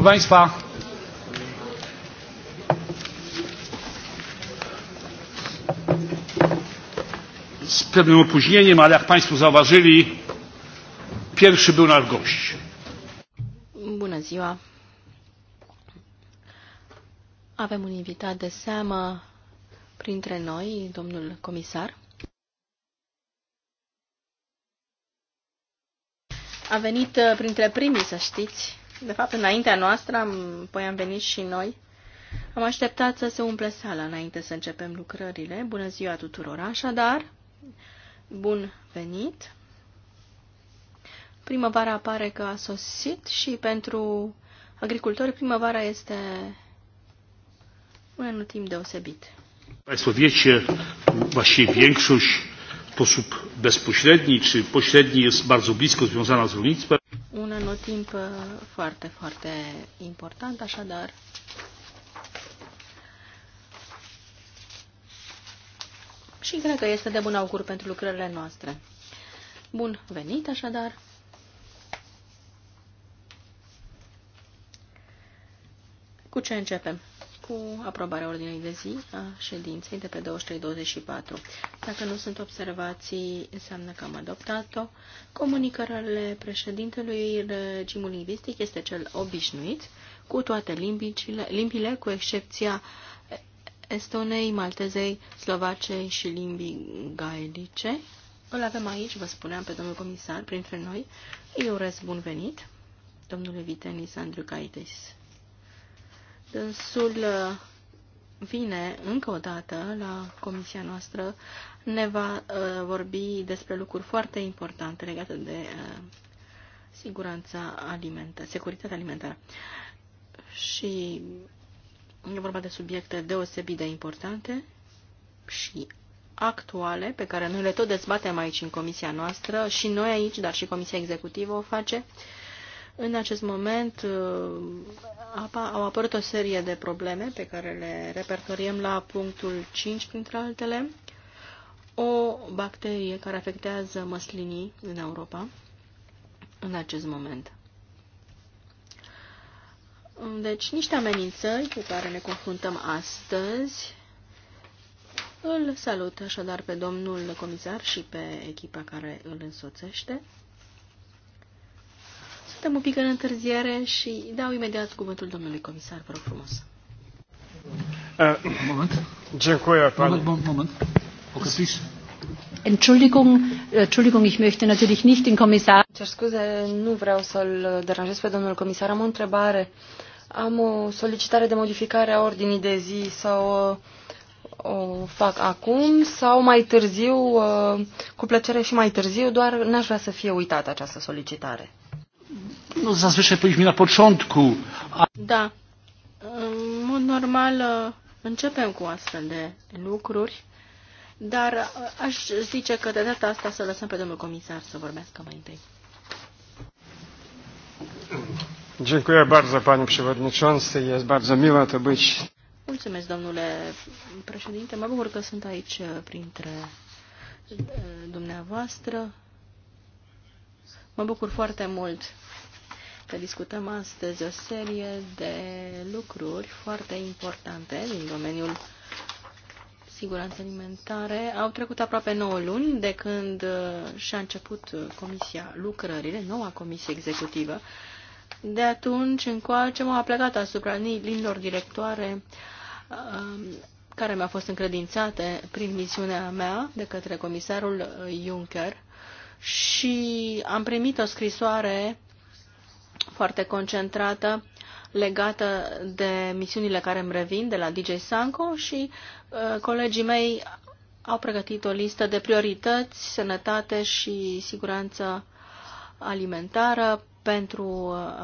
Proszę Państwa, z pewnym opóźnieniem, ale jak Państwo zauważyli, pierwszy był nasz gość. Bună ziua. Avem un invitat de seamă printre noi, domnul comisar. A venit uh, printre primii, să știți, de fapt, înaintea noastră, am, păi am venit și noi. Am așteptat să se umple sala înainte să începem lucrările. Bună ziua tuturor, așadar, bun venit! Primăvara apare că a sosit și pentru agricultori primăvara este un timp deosebit. Państwo wiecie, właściwie większość w sposób bezpośredni czy pośredni jest bardzo blisko związana z rolnictwem timp uh, foarte, foarte important, așadar. Și cred că este de bun augur pentru lucrările noastre. Bun venit, așadar. Cu ce începem? cu aprobarea ordinei de zi a ședinței de pe 23-24. Dacă nu sunt observații, înseamnă că am adoptat-o. Comunicările președintelui, regimul lingvistic este cel obișnuit, cu toate limbile, limbile cu excepția estonei, maltezei, slovacei și limbii gaelice. Îl avem aici, vă spuneam, pe domnul comisar, printre noi. Îi urez bun venit, domnule Vitenis Andriu Dânsul uh, vine încă o dată la comisia noastră, ne va uh, vorbi despre lucruri foarte importante legate de uh, siguranța alimentară, securitatea alimentară. Și e vorba de subiecte deosebit de importante și actuale, pe care noi le tot dezbatem aici în comisia noastră, și noi aici, dar și comisia executivă o face. Uh, în acest moment uh, au apărut o serie de probleme pe care le repertoriem la punctul 5, printre altele. O bacterie care afectează măslinii în Europa în acest moment. Deci, niște amenințări cu care ne confruntăm astăzi. Îl salut așadar pe domnul comisar și pe echipa care îl însoțește. Suntem un pic în întârziere și dau imediat cuvântul domnului comisar, vă rog frumos. Uh, moment. moment, scuze, nu vreau să-l deranjez pe domnul comisar. Am o întrebare. Am o solicitare de modificare a ordinii de zi sau uh, o fac acum sau mai târziu, uh, cu plăcere și mai târziu, doar n-aș vrea să fie uitată această solicitare no, zazwyczaj powinniśmy na początku. A... Da. În mod normal uh, începem cu astfel de lucruri, dar uh, aș zice că de data asta să lăsăm pe domnul comisar să vorbească mai întâi. Dziękuję bardzo, panie przewodniczący. Jest bardzo miło to być. Mulțumesc, domnule președinte. Mă bucur că sunt aici uh, printre dumneavoastră. Mă bucur foarte mult că discutăm astăzi o serie de lucruri foarte importante din domeniul siguranței alimentare. Au trecut aproape 9 luni de când uh, și-a început comisia lucrările, noua comisie executivă. De atunci încoace m-a plecat asupra linilor directoare um, care mi a fost încredințate prin misiunea mea de către comisarul uh, Juncker și am primit o scrisoare foarte concentrată legată de misiunile care îmi revin de la DJ Sanco și uh, colegii mei au pregătit o listă de priorități, sănătate și siguranță alimentară pentru uh,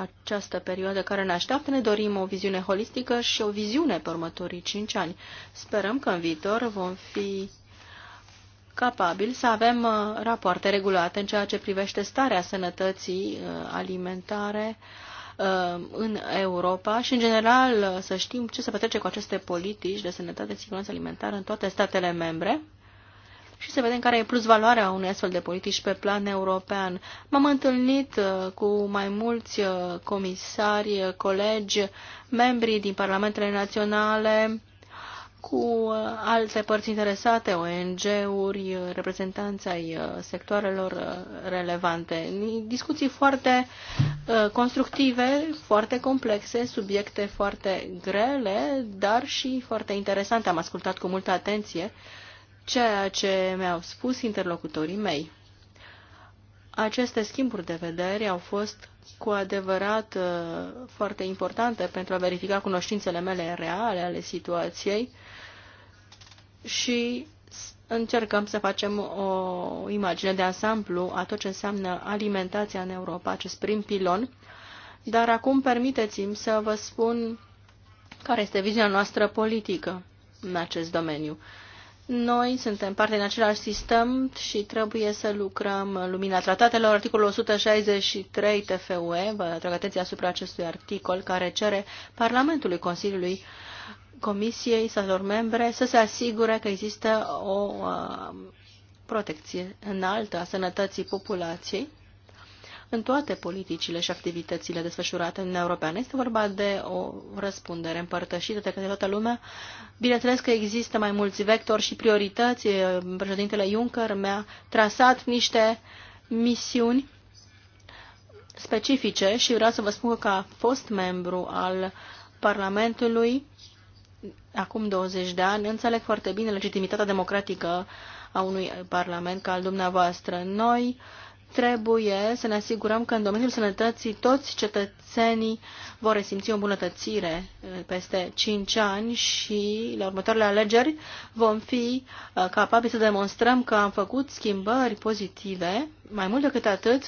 această perioadă care ne așteaptă. Ne dorim o viziune holistică și o viziune pe următorii cinci ani. Sperăm că în viitor vom fi capabil să avem uh, rapoarte regulate în ceea ce privește starea sănătății uh, alimentare uh, în Europa și, în general, să știm ce se petrece cu aceste politici de sănătate și siguranță alimentară în toate statele membre și să vedem care e plus valoarea unei astfel de politici pe plan european. M-am întâlnit cu mai mulți comisari, colegi, membri din parlamentele naționale, cu uh, alte părți interesate, ONG-uri, uh, reprezentanți ai uh, sectoarelor relevante. Discuții foarte constructive, foarte complexe, subiecte foarte grele, dar și foarte interesante. Am ascultat cu multă atenție ceea ce mi-au spus interlocutorii mei. Aceste schimburi de vedere au fost cu adevărat foarte importante pentru a verifica cunoștințele mele reale ale situației și încercăm să facem o imagine de ansamblu a tot ce înseamnă alimentația în Europa, acest prim pilon. Dar acum permiteți-mi să vă spun care este viziunea noastră politică în acest domeniu. Noi suntem parte din același sistem și trebuie să lucrăm în lumina tratatelor. Articolul 163 TFUE, vă atrag atenția asupra acestui articol, care cere Parlamentului Consiliului Comisiei, statelor membre, să se asigure că există o uh, protecție înaltă a sănătății populației în toate politicile și activitățile desfășurate în Uniunea Europeană. Este vorba de o răspundere împărtășită de către toată lumea. Bineînțeles că există mai mulți vectori și priorități. Președintele Juncker mi-a trasat niște misiuni specifice și vreau să vă spun că ca fost membru al Parlamentului acum 20 de ani, înțeleg foarte bine legitimitatea democratică a unui parlament ca al dumneavoastră. Noi trebuie să ne asigurăm că în domeniul sănătății toți cetățenii vor resimți o îmbunătățire eh, peste 5 ani și la următoarele alegeri vom fi eh, capabili să demonstrăm că am făcut schimbări pozitive, mai mult decât atât,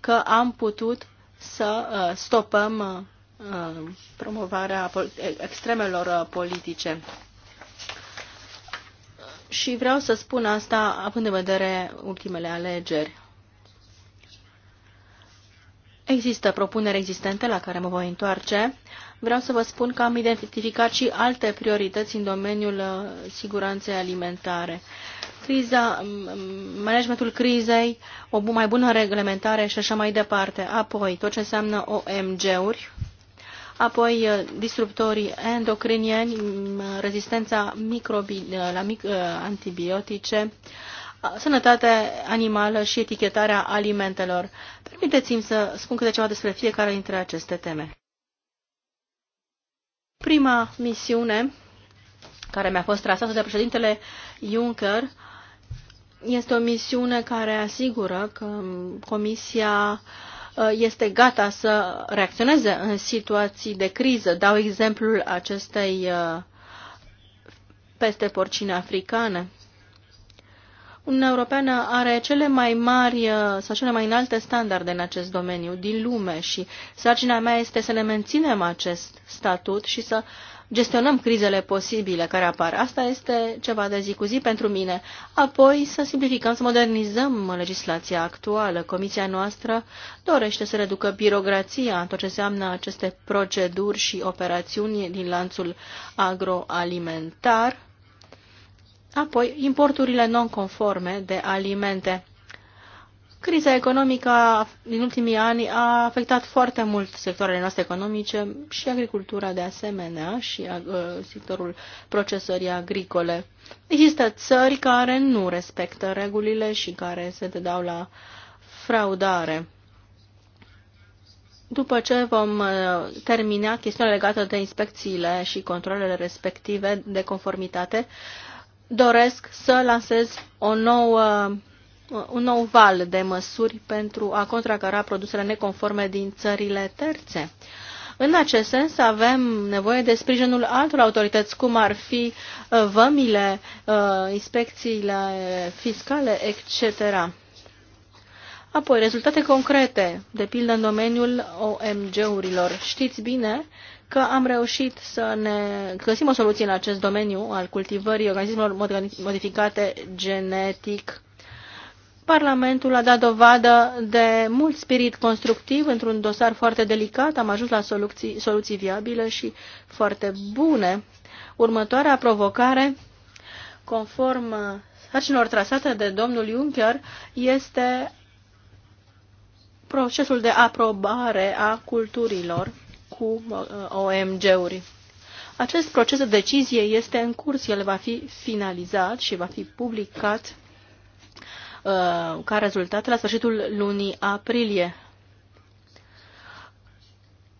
că am putut să eh, stopăm Uh, promovarea extremelor uh, politice. Și vreau să spun asta având în vedere ultimele alegeri. Există propuneri existente la care mă voi întoarce. Vreau să vă spun că am identificat și alte priorități în domeniul uh, siguranței alimentare. Criza, managementul crizei, o mai bună reglementare și așa mai departe. Apoi, tot ce înseamnă OMG-uri, apoi uh, disruptorii endocrinieni, rezistența microbi uh, la mic uh, antibiotice, sănătatea animală și etichetarea alimentelor. Permiteți-mi să spun câte ceva despre fiecare dintre aceste teme. Prima misiune care mi-a fost trasată de președintele Juncker este o misiune care asigură că um, Comisia uh, Uh, este gata să reacționeze în situații de criză. Dau exemplul acestei uh, peste porcine africane. Uniunea Europeană are cele mai mari uh, sau cele mai înalte standarde în acest domeniu din lume și sarcina mea este să ne menținem acest statut și să uh, gestionăm crizele posibile care apar. Asta este ceva de zi cu zi pentru mine. Apoi să simplificăm, să modernizăm legislația actuală. Comisia noastră dorește să reducă birocrația în tot ce înseamnă aceste proceduri și operațiuni din lanțul agroalimentar. Apoi, importurile non-conforme de alimente. Criza economică din ultimii ani a afectat foarte mult sectoarele noastre economice și agricultura de asemenea și uh, sectorul procesării agricole. Există țări care nu respectă regulile și care se dedau la fraudare. După ce vom uh, termina chestiunea legată de inspecțiile și controlele respective de conformitate, doresc să lansez o nouă un nou val de măsuri pentru a contracara produsele neconforme din țările terțe. În acest sens avem nevoie de sprijinul altor autorități, cum ar fi uh, vămile, uh, inspecțiile fiscale, etc. Apoi, rezultate concrete, de pildă în domeniul OMG-urilor. Știți bine că am reușit să ne găsim o soluție în acest domeniu al cultivării organismelor modificate genetic Parlamentul a dat dovadă de mult spirit constructiv într-un dosar foarte delicat. Am ajuns la soluții, soluții viabile și foarte bune. Următoarea provocare, conform sarcinilor trasate de domnul Juncker, este procesul de aprobare a culturilor cu uh, OMG-uri. Acest proces de decizie este în curs, el va fi finalizat și va fi publicat Uh, ca rezultat la sfârșitul lunii aprilie.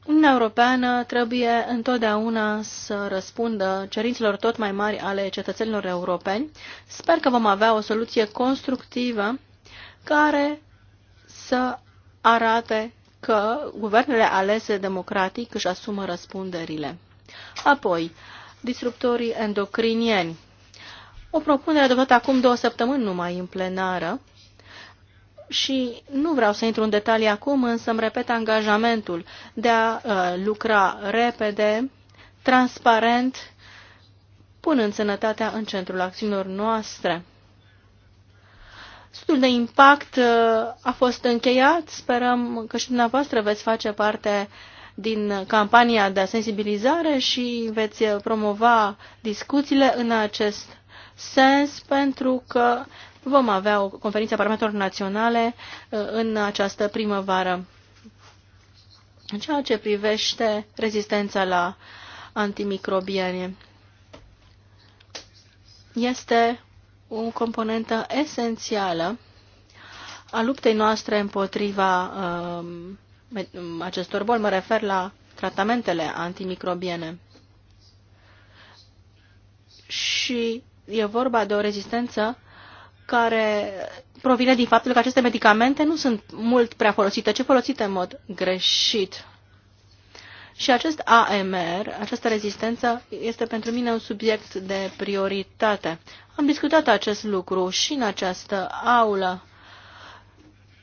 Uniunea Europeană trebuie întotdeauna să răspundă cerințelor tot mai mari ale cetățenilor europeni. Sper că vom avea o soluție constructivă care să arate că guvernele alese democratic își asumă răspunderile. Apoi, disruptorii endocrinieni o propunere adoptată acum două săptămâni numai în plenară și nu vreau să intru în detalii acum, însă îmi repet angajamentul de a uh, lucra repede, transparent, punând sănătatea în centrul acțiunilor noastre. Studiul de impact uh, a fost încheiat, sperăm că și dumneavoastră veți face parte din campania de sensibilizare și veți uh, promova discuțiile în acest sens pentru că vom avea o conferință a Parlamentelor Naționale uh, în această primăvară. În ceea ce privește rezistența la antimicrobiene, este o componentă esențială a luptei noastre împotriva um, acestor boli. Mă refer la tratamentele antimicrobiene. Și E vorba de o rezistență care provine din faptul că aceste medicamente nu sunt mult prea folosite, ci folosite în mod greșit. Și acest AMR, această rezistență, este pentru mine un subiect de prioritate. Am discutat acest lucru și în această aulă.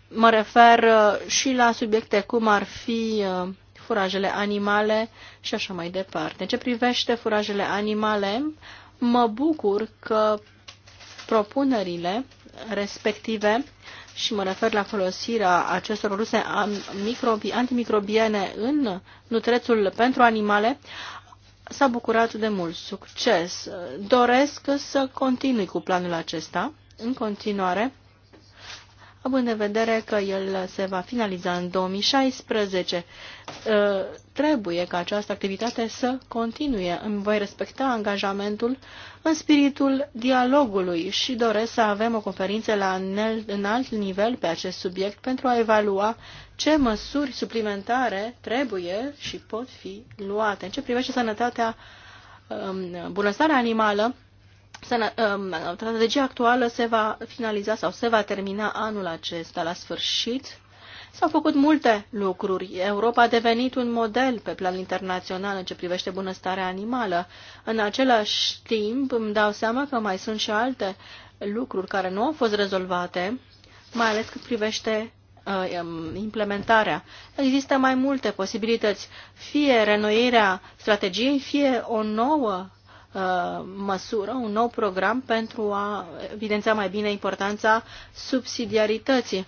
Mă refer uh, și la subiecte cum ar fi uh, furajele animale și așa mai departe. În ce privește furajele animale, Mă bucur că propunerile respective și mă refer la folosirea acestor produse antimicrobiene în nutrețul pentru animale, s-a bucurat de mult succes. Doresc să continui cu planul acesta în continuare având în vedere că el se va finaliza în 2016. Ă, trebuie ca această activitate să continue. Îmi voi respecta angajamentul în spiritul dialogului și doresc să avem o conferință la înalt nivel pe acest subiect pentru a evalua ce măsuri suplimentare trebuie și pot fi luate. În ce privește sănătatea, ă, bunăstarea animală, Um, strategia actuală se va finaliza sau se va termina anul acesta la sfârșit. S-au făcut multe lucruri. Europa a devenit un model pe plan internațional în ce privește bunăstarea animală. În același timp îmi dau seama că mai sunt și alte lucruri care nu au fost rezolvate, mai ales cât privește uh, um, implementarea. Există mai multe posibilități, fie renoirea strategiei, fie o nouă Uh, măsură, un nou program pentru a evidenția mai bine importanța subsidiarității.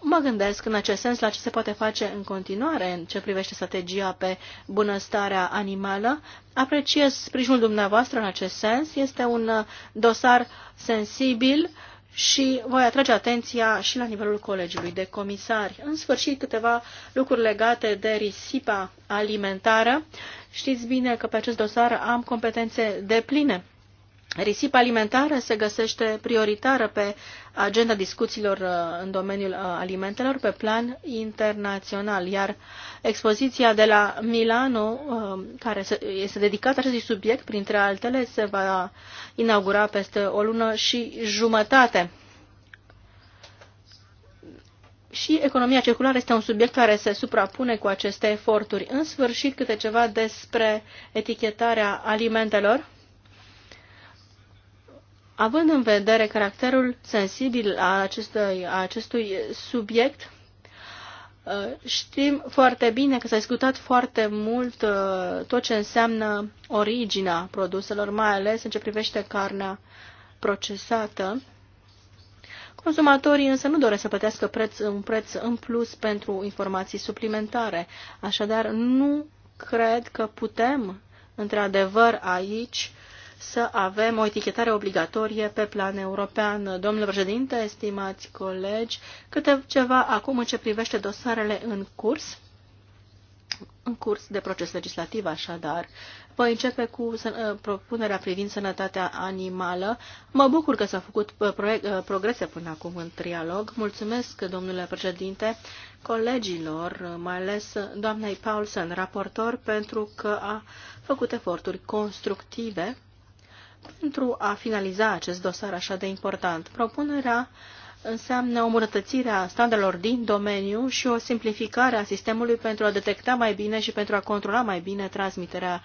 Mă gândesc în acest sens la ce se poate face în continuare în ce privește strategia pe bunăstarea animală. Apreciez sprijinul dumneavoastră în acest sens. Este un uh, dosar sensibil uh, și voi atrage atenția și la nivelul colegiului de comisari. În sfârșit, câteva lucruri legate de risipa alimentară. Știți bine că pe acest dosar am competențe de pline. Risipa alimentară se găsește prioritară pe agenda discuțiilor uh, în domeniul uh, alimentelor pe plan internațional, iar expoziția de la Milano, uh, care este dedicată acestui subiect, printre altele, se va inaugura peste o lună și jumătate. Și economia circulară este un subiect care se suprapune cu aceste eforturi. În sfârșit, câte ceva despre etichetarea alimentelor Având în vedere caracterul sensibil a acestui, a acestui subiect, uh, știm foarte bine că s-a discutat foarte mult uh, tot ce înseamnă originea produselor, mai ales în ce privește carnea procesată. Consumatorii însă nu doresc să plătească preț, un preț în plus pentru informații suplimentare. Așadar, nu cred că putem, într-adevăr, aici să avem o etichetare obligatorie pe plan european. Domnule președinte, estimați colegi, câte ceva acum în ce privește dosarele în curs, în curs de proces legislativ, așadar. Voi începe cu uh, propunerea privind sănătatea animală. Mă bucur că s-au făcut uh, uh, progrese până acum în trialog. Mulțumesc, domnule președinte, colegilor, mai ales doamnei Paulsen, raportor, pentru că a făcut eforturi constructive pentru a finaliza acest dosar așa de important. Propunerea înseamnă o îmbunătățire a standardelor din domeniu și o simplificare a sistemului pentru a detecta mai bine și pentru a controla mai bine transmiterea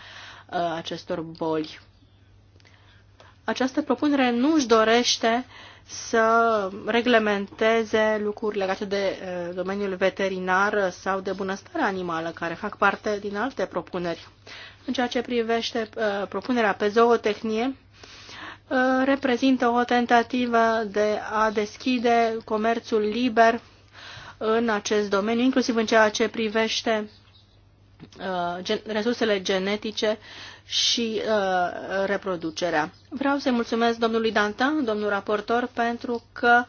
uh, acestor boli. Această propunere nu își dorește să reglementeze lucruri legate de uh, domeniul veterinar sau de bunăstare animală, care fac parte din alte propuneri în ceea ce privește uh, propunerea pe zootehnie, uh, reprezintă o tentativă de a deschide comerțul liber în acest domeniu, inclusiv în ceea ce privește uh, gen resursele genetice și uh, reproducerea. Vreau să-i mulțumesc domnului Dantin, domnul raportor, pentru că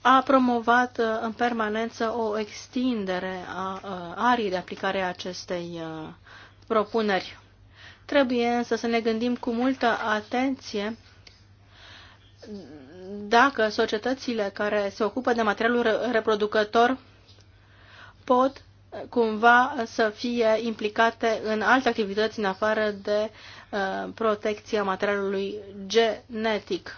a promovat uh, în permanență o extindere a uh, arii de aplicare a acestei uh, propuneri. Trebuie însă să ne gândim cu multă atenție dacă societățile care se ocupă de materialul reproducător pot cumva să fie implicate în alte activități în afară de uh, protecția materialului genetic.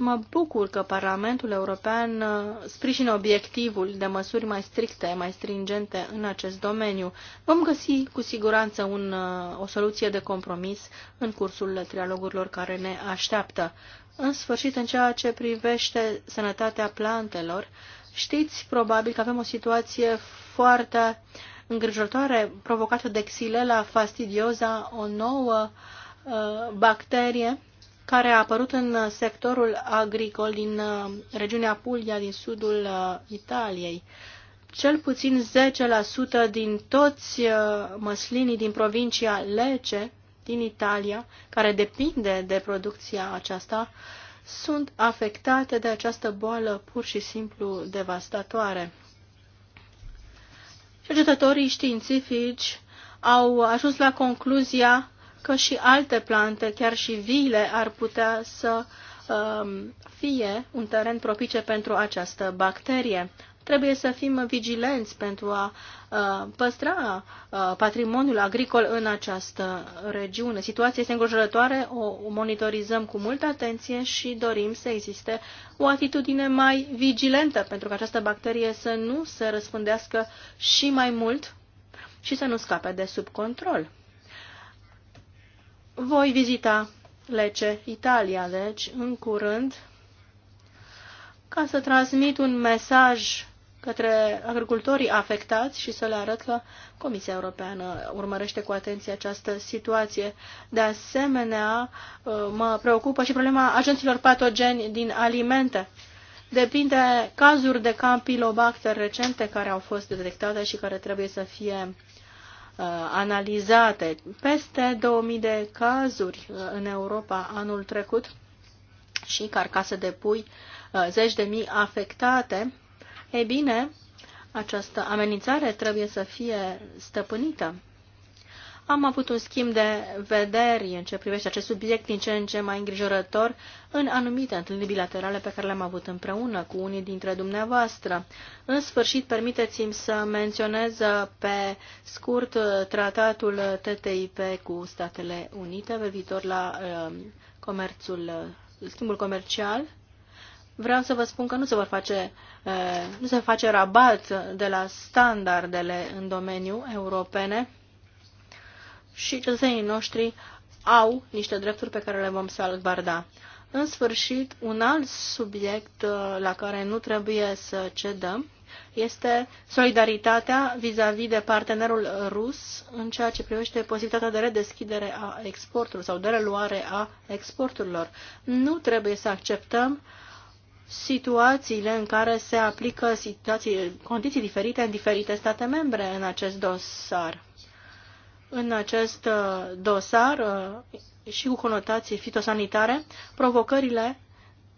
Mă bucur că Parlamentul European uh, sprijină obiectivul de măsuri mai stricte, mai stringente în acest domeniu. Vom găsi cu siguranță un, uh, o soluție de compromis în cursul trialogurilor care ne așteaptă. În sfârșit, în ceea ce privește sănătatea plantelor, știți probabil că avem o situație foarte îngrijorătoare provocată de Xylella fastidiosa, o nouă uh, bacterie care a apărut în sectorul agricol din uh, regiunea Puglia din sudul uh, Italiei. Cel puțin 10% din toți uh, măslinii din provincia Lece din Italia, care depinde de producția aceasta, sunt afectate de această boală pur și simplu devastatoare. Cercetătorii științifici au ajuns la concluzia că și alte plante, chiar și viile, ar putea să um, fie un teren propice pentru această bacterie. Trebuie să fim vigilenți pentru a uh, păstra uh, patrimoniul agricol în această regiune. Situația este îngrijorătoare, o monitorizăm cu multă atenție și dorim să existe o atitudine mai vigilentă pentru că această bacterie să nu se răspândească și mai mult și să nu scape de sub control. Voi vizita Lece, Italia, deci, în curând, ca să transmit un mesaj către agricultorii afectați și să le arăt că Comisia Europeană urmărește cu atenție această situație. De asemenea, uh, mă preocupă și problema agenților patogeni din alimente. Depinde cazuri de campilobacter recente care au fost detectate și care trebuie să fie Uh, analizate. Peste 2000 de cazuri uh, în Europa anul trecut și carcase de pui, uh, zeci de mii afectate. e bine, această amenințare trebuie să fie stăpânită am avut un schimb de vederi în ce privește acest subiect din ce în ce mai îngrijorător în anumite întâlniri bilaterale pe care le-am avut împreună cu unii dintre dumneavoastră. În sfârșit, permiteți-mi să menționez pe scurt uh, tratatul TTIP cu Statele Unite viitor la uh, comerțul, uh, schimbul comercial. Vreau să vă spun că nu se, vor face, nu se face rabat de la standardele în domeniu europene și cetățenii noștri au niște drepturi pe care le vom salvarda. În sfârșit, un alt subiect uh, la care nu trebuie să cedăm este solidaritatea vis-a-vis -vis de partenerul rus în ceea ce privește posibilitatea de redeschidere a exporturilor sau de reluare a exporturilor. Nu trebuie să acceptăm situațiile în care se aplică situații, condiții diferite în diferite state membre în acest dosar în acest uh, dosar uh, și cu conotații fitosanitare, provocările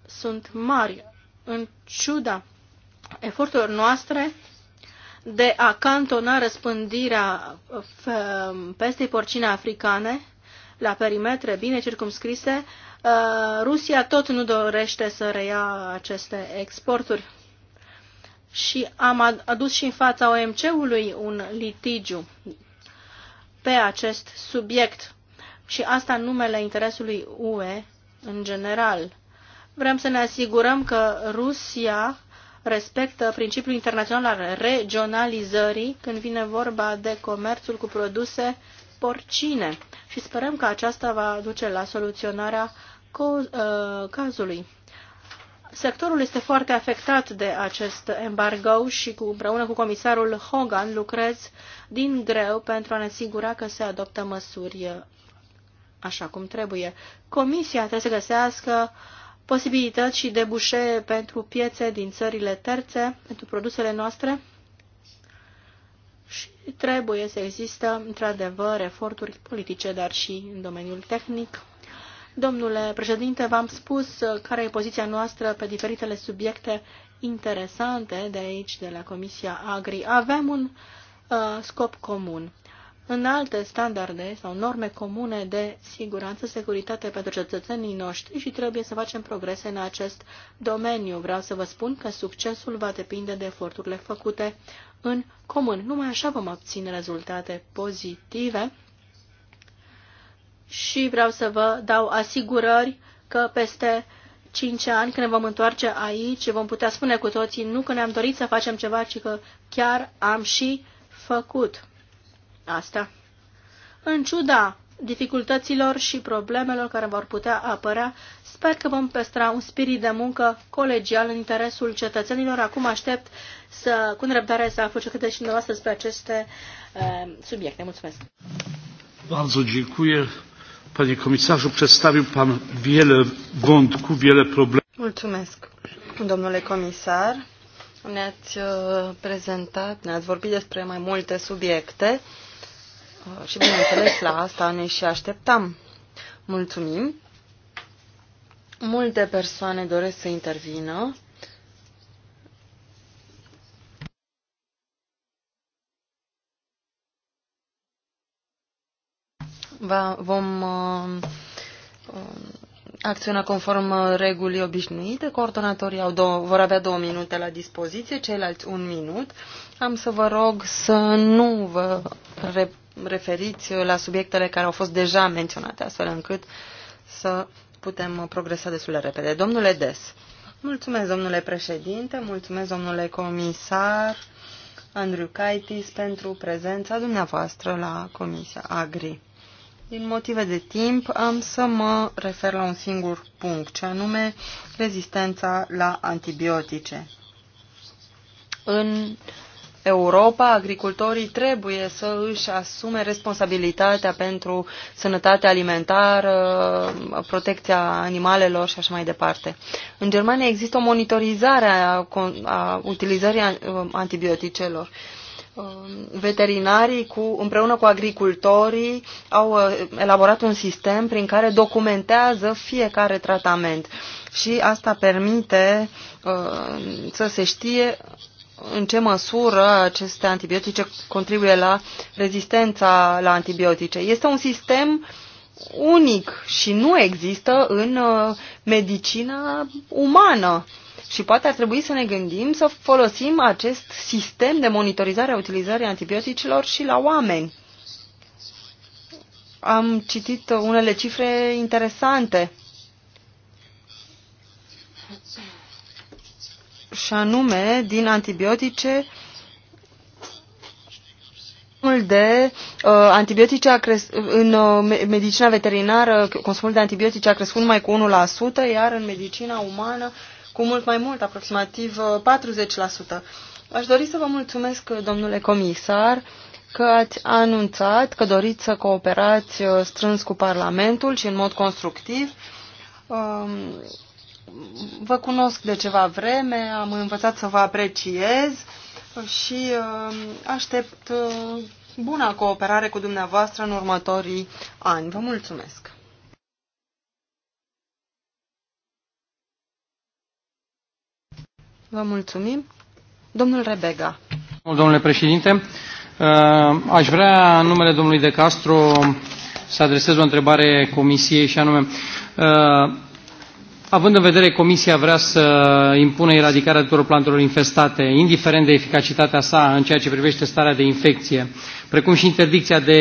sunt mari, în ciuda eforturilor noastre de a cantona răspândirea uh, peste porcine africane la perimetre bine circumscrise, Rusia tot nu dorește să reia aceste exporturi. Și am adus și în fața OMC-ului un litigiu pe acest subiect și asta în numele interesului UE în general. Vrem să ne asigurăm că Rusia respectă principiul internațional al regionalizării când vine vorba de comerțul cu produse porcine și sperăm că aceasta va duce la soluționarea uh, cazului. Sectorul este foarte afectat de acest embargo și cu, împreună cu comisarul Hogan lucrez din greu pentru a ne asigura că se adoptă măsuri așa cum trebuie. Comisia trebuie să găsească posibilități și debușee pentru piețe din țările terțe, pentru produsele noastre și trebuie să există, într-adevăr, eforturi politice, dar și în domeniul tehnic. Domnule președinte, v-am spus uh, care e poziția noastră pe diferitele subiecte interesante de aici, de la Comisia Agri. Avem un uh, scop comun. În alte standarde sau norme comune de siguranță, securitate pentru cetățenii noștri și trebuie să facem progrese în acest domeniu. Vreau să vă spun că succesul va depinde de eforturile făcute în comun. Numai așa vom obține rezultate pozitive și vreau să vă dau asigurări că peste 5 ani, când ne vom întoarce aici, vom putea spune cu toții nu că ne-am dorit să facem ceva, ci că chiar am și făcut asta. În ciuda dificultăților și problemelor care vor putea apărea, sper că vom păstra un spirit de muncă colegial în interesul cetățenilor. Acum aștept să, cu nerăbdare să aflu ce credeți și dumneavoastră despre aceste uh, subiecte. Mulțumesc! Bardzo dziękuję. Panie komisarzu, przedstawił Pan wiele wątków, wiele problemów. Mulțumesc, domnule komisar. Ne-ați uh, prezentat, ne-ați vorbit despre mai multe subiecte uh, și, bineînțeles, la asta ne și așteptam. Mulțumim. Multe persoane doresc să intervină. va, vom uh, acționa conform uh, regulii obișnuite. Coordonatorii au două, vor avea două minute la dispoziție, ceilalți un minut. Am să vă rog să nu vă re, referiți la subiectele care au fost deja menționate, astfel încât să putem uh, progresa destul de repede. Domnule Des, mulțumesc domnule președinte, mulțumesc domnule comisar Andrew Kaitis pentru prezența dumneavoastră la Comisia Agri. Din motive de timp am să mă refer la un singur punct, ce anume rezistența la antibiotice. În Europa, agricultorii trebuie să își asume responsabilitatea pentru sănătatea alimentară, protecția animalelor și așa mai departe. În Germania există o monitorizare a, utilizării antibioticelor. Um, veterinarii cu, împreună cu agricultorii au uh, elaborat un sistem prin care documentează fiecare tratament și asta permite uh, să se știe în ce măsură aceste antibiotice contribuie la rezistența la antibiotice. Este un sistem unic și nu există în uh, medicina umană. Și poate ar trebui să ne gândim să folosim acest sistem de monitorizare a utilizării antibioticilor și la oameni. Am citit unele cifre interesante. Și anume, din antibiotice, consumul de uh, antibiotice a cres- în uh, medicina veterinară, consumul de antibiotice a crescut mai cu 1%, iar în medicina umană cu mult mai mult, aproximativ 40%. Uh, Aș dori să vă mulțumesc, uh, domnule comisar, că ați anunțat că doriți să cooperați uh, strâns cu Parlamentul și în mod constructiv. Um, vă cunosc de ceva vreme, am învățat să vă apreciez și um, aștept buna cooperare cu dumneavoastră în următorii ani. Vă mulțumesc! Vă mulțumim. Domnul Rebega. Domnule președinte, uh, aș vrea în numele domnului De Castro să adresez o întrebare comisiei și anume, uh, având în vedere comisia vrea să impună eradicarea tuturor plantelor infestate, indiferent de eficacitatea sa în ceea ce privește starea de infecție, precum și interdicția de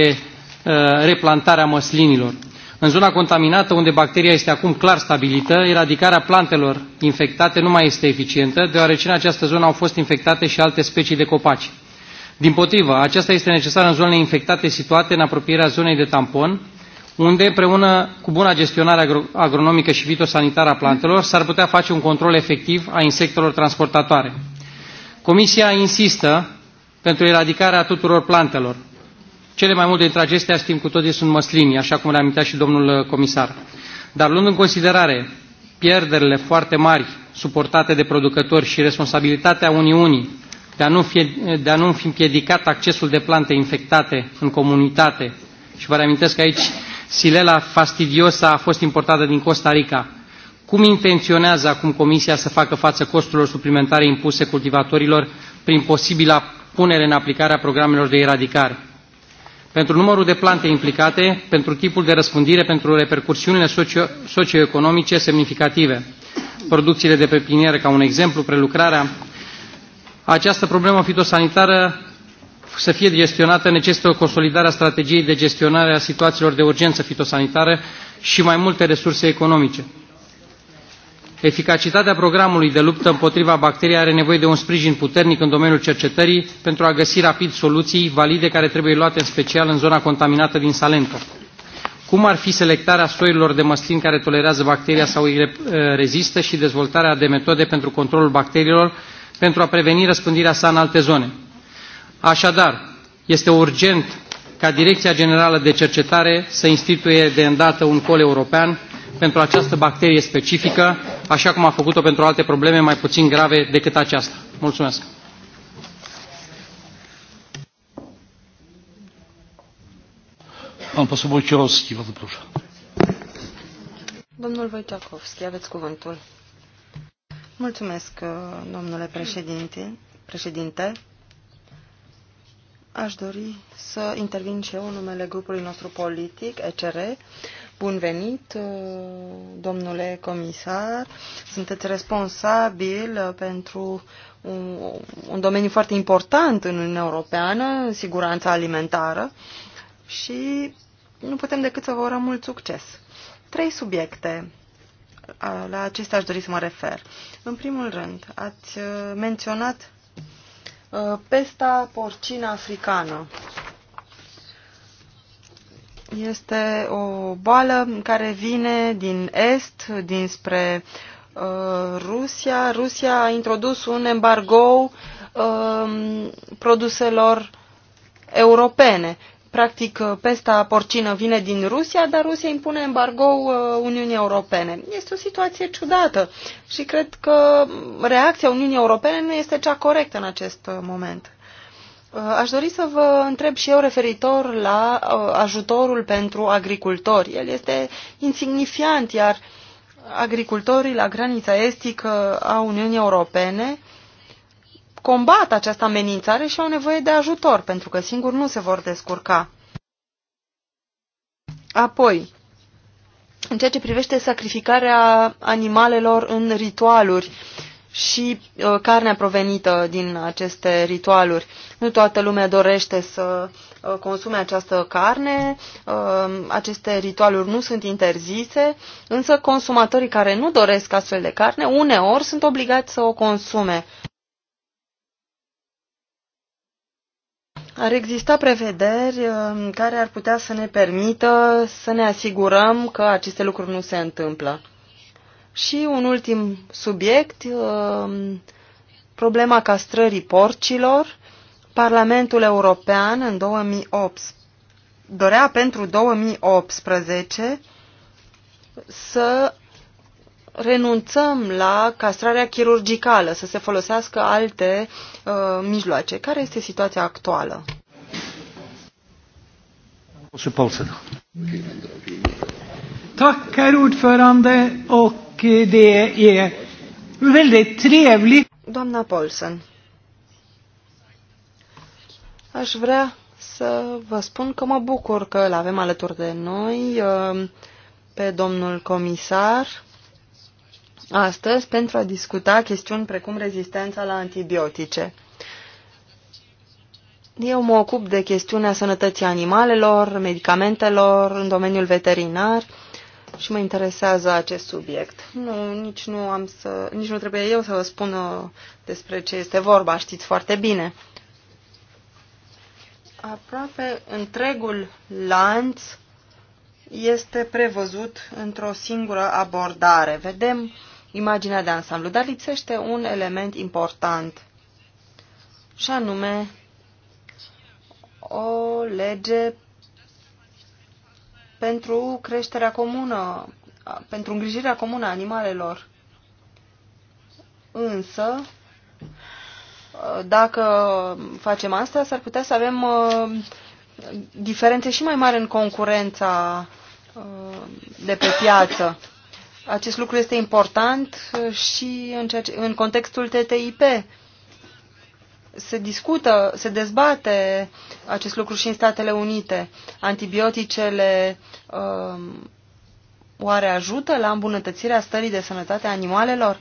uh, replantarea măslinilor. În zona contaminată, unde bacteria este acum clar stabilită, eradicarea plantelor infectate nu mai este eficientă, deoarece în această zonă au fost infectate și alte specii de copaci. Din potrivă, aceasta este necesară în zonele infectate situate în apropierea zonei de tampon, unde, împreună cu buna gestionare agronomică și fitosanitară a plantelor, s-ar putea face un control efectiv a insectelor transportatoare. Comisia insistă pentru eradicarea tuturor plantelor. Cele mai multe dintre acestea, știm cu toții, sunt măslini, așa cum amintit și domnul uh, comisar. Dar luând în considerare pierderile foarte mari suportate de producători și responsabilitatea Uniunii de a nu fi, de a nu fi împiedicat accesul de plante infectate în comunitate, și vă reamintesc că aici silela fastidiosa a fost importată din Costa Rica, cum intenționează acum Comisia să facă față costurilor suplimentare impuse cultivatorilor prin posibila punere în aplicare a programelor de eradicare? pentru numărul de plante implicate, pentru tipul de răspândire, pentru repercursiunile socio socioeconomice semnificative. Producțiile de pe ca un exemplu, prelucrarea. Această problemă fitosanitară să fie gestionată necesită o consolidare a strategiei de gestionare a situațiilor de urgență fitosanitară și mai multe resurse economice. Eficacitatea programului de luptă împotriva bacteriei are nevoie de un sprijin puternic în domeniul cercetării pentru a găsi rapid soluții valide care trebuie luate în special în zona contaminată din Salento. Cum ar fi selectarea soiurilor de măslin care tolerează bacteria sau îi eh, rezistă și dezvoltarea de metode pentru controlul bacteriilor pentru a preveni răspândirea sa în alte zone. Așadar, este urgent ca Direcția Generală de Cercetare să instituie de îndată un col european pentru această bacterie specifică, așa cum a făcut-o pentru alte probleme mai puțin grave decât aceasta. Mulțumesc! Domnul Wojciechowski, aveți cuvântul. Mulțumesc, domnule președinte. președinte. Aș dori să intervin și eu în numele grupului nostru politic, ECR, Bun venit, uh, domnule comisar. Sunteți responsabil uh, pentru un, un domeniu foarte important în Uniunea Europeană, siguranța alimentară, și nu putem decât să vă urăm mult succes. Trei subiecte uh, la acestea aș dori să mă refer. În primul rând, ați menționat pesta porcină africană. Este o boală care vine din est, dinspre uh, Rusia. Rusia a introdus un embargo uh, produselor europene. Practic, uh, pesta porcină vine din Rusia, dar Rusia impune embargo uh, Uniunii Europene. Este o situație ciudată și cred că reacția Uniunii Europene nu este cea corectă în acest uh, moment. Aș dori să vă întreb și eu referitor la uh, ajutorul pentru agricultori. El este insignifiant, iar agricultorii la granița estică a Uniunii Europene combat această amenințare și au nevoie de ajutor, pentru că singuri nu se vor descurca. Apoi, în ceea ce privește sacrificarea animalelor în ritualuri, uh, și uh, carnea provenită din aceste ritualuri. Nu toată lumea dorește să uh, consume această carne, uh, aceste ritualuri nu sunt interzise, însă consumatorii care nu doresc astfel de carne, uneori sunt obligați să o consume. Ar exista prevederi uh, care ar putea să ne permită să ne asigurăm că aceste lucruri nu se întâmplă. Și un ultim subiect, uh, problema castrării porcilor. Parlamentul European în 2008 dorea pentru 2018 să renunțăm la castrarea chirurgicală, să se folosească alte uh, mijloace. Care este situația actuală? Tack, herr ordförande, och det är väldigt trevligt. Doamna Paulsen, aș vrea să vă spun că mă bucur că îl avem alături de noi um, pe domnul comisar astăzi pentru a discuta chestiuni precum rezistența la antibiotice. Eu mă ocup de chestiunea sănătății animalelor, medicamentelor în domeniul veterinar și mă interesează acest subiect. Nu, nici nu am să, nici nu trebuie eu să vă spun uh, despre ce este vorba, știți foarte bine. Aproape întregul lanț este prevăzut într-o singură abordare. Vedem imaginea de ansamblu, dar lipsește un element important, și anume o lege pentru creșterea comună, pentru îngrijirea comună a animalelor. Însă, dacă facem asta, s-ar putea să avem uh, diferențe și mai mari în concurența uh, de pe piață. Acest lucru este important și în, ce, în contextul TTIP se discută, se dezbate acest lucru și în Statele Unite. Antibioticele um, oare ajută la îmbunătățirea stării de sănătate a animalelor?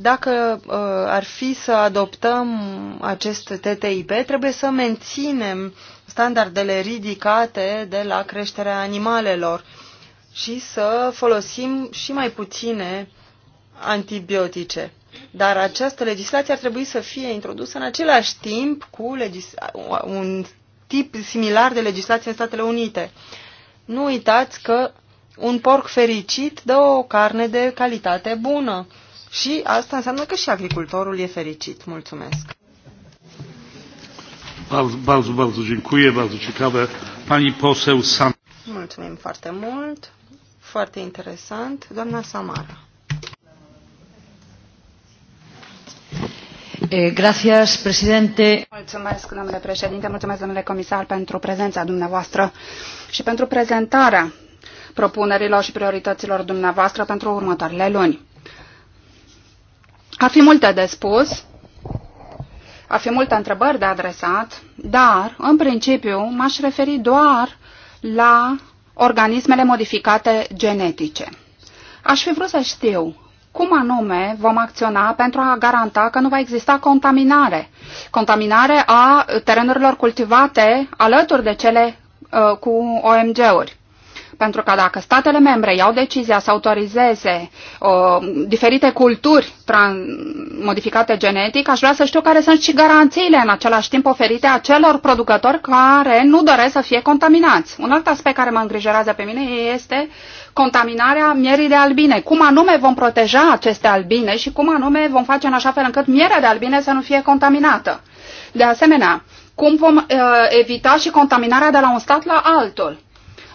dacă uh, ar fi să adoptăm acest TTIP, trebuie să menținem standardele ridicate de la creșterea animalelor și să folosim și mai puține antibiotice. Dar această legislație ar trebui să fie introdusă în același timp cu un tip similar de legislație în Statele Unite. Nu uitați că un porc fericit dă o carne de calitate bună. Și asta înseamnă că și agricultorul e fericit. Mulțumesc. Bardzo, bardzo, bardzo dziękuję, bardzo ciekawe. Pani poseł Sam. Mulțumim foarte mult, foarte interesant. Doamna Samara. Eh, gracias, presidente. Mulțumesc, domnule președinte, mulțumesc, domnule comisar, pentru prezența dumneavoastră și pentru prezentarea propunerilor și priorităților dumneavoastră pentru următoarele luni. Ar fi multe de spus, ar fi multe întrebări de adresat, dar, în principiu, m-aș referi doar la organismele modificate genetice. Aș fi vrut să știu cum anume vom acționa pentru a garanta că nu va exista contaminare. Contaminare a terenurilor cultivate alături de cele uh, cu OMG-uri. Pentru că dacă statele membre iau decizia să autorizeze o, diferite culturi modificate genetic, aș vrea să știu care sunt și garanțiile în același timp oferite acelor producători care nu doresc să fie contaminați. Un alt aspect care mă îngrijorează pe mine este contaminarea mierii de albine. Cum anume vom proteja aceste albine și cum anume vom face în așa fel încât mierea de albine să nu fie contaminată. De asemenea, cum vom uh, evita și contaminarea de la un stat la altul.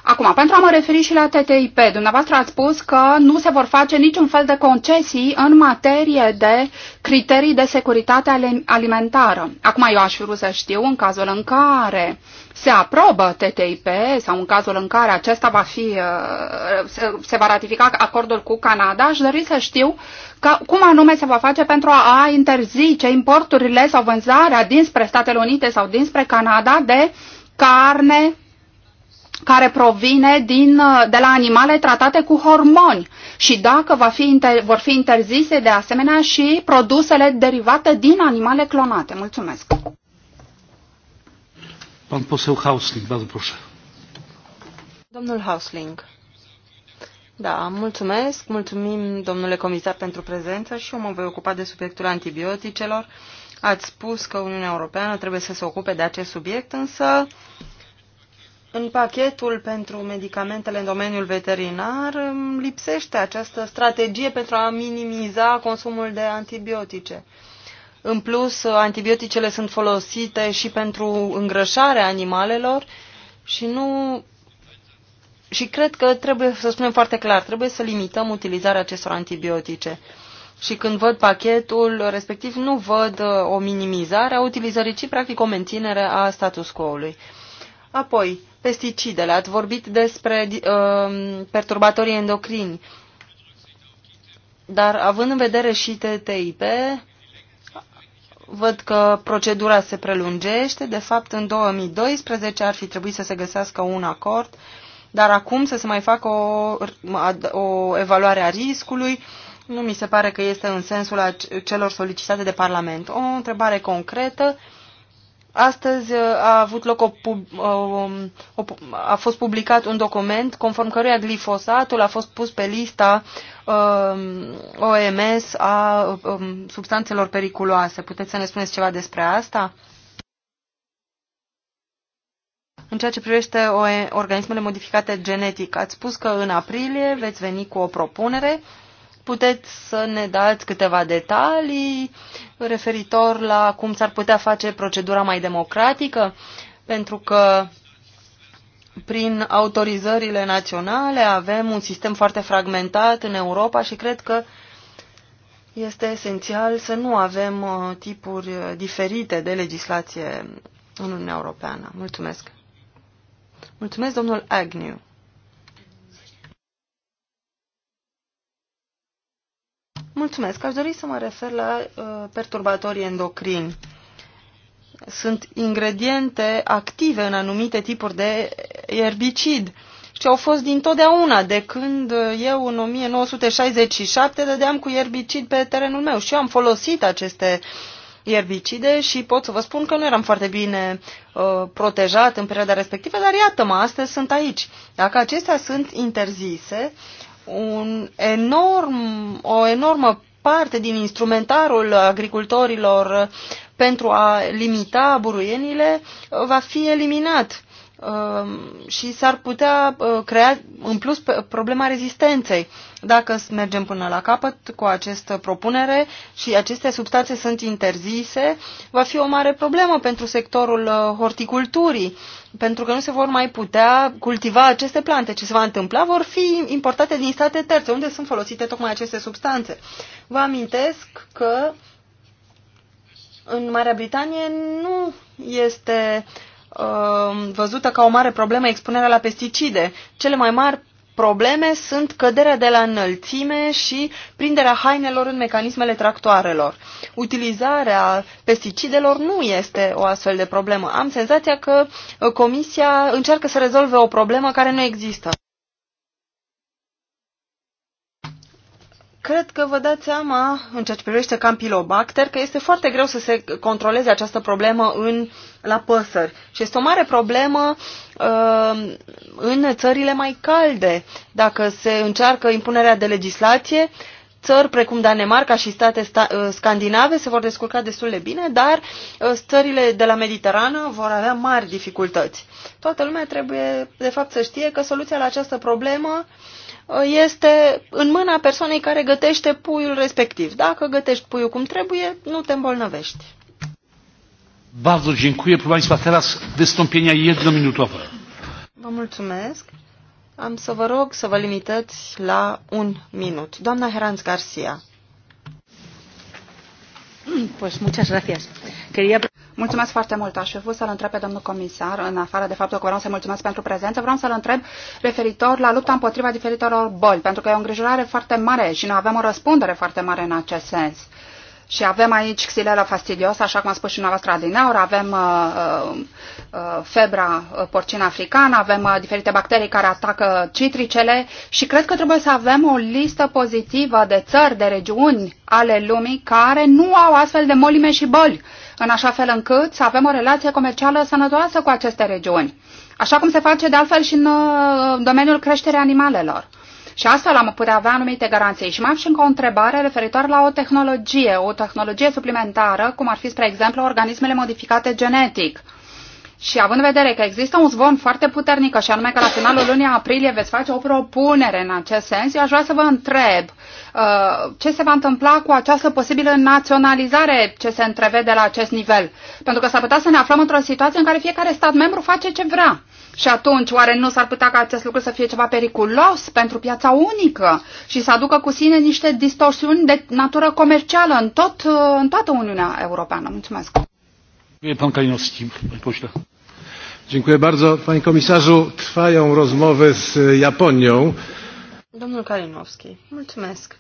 Acum, pentru a mă referi și la TTIP, dumneavoastră ați spus că nu se vor face niciun fel de concesii în materie de criterii de securitate alimentară. Acum, eu aș vrea să știu, în cazul în care se aprobă TTIP sau în cazul în care acesta va fi, uh, se, se va ratifica acordul cu Canada, aș dori să știu că, cum anume se va face pentru a interzice importurile sau vânzarea dinspre Statele Unite sau dinspre Canada de carne care provine din, uh, de la animale tratate cu hormoni și dacă va fi inter, vor fi interzise de asemenea și produsele derivate din animale clonate. Mulțumesc. Pan poseł Hausling, bardzo proszę. Domnul Hausling. Da, mulțumesc, mulțumim domnule comisar pentru prezență și eu mă voi ocupa de subiectul antibioticelor. Ați spus că Uniunea Europeană trebuie să se ocupe de acest subiect, însă în pachetul pentru medicamentele în domeniul veterinar lipsește această strategie pentru a minimiza consumul de antibiotice. În plus, antibioticele sunt folosite și pentru îngrășarea animalelor și nu și cred că trebuie să spunem foarte clar, trebuie să limităm utilizarea acestor antibiotice. Și când văd pachetul respectiv, nu văd uh, o minimizare a utilizării, ci practic o menținere a status quo-ului. Apoi, pesticidele, ați vorbit despre uh, perturbatorii endocrini, dar având în vedere și TTIP, văd că procedura se prelungește. De fapt, în 2012 ar fi trebuit să se găsească un acord, dar acum să se mai facă o, o evaluare a riscului, nu mi se pare că este în sensul celor solicitate de Parlament. O întrebare concretă. Astăzi uh, a avut loc o, o, um, a fost publicat un document conform căruia glifosatul a fost pus pe lista um, OMS a um, substanțelor periculoase. Puteți să ne spuneți ceva despre asta? În ceea ce privește organismele modificate genetic, ați spus că în aprilie veți veni cu o propunere. Puteți să ne dați câteva detalii referitor la cum s-ar putea face procedura mai democratică? Pentru că prin autorizările naționale avem un sistem foarte fragmentat în Europa și cred că este esențial să nu avem uh, tipuri uh, diferite de legislație în Uniunea Europeană. Mulțumesc! Mulțumesc, domnul Agnew! Mulțumesc. Aș dori să mă refer la uh, perturbatorii endocrini. Sunt ingrediente active în anumite tipuri de erbicid și au fost dintotdeauna, de când eu în 1967 dădeam cu erbicid pe terenul meu și eu am folosit aceste erbicide și pot să vă spun că nu eram foarte bine uh, protejat în perioada respectivă, dar iată-mă, astăzi sunt aici. Dacă acestea sunt interzise, uh, un enorm, o enormă parte din instrumentarul agricultorilor pentru a limita buruienile uh, va fi eliminat. Um, și s-ar putea uh, crea în plus problema rezistenței. Dacă mergem până la capăt cu această propunere și aceste substanțe sunt interzise, va fi o mare problemă pentru sectorul uh, horticulturii, pentru că nu se vor mai putea cultiva aceste plante. Ce se va întâmpla? Vor fi importate din state terțe, unde sunt folosite tocmai aceste substanțe. Vă amintesc că în Marea Britanie nu este uh, Um, văzută ca o mare problemă expunerea la pesticide. Cele mai mari probleme sunt căderea de la înălțime și prinderea hainelor în mecanismele tractoarelor. Utilizarea pesticidelor nu este o astfel de problemă. Am senzația că uh, Comisia încearcă să rezolve o problemă care nu există. Cred că vă dați seama, în ceea ce privește campilobacter, că este foarte greu să se controleze această problemă în, la păsări. Și este o mare problemă uh, în țările mai calde. Dacă se încearcă impunerea de legislație, țări precum Danemarca și state sta, uh, scandinave se vor descurca destul de bine, dar uh, țările de la Mediterană vor avea mari dificultăți. Toată lumea trebuie, de fapt, să știe că soluția la această problemă uh, este în mâna persoanei care gătește puiul respectiv. Dacă gătești puiul cum trebuie, nu te îmbolnăvești. Bardzo dziękuję. Proszę Państwa, teraz wystąpienia jednominutowe. Vă mulțumesc. Am să vă rog să vă limitați la un minut. Doamna Heranz Garcia. Pues muchas gracias. Quería... Mulțumesc foarte mult. Aș fi vrut să-l întreb pe domnul comisar, în afară de faptul că vreau să mulțumesc pentru prezență, vreau să-l întreb referitor la lupta împotriva diferitelor boli, pentru că e o îngrijorare foarte mare și noi avem o răspundere foarte mare în acest sens. Și avem aici xilela fastidioasă, așa cum a spus și dumneavoastră adineaur, avem uh, uh, uh febra uh, porcină africană, avem uh, diferite bacterii care atacă citricele și cred că trebuie să avem o listă pozitivă de țări, de regiuni ale lumii care nu au astfel de molime și boli. Uh, în așa fel încât să avem o relație comercială sănătoasă cu aceste regiuni, așa cum se face de altfel și în uh, domeniul creșterii animalelor. Și astfel am putea avea anumite garanții. Și mai am și încă o întrebare referitoare la o tehnologie, o tehnologie suplimentară, cum ar fi, spre exemplu, organismele modificate genetic. Uh, și având în vedere că există un zvon foarte puternic, și anume că la finalul lunii aprilie veți face o propunere în acest sens, eu aș vrea să vă întreb uh, ce se va întâmpla cu această posibilă naționalizare ce se întrevede la acest nivel. Pentru că s-ar putea să ne aflăm într-o situație în care fiecare stat membru face ce vrea. Și atunci, oare nu s-ar putea ca acest lucru să fie ceva periculos pentru piața unică și să aducă cu sine niște distorsiuni de natură comercială în, tot, uh, în toată Uniunea Europeană? Mulțumesc! Pan Kalinowski, panie pośle. Dziękuję bardzo. Panie komisarzu, trwają rozmowy z Japonią. Domnul Kalinowski, mulțumesc.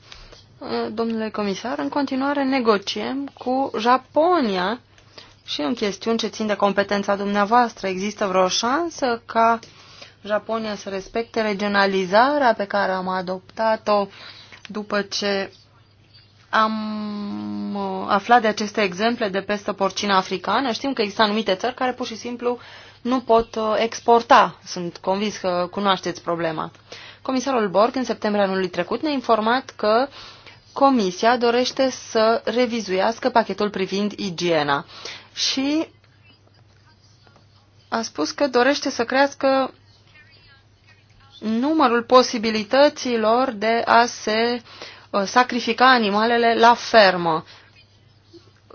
Domnule comisar, în continuare negociem cu Japonia și în chestiuni ce țin de competența dumneavoastră. Există vreo șansă ca Japonia să respecte regionalizarea pe care am adoptat-o după ce am aflat de aceste exemple de peste porcină africană. Știm că există anumite țări care pur și simplu nu pot uh, exporta. Sunt convins că cunoașteți problema. Comisarul Borg, în septembrie anului trecut, ne-a informat că Comisia dorește să revizuiască pachetul privind igiena și a spus că dorește să crească numărul posibilităților de a se uh, sacrifica animalele la fermă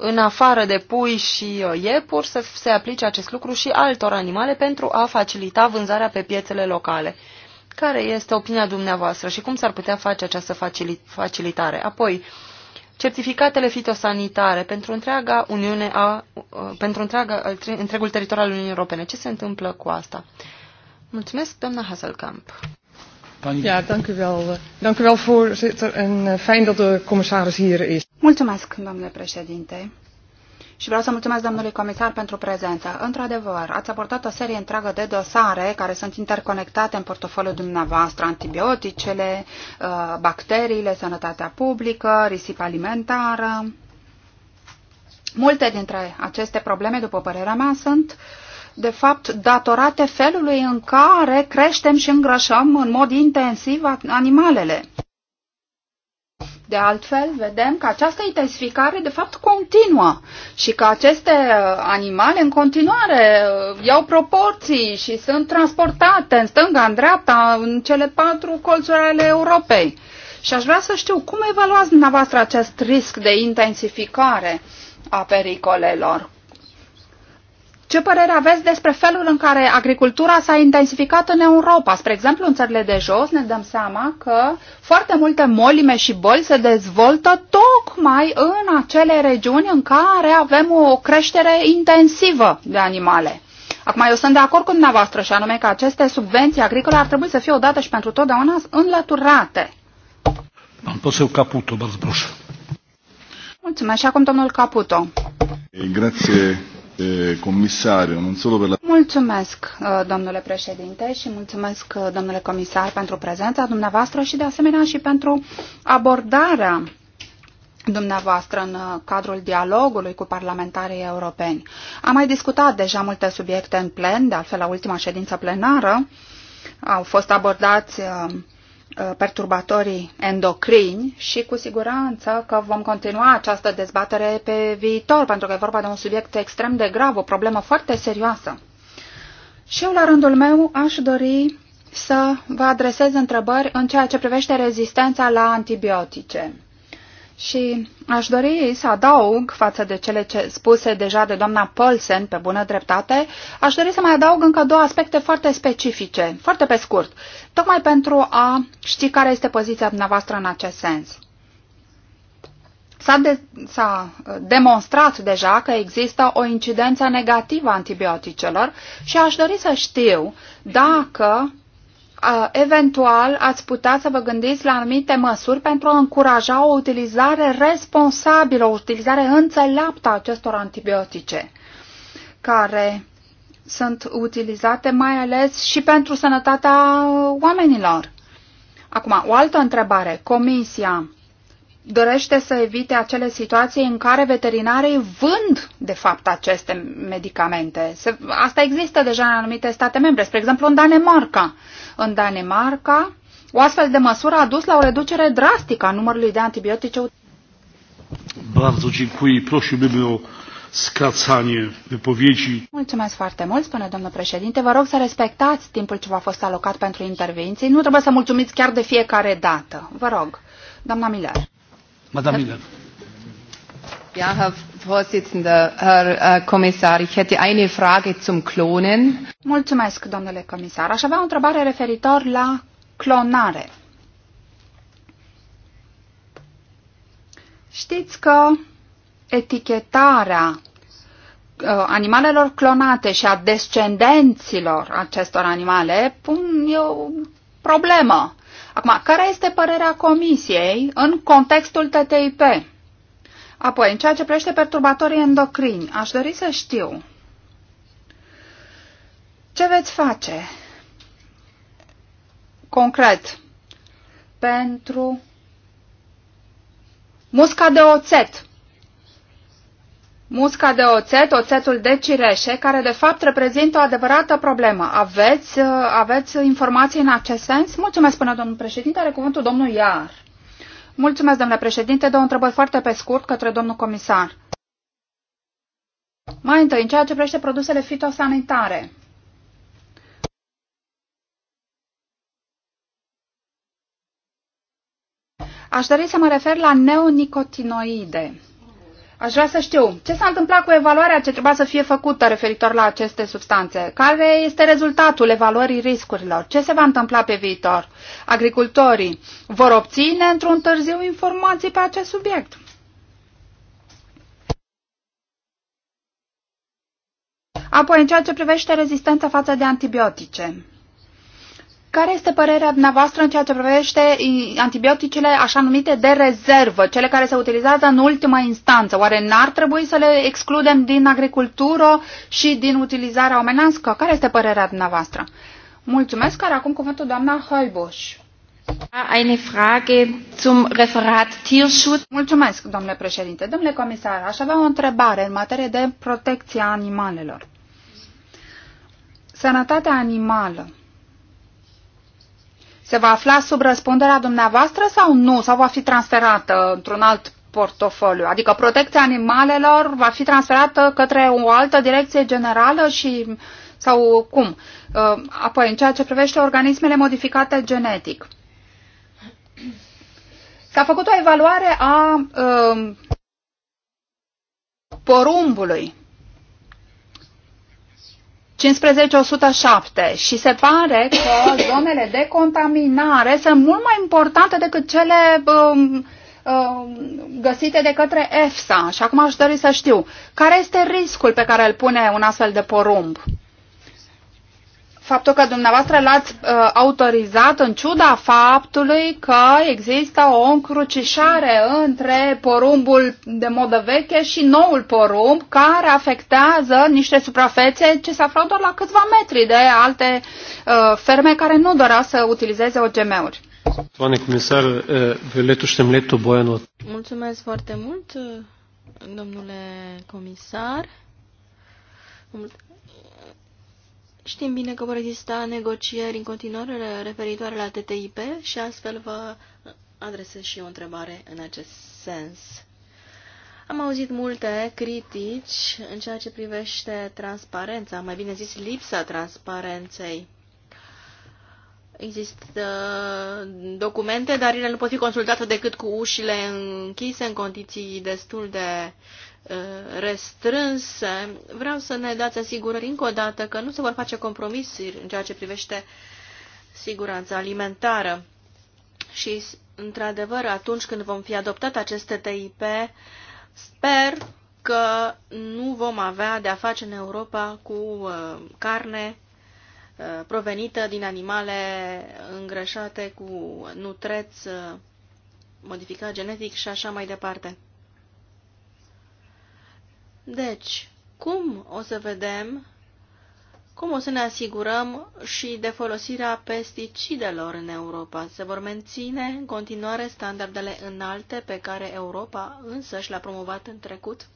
în afară de pui și uh, iepuri, să se aplice acest lucru și altor animale pentru a facilita vânzarea pe piețele locale. Care este opinia dumneavoastră și cum s-ar putea face această facilitare? Apoi, certificatele fitosanitare pentru, întreaga Uniune a, uh, pentru întreaga, uh, întregul teritoriu al Uniunii Europene. Ce se întâmplă cu asta? Mulțumesc, doamna Hasselkamp. Ja, dank u wel. Eh, dank u wel, voorzitter. En eh, fijn dat de commissaris hier is. Mulțumesc, domnule președinte. Și vreau să mulțumesc domnului comisar pentru prezență. Într-adevăr, ați abordat o serie întreagă de dosare care sunt interconectate în portofoliul dumneavoastră, antibioticele, uh, bacteriile, sănătatea publică, risipa alimentară. Multe dintre aceste probleme, după părerea mea, sunt de fapt datorate felului în care creștem și îngrășăm în mod intensiv animalele. De altfel, vedem că această intensificare, de fapt, continuă și că aceste uh, animale, în continuare, uh, iau proporții și sunt transportate în stânga, în dreapta, în cele patru colțuri ale Europei. Și aș vrea să știu cum evaluați dumneavoastră acest risc de intensificare a pericolelor. Ce părere aveți despre felul în care agricultura s-a intensificat în Europa? Spre exemplu, în țările de jos ne dăm seama că foarte multe molime și boli se dezvoltă tocmai în acele regiuni în care avem o creștere intensivă de animale. Acum, eu sunt de acord cu dumneavoastră și anume că aceste subvenții agricole ar trebui să fie odată și pentru totdeauna înlăturate. Am pus eu caputul, Mulțumesc și acum domnul Caputo. Grazie Eh, comisario, non solo per la... Mulțumesc, eh, domnule președinte, și mulțumesc, eh, domnule comisar, pentru prezența dumneavoastră și, de asemenea, și pentru abordarea dumneavoastră în cadrul dialogului cu parlamentarii europeni. Am mai discutat deja multe subiecte în plen, de altfel la ultima ședință plenară au fost abordați Uh, perturbatorii endocrini și cu siguranță că vom continua această dezbatere pe viitor, pentru că e vorba de un subiect extrem de grav, o problemă foarte serioasă. Și eu, la rândul meu, aș dori să vă adresez întrebări în ceea ce privește rezistența la antibiotice. Și aș dori să adaug, față de cele ce spuse deja de doamna Paulsen, pe bună dreptate, aș dori să mai adaug încă două aspecte foarte specifice, foarte pe scurt, tocmai pentru a ști care este poziția dumneavoastră în acest sens. S-a, de, uh, demonstrat deja că există o incidență negativă a antibioticelor și aș dori să știu dacă eventual ați putea să vă gândiți la anumite măsuri pentru a încuraja o utilizare responsabilă, o utilizare înțeleaptă a acestor antibiotice, care sunt utilizate mai ales și pentru sănătatea oamenilor. Acum, o altă întrebare. Comisia dorește să evite acele situații în care veterinarii vând, de fapt, aceste medicamente. Se, asta există deja în anumite state membre, spre exemplu în Danemarca. În Danemarca, o astfel de măsură a dus la o reducere drastică a numărului de antibiotice. Bardzo dziękuję. Prosimy o skracanie wypowiedzi. Mulțumesc foarte mult, spune domnul președinte. Vă rog să respectați timpul ce v-a fost alocat pentru intervenții. Nu trebuie să mulțumiți chiar de fiecare dată. Vă rog, doamna Miller. Ja, Herr Vorsitzender, Herr Kommissar, ich hätte eine Frage zum Klonen. Mulțumesc, domnule comisar. Aș avea o întrebare referitor la clonare. Știți că etichetarea uh, animalelor clonate și a descendenților acestor animale pun, e o problemă. Acum, care este părerea Comisiei în contextul TTIP? Apoi, în ceea ce privește perturbatorii endocrini, aș dori să știu ce veți face concret pentru musca de oțet musca de oțet, oțetul de cireșe, care de fapt reprezintă o adevărată problemă. Aveți, uh, aveți informații în acest sens? Mulțumesc până domnul președinte, are cuvântul domnul Iar. Mulțumesc, domnule președinte, două întrebări foarte pe scurt către domnul comisar. Mai întâi, în ceea ce privește produsele fitosanitare. Aș dori să mă refer la neonicotinoide. Aș vrea să știu ce s-a întâmplat cu evaluarea ce trebuia să fie făcută referitor la aceste substanțe. Care este rezultatul evaluării riscurilor? Ce se va întâmpla pe viitor? Agricultorii vor obține într-un târziu informații pe acest subiect. Apoi, în ceea ce privește rezistența față de antibiotice. Care este părerea dumneavoastră în ceea ce privește antibioticele așa numite de rezervă, cele care se utilizează în ultima instanță? Oare n-ar trebui să le excludem din agricultură și din utilizarea omenească? Care este părerea dumneavoastră? Mulțumesc, care acum cuvântul doamna Hăiboș. Eine Frage zum Referat Tierschutz. Mulțumesc, domnule președinte. Domnule comisar, aș avea o întrebare în materie de protecția animalelor. Sănătatea animală se va afla sub răspunderea dumneavoastră sau nu? Sau va fi transferată într-un alt portofoliu? Adică protecția animalelor va fi transferată către o altă direcție generală și sau cum? Uh, apoi, în ceea ce privește organismele modificate genetic. S-a făcut o evaluare a uh, porumbului 15107 și se pare că zonele de contaminare sunt mult mai importante decât cele um, um, găsite de către EFSA. Și acum aș dori să știu, care este riscul pe care îl pune un astfel de porumb? faptul că dumneavoastră l-ați uh, autorizat în ciuda faptului că există o încrucișare între porumbul de modă veche și noul porumb care afectează niște suprafețe ce se aflau doar la câțiva metri de alte uh, ferme care nu doreau să utilizeze OGM-uri. Doamne comisar, uh, Mulțumesc foarte mult, domnule comisar. Știm bine că vor exista negocieri în continuare referitoare la TTIP și astfel vă adresez și o întrebare în acest sens. Am auzit multe critici în ceea ce privește transparența, mai bine zis lipsa transparenței. Există documente, dar ele nu pot fi consultate decât cu ușile închise în condiții destul de Uh, restrânse. Vreau să ne dați asigurări încă o dată că nu se vor face compromisuri în ceea ce privește siguranța alimentară. Și, într-adevăr, atunci când vom fi adoptat aceste TIP, sper că nu vom avea de-a face în Europa cu uh, carne uh, provenită din animale îngrășate cu nutreț modificat genetic și așa mai departe. Deci, cum o să vedem, cum o să ne asigurăm și de folosirea pesticidelor în Europa? Se vor menține în continuare standardele înalte pe care Europa însă și le-a promovat în trecut?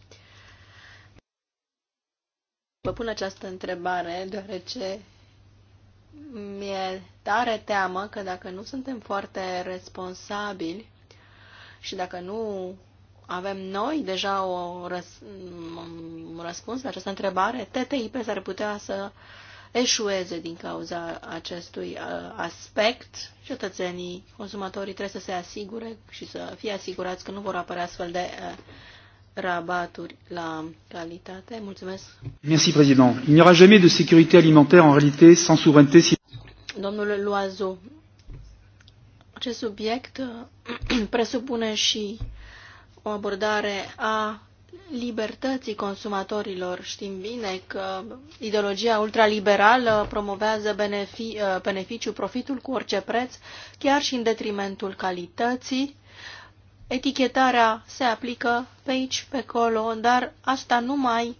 Vă pun această întrebare deoarece mi-e tare teamă că dacă nu suntem foarte responsabili și dacă nu avem noi deja o răs un răspuns la această întrebare? TTIP s-ar putea să eșueze din cauza acestui uh, aspect. Cetățenii, consumatorii trebuie să se asigure și să fie asigurați că nu vor apărea astfel de uh, rabaturi la calitate. Mulțumesc. Merci, président. Il n'y aura jamais de sécurité alimentaire en réalité sans souveraineté. Domnule Loazu, acest subiect presupune și o abordare a libertății consumatorilor. Știm bine că ideologia ultraliberală promovează uh, beneficiu, profitul cu orice preț, chiar și în detrimentul calității. Etichetarea se aplică pe aici, pe acolo, dar asta numai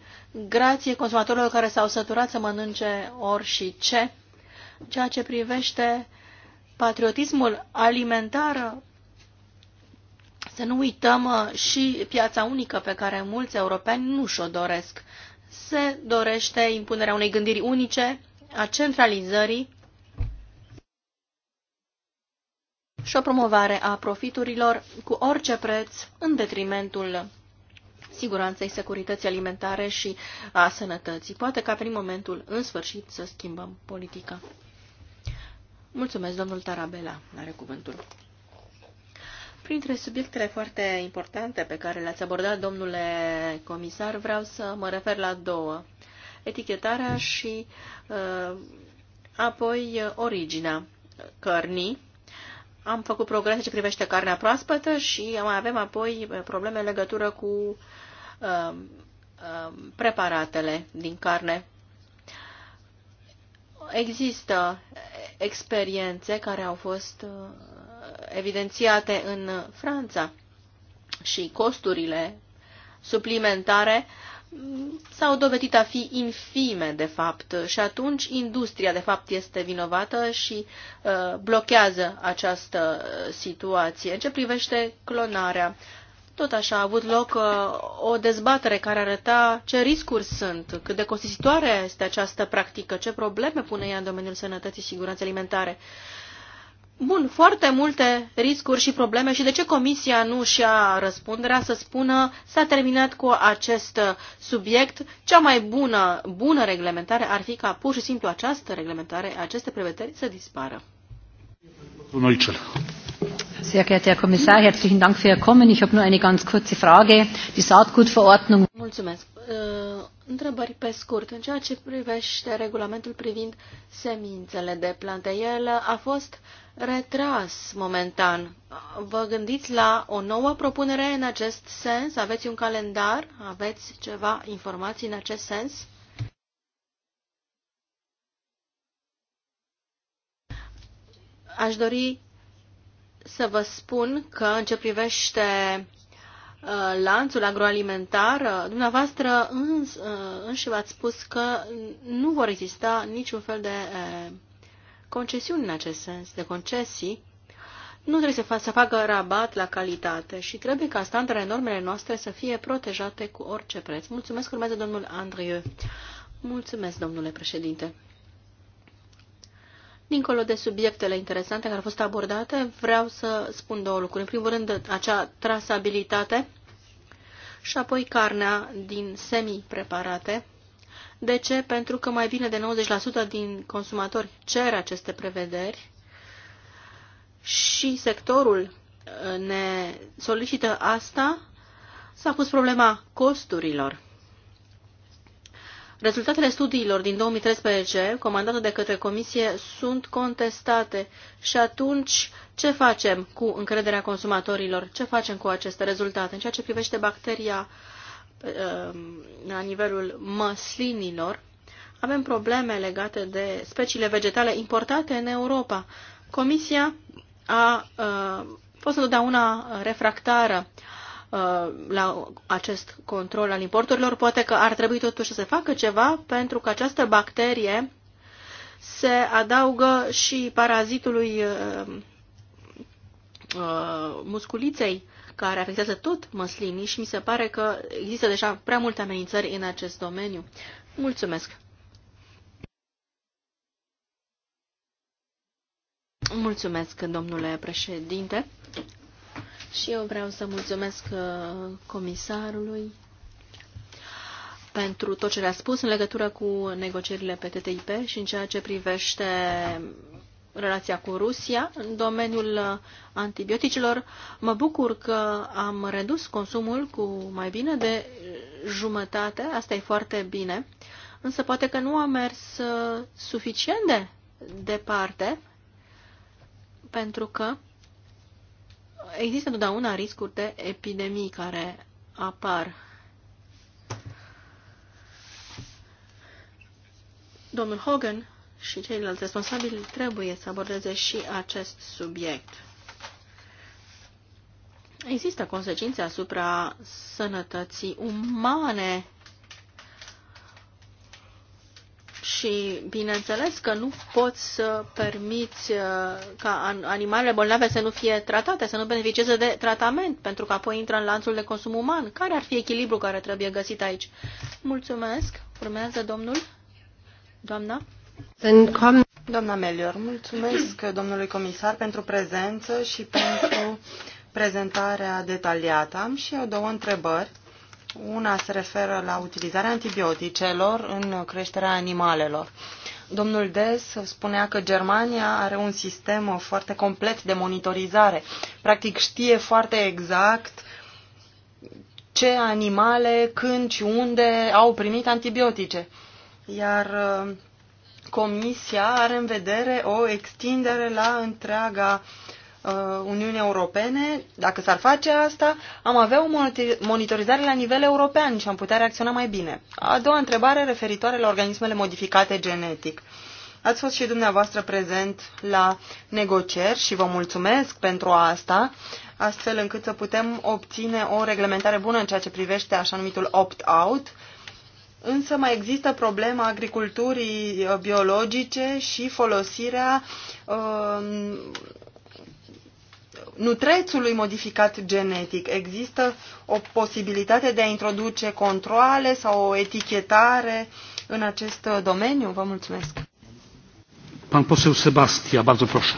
grație consumatorilor care s-au săturat să mănânce ori și ce. Ceea ce privește patriotismul alimentar, să nu uităm uh, și piața unică pe care mulți europeni nu și-o doresc. Se dorește impunerea unei gândiri unice, a centralizării și o promovare a profiturilor cu orice preț în detrimentul siguranței, securității alimentare și a sănătății. Poate ca prin momentul, în sfârșit, să schimbăm politica. Mulțumesc, domnul Tarabela. Are cuvântul. Printre subiectele foarte importante pe care le-ați abordat, domnule comisar, vreau să mă refer la două. Etichetarea și uh, apoi originea cărnii. Am făcut progrese ce privește carnea proaspătă și mai avem apoi probleme în legătură cu uh, uh, preparatele din carne. Există experiențe care au fost uh, evidențiate în Franța și costurile suplimentare mm, s-au dovedit a fi infime, de fapt, și atunci industria, de fapt, este vinovată și uh, blochează această uh, situație. În ce privește clonarea, tot așa a avut loc uh, o dezbatere care arăta ce riscuri sunt, cât de costisitoare este această practică, ce probleme pune ea în domeniul sănătății și siguranței alimentare. Uh, Bun, foarte multe riscuri și probleme și de ce Comisia nu și-a răspunderea să spună s-a terminat cu acest subiect. Cea mai bună, bună reglementare ar fi ca pur și simplu această reglementare, aceste prevederi să dispară. Sehr geehrter Herr Kommissar, herzlichen Dank für Ihr Kommen. Ich habe nur eine ganz kurze Frage. Die Saatgutverordnung. Mulțumesc. Uh, întrebări pe scurt. În ceea ce privește regulamentul privind semințele de plante, el a fost uh, retras momentan. Vă gândiți la o nouă propunere în acest sens? Aveți un calendar? Aveți ceva informații în acest sens? Aș dori să vă spun că în ce privește uh, lanțul agroalimentar, uh, dumneavoastră uh, înși v-ați spus că nu vor exista niciun fel de concesiuni în acest sens, de concesii, nu trebuie să, fac, să facă rabat la calitate și trebuie ca standardele normele noastre să fie protejate cu orice preț. Mulțumesc, urmează domnul Andrieu. Mulțumesc, domnule președinte. Dincolo de subiectele interesante care au fost abordate, vreau să spun două lucruri. În primul rând, acea trasabilitate și apoi carnea din semi-preparate de ce? Pentru că mai bine de 90% din consumatori cer aceste prevederi și sectorul uh, ne solicită asta, s-a pus problema costurilor. Rezultatele studiilor din 2013, comandate de către Comisie, sunt contestate și atunci ce facem cu încrederea consumatorilor? Ce facem cu aceste rezultate? În ceea ce privește bacteria uh, Uh, la nivelul măslinilor, avem probleme legate de speciile vegetale importate în Europa. Comisia a, uh, fost întotdeauna refractară uh, la acest control al importurilor. Poate că ar trebui totuși să se facă ceva pentru că această bacterie se adaugă și parazitului musculiței care afectează tot măslinii și mi se pare că există deja prea multe amenințări în acest domeniu. Mulțumesc! Mulțumesc, domnule președinte. Și eu vreau să mulțumesc uh, comisarului pentru tot ce le-a spus în legătură cu negocierile pe TTIP și în ceea ce privește relația cu Rusia în domeniul uh, antibioticilor, Mă bucur că am redus consumul cu mai bine de jumătate, asta e foarte bine, însă poate că nu a mers uh, suficient de departe, pentru că există întotdeauna riscuri de epidemii care apar. Domnul Hogan și ceilalți responsabili trebuie să abordeze și acest subiect. Există consecințe asupra sănătății umane și bineînțeles că nu poți să permiți uh, ca animalele bolnave să nu fie tratate, să nu beneficieze de tratament, pentru că apoi intră în lanțul de consum uman. Care ar fi echilibru care trebuie găsit aici? Mulțumesc. Urmează domnul? Doamna? Doamna Melior, mulțumesc domnului comisar pentru prezență și pentru prezentarea detaliată. Am și eu două întrebări. Una se referă la utilizarea antibioticelor în creșterea animalelor. Domnul Des spunea că Germania are un sistem foarte complet de monitorizare. Practic știe foarte exact ce animale, când și unde au primit antibiotice. Iar Comisia are în vedere o extindere la întreaga uh, Uniune Europene. Dacă s-ar face asta, am avea o monitorizare la nivel european și am putea reacționa mai bine. A doua întrebare referitoare la organismele modificate genetic. Ați fost și dumneavoastră prezent la negocieri și vă mulțumesc pentru asta, astfel încât să putem obține o reglementare bună în ceea ce privește așa numitul opt-out, însă mai există problema agriculturii uh, biologice și folosirea um, nutrețului modificat genetic. Există o posibilitate de a introduce controle sau o etichetare în acest uh, domeniu? Vă mulțumesc. Pan poseu Sebastia, bardzo proszę.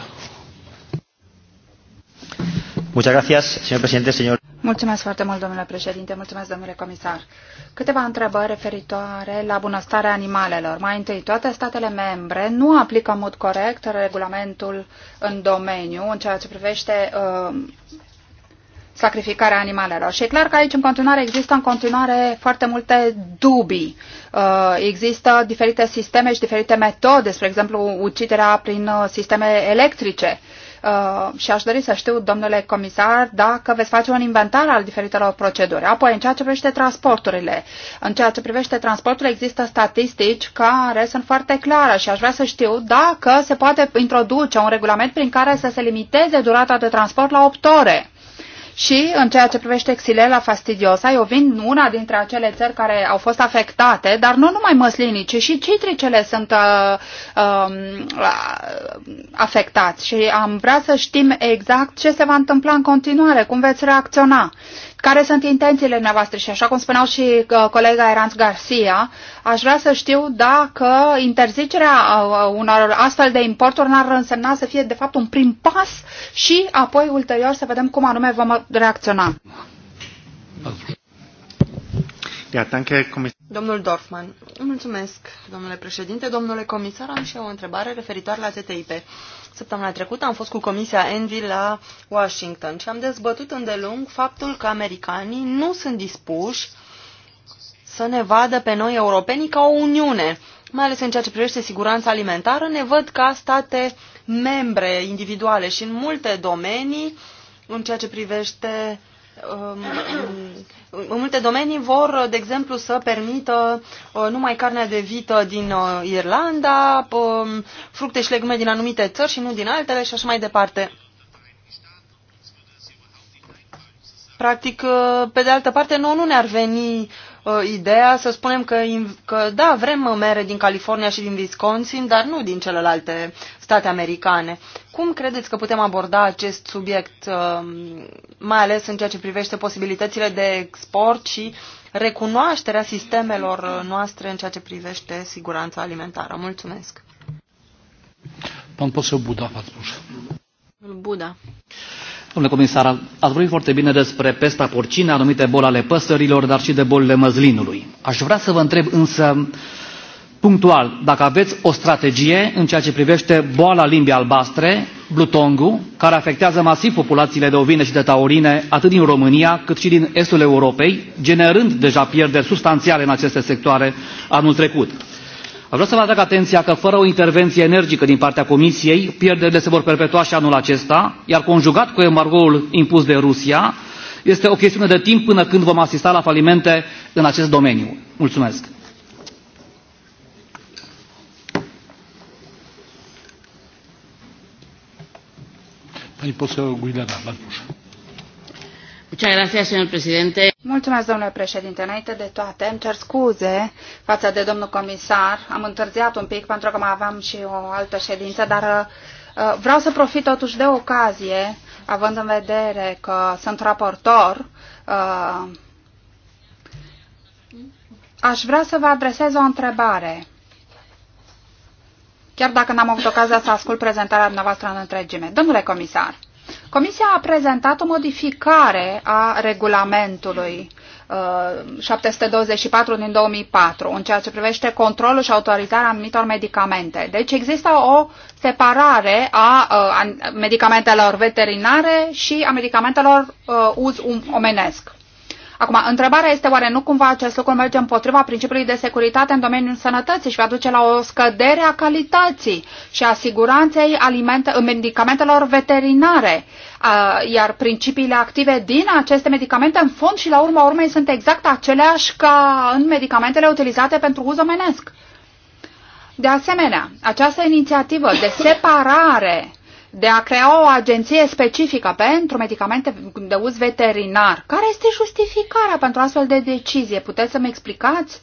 Muchas gracias, señor presidente, señor. Mulțumesc foarte mult, domnule președinte, mulțumesc, domnule comisar. Câteva întrebări referitoare la bunăstarea animalelor. Mai întâi, toate statele membre nu aplică în mod corect regulamentul în domeniu, în ceea ce privește uh, sacrificarea animalelor. Și e clar că aici în continuare există în continuare foarte multe dubii. Uh, există diferite sisteme și diferite metode, spre exemplu uciderea prin uh, sisteme electrice. Uh, și aș dori să știu, domnule comisar, dacă veți face un inventar al diferitelor proceduri. Apoi, în ceea ce privește transporturile, în ceea ce privește transporturile există statistici care sunt foarte clare și aș vrea să știu dacă se poate introduce un regulament prin care să se limiteze durata de transport la 8 ore. Și în ceea ce privește Xilela fastidiosa, eu vin una dintre acele țări care au fost afectate, dar nu numai măslinii, ci și citricele sunt uh, um, uh, afectați. Și am vrea să știm exact ce se va întâmpla în continuare, cum veți reacționa. Care sunt intențiile noastre? Și așa cum spuneau și uh, colega Eranț Garcia, aș vrea să știu dacă interzicerea uh, uh, unor astfel de importuri n-ar însemna să fie de fapt un prim pas și apoi ulterior să vedem cum anume vom reacționa. Domnul Dorfman, mulțumesc, domnule președinte. Domnule comisar, am și eu o întrebare referitoare la TTIP. Săptămâna trecută am fost cu Comisia Envy la Washington și am dezbătut îndelung faptul că americanii nu sunt dispuși să ne vadă pe noi europenii ca o uniune, mai ales în ceea ce privește siguranța alimentară, ne văd ca state membre individuale și în multe domenii, în ceea ce privește uh, Um, în multe domenii vor, de exemplu, să permită uh, numai carnea de vită din uh, Irlanda, um, fructe și legume din anumite țări și nu din altele și așa mai departe. Practic, uh, pe de altă parte, nouă nu ne-ar veni ideea să spunem că, că da, vrem mere din California și din Wisconsin, dar nu din celelalte state americane. Cum credeți că putem aborda acest subiect, uh, mai ales în ceea ce privește posibilitățile de export și recunoașterea sistemelor uh, noastre în ceea ce privește siguranța alimentară? Mulțumesc. Pan poseł Buda, v-ați Buda. Domnule comisar, ați vorbit foarte bine despre pesta porcină, anumite boli ale păsărilor, dar și de bolile măzlinului. Aș vrea să vă întreb însă punctual dacă aveți o strategie în ceea ce privește boala limbii albastre, blutongul, care afectează masiv populațiile de ovine și de taurine atât din România cât și din estul Europei, generând deja pierderi substanțiale în aceste sectoare anul trecut. Aș vrea să vă atrag atenția că fără o intervenție energică din partea Comisiei, pierderile se vor perpetua și anul acesta, iar conjugat cu embargoul impus de Rusia, este o chestiune de timp până când vom asista la falimente în acest domeniu. Mulțumesc! Mulțumesc, domnule președinte. Înainte de toate, îmi cer scuze față de domnul comisar. Am întârziat un pic pentru că mai aveam și o altă ședință, dar uh, uh, vreau să profit totuși de ocazie, având în vedere că sunt raportor, uh, aș vrea să vă adresez o întrebare chiar dacă n-am avut ocazia să ascult prezentarea dumneavoastră în întregime. Domnule comisar, Comisia a prezentat o modificare a regulamentului 724 uh, din 2004 în ceea ce privește controlul și autorizarea anumitor medicamente. Deci există o separare a, uh, a medicamentelor veterinare și a medicamentelor uh, uz um, omenesc. Acum, întrebarea este oare nu cumva acest lucru merge împotriva principiului de securitate în domeniul sănătății și va duce la o scădere a calității și a siguranței medicamentelor veterinare, iar principiile active din aceste medicamente în fond și la urma urmei sunt exact aceleași ca în medicamentele utilizate pentru uz omenesc. De asemenea, această inițiativă de separare de a crea o agenție specifică pentru medicamente de uz veterinar. Care este justificarea pentru astfel de decizie? Puteți să-mi explicați?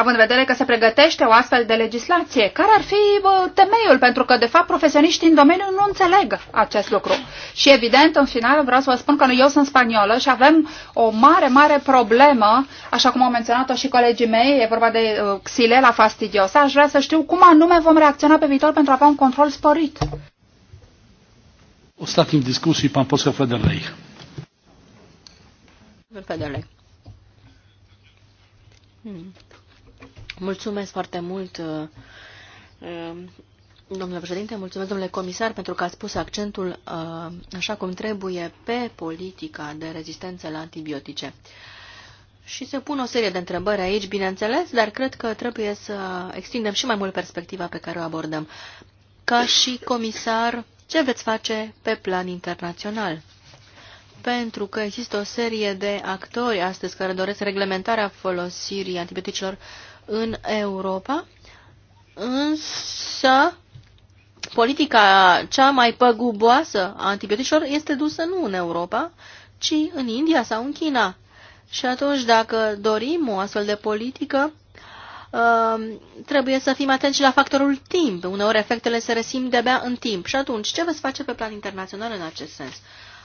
având în vedere că se pregătește o astfel de legislație. Care ar fi temeiul? Pentru că, de fapt, profesioniștii în domeniu nu înțeleg acest lucru. Și, evident, în final vreau să vă spun că noi eu sunt spaniolă și avem o mare, mare problemă, așa cum au menționat-o și colegii mei, e vorba de uh, xilela fastidiosa, Aș vrea să știu cum anume vom reacționa pe viitor pentru a avea un control sporit. în discuții, pan poseł Federley. Federley. Hmm. Mulțumesc foarte mult, uh, uh, domnule președinte, mulțumesc, domnule comisar, pentru că ați pus accentul, uh, așa cum trebuie, pe politica de rezistență la antibiotice. Și se pun o serie de întrebări aici, bineînțeles, dar cred că trebuie să extindem și mai mult perspectiva pe care o abordăm. Ca și comisar, ce veți face pe plan internațional? Pentru că există o serie de actori astăzi care doresc reglementarea folosirii antibioticelor în Europa, însă politica cea mai păguboasă a antibioticilor este dusă nu în Europa, ci în India sau în China. Și atunci, dacă dorim o astfel de politică, um, trebuie să fim atenți și la factorul timp. Uneori efectele se resimt de-abia în timp. Și atunci, ce veți face pe plan internațional în acest sens?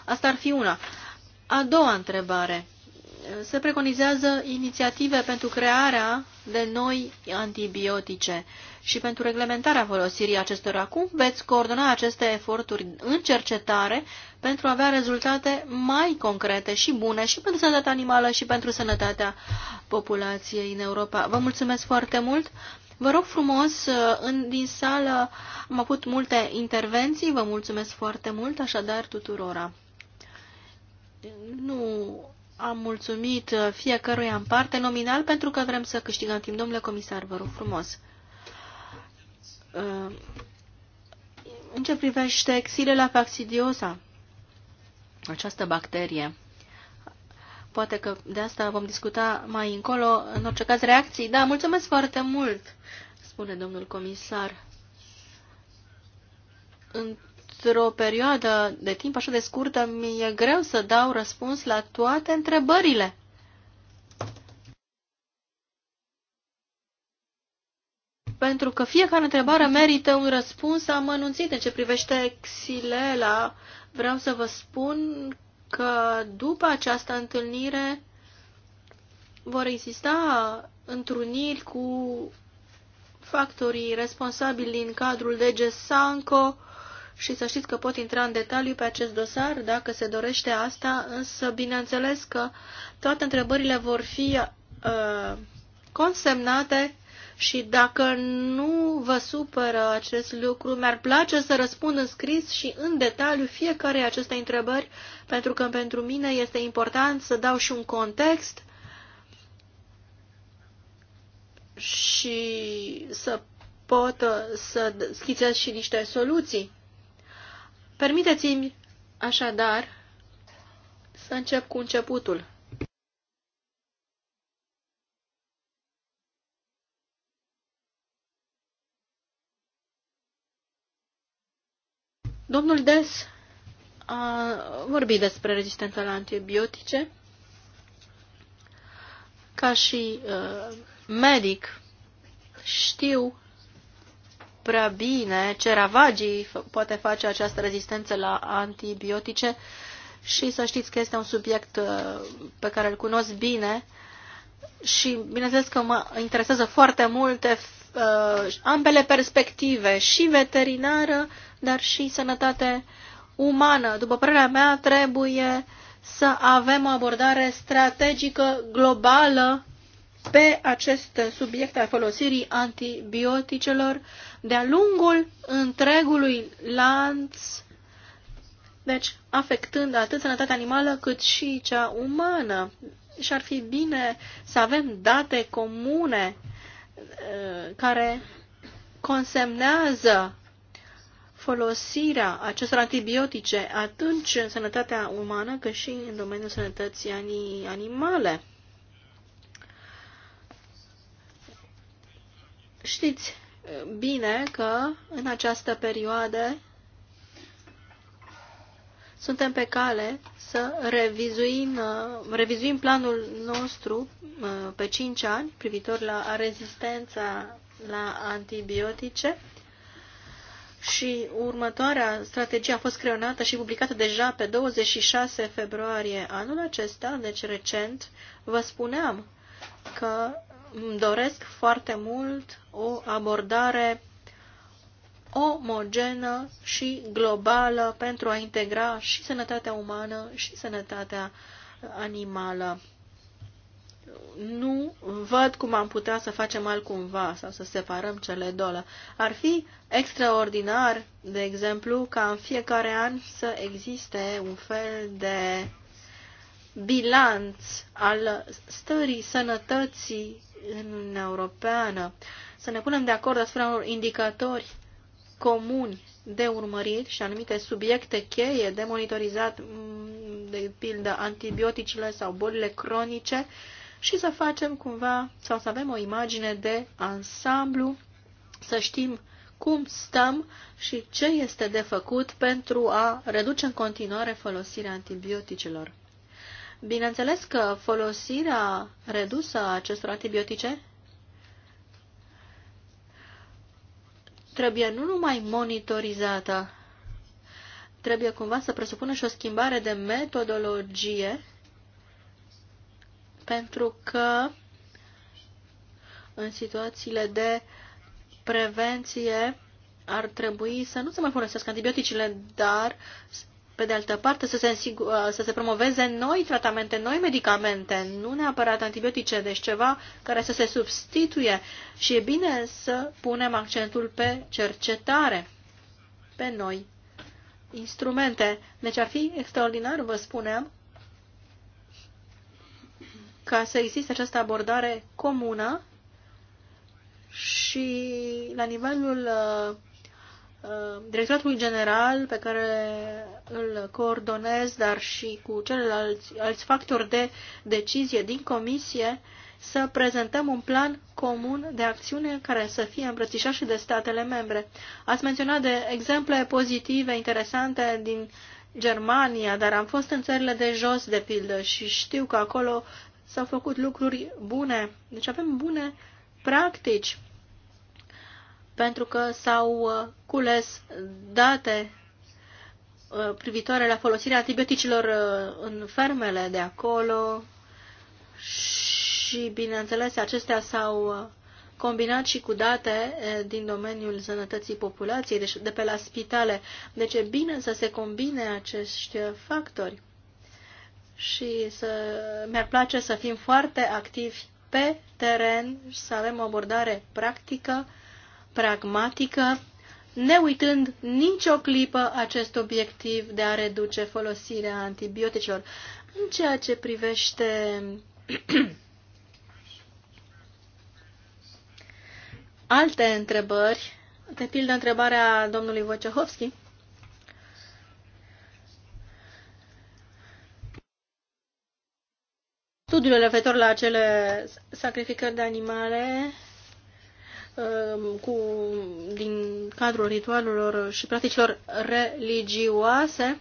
Asta ar fi una. A doua întrebare se preconizează inițiative pentru crearea de noi antibiotice și pentru reglementarea folosirii acestora. Cum veți coordona aceste eforturi în cercetare pentru a avea rezultate mai concrete și bune și pentru sănătatea animală și pentru sănătatea populației în Europa? Vă mulțumesc foarte mult! Vă rog frumos, uh, în, din sală am avut multe intervenții, vă mulțumesc foarte mult, așadar tuturora. Nu am mulțumit uh, fiecăruia în parte nominal pentru că vrem să câștigăm timp. Domnule comisar, vă rog frumos. Uh, în ce privește Xylella faxidiosa, această bacterie, poate că de asta vom discuta mai încolo, în orice caz reacții. Da, mulțumesc foarte mult, spune domnul comisar. În într-o perioadă de timp așa de scurtă, mi-e greu să dau răspuns la toate întrebările. Pentru că fiecare întrebare merită un răspuns amănunțit în ce privește Xilela. Vreau să vă spun că după această întâlnire vor exista întruniri cu factorii responsabili din cadrul DG Sanco și să știți că pot intra în detaliu pe acest dosar dacă se dorește asta, însă bineînțeles că toate întrebările vor fi uh, consemnate și dacă nu vă supără acest lucru, mi-ar place să răspund în scris și în detaliu fiecare aceste întrebări, pentru că pentru mine este important să dau și un context și să pot uh, să schițez și niște soluții. Permiteți-mi așadar să încep cu începutul. Domnul Des a vorbit despre rezistența la antibiotice. Ca și uh, medic știu prea bine Ceravagii poate face această rezistență la antibiotice și să știți că este un subiect uh, pe care îl cunosc bine și bineînțeles că mă interesează foarte mult uh, ambele perspective, și veterinară, dar și sănătate umană. După părerea mea, trebuie să avem o abordare strategică globală pe acest subiect al folosirii antibioticelor de-a lungul întregului lanț, deci afectând atât sănătatea animală cât și cea umană. Și ar fi bine să avem date comune uh, care consemnează folosirea acestor antibiotice atunci în sănătatea umană cât și în domeniul sănătății animale. Știți bine că în această perioadă suntem pe cale să revizuim, revizuim planul nostru pe 5 ani privitor la rezistența la antibiotice și următoarea strategie a fost creonată și publicată deja pe 26 februarie anul acesta, deci recent. Vă spuneam că îmi doresc foarte mult o abordare omogenă și globală pentru a integra și sănătatea umană și sănătatea animală. Nu văd cum am putea să facem altcumva sau să separăm cele două. Ar fi extraordinar, de exemplu, ca în fiecare an să existe un fel de bilanț al stării sănătății în Uniunea Europeană, să ne punem de acord asupra unor indicatori comuni de urmărit și anumite subiecte cheie de monitorizat, mm, de pildă antibioticile sau bolile cronice, și să facem cumva sau să avem o imagine de ansamblu, să știm cum stăm și ce este de făcut pentru a reduce în continuare folosirea antibioticelor. Bineînțeles că folosirea redusă a acestor antibiotice trebuie nu numai monitorizată, trebuie cumva să presupună și o schimbare de metodologie, pentru că în situațiile de prevenție ar trebui să nu se mai folosească antibioticile, dar pe de altă parte, să se, uh, să se promoveze noi tratamente, noi medicamente, nu neapărat antibiotice, deci ceva care să se substituie. Și e bine să punem accentul pe cercetare, pe noi instrumente. Deci ar fi extraordinar, vă spuneam, ca să existe această abordare comună și la nivelul uh, Uh, directoratului general pe care îl coordonez, dar și cu celelalți alți factori de decizie din comisie, să prezentăm un plan comun de acțiune care să fie îmbrățișat și de statele membre. Ați menționat de exemple pozitive, interesante din Germania, dar am fost în țările de jos, de pildă, și știu că acolo s-au făcut lucruri bune. Deci avem bune practici pentru că s-au uh, cules date uh, privitoare la folosirea antibioticilor uh, în fermele de acolo și, bineînțeles, acestea s-au combinat și cu date din domeniul sănătății populației, deci de pe la spitale. Deci e bine să se combine acești factori și să mi-ar place să fim foarte activi pe teren, să avem o abordare practică pragmatică, ne uitând nicio clipă acest obiectiv de a reduce folosirea antibioticelor. În ceea ce privește alte întrebări, de pildă întrebarea domnului Wojciechowski, studiul referitor la acele sacrificări de animale Um, cu, din cadrul ritualurilor și practicilor religioase.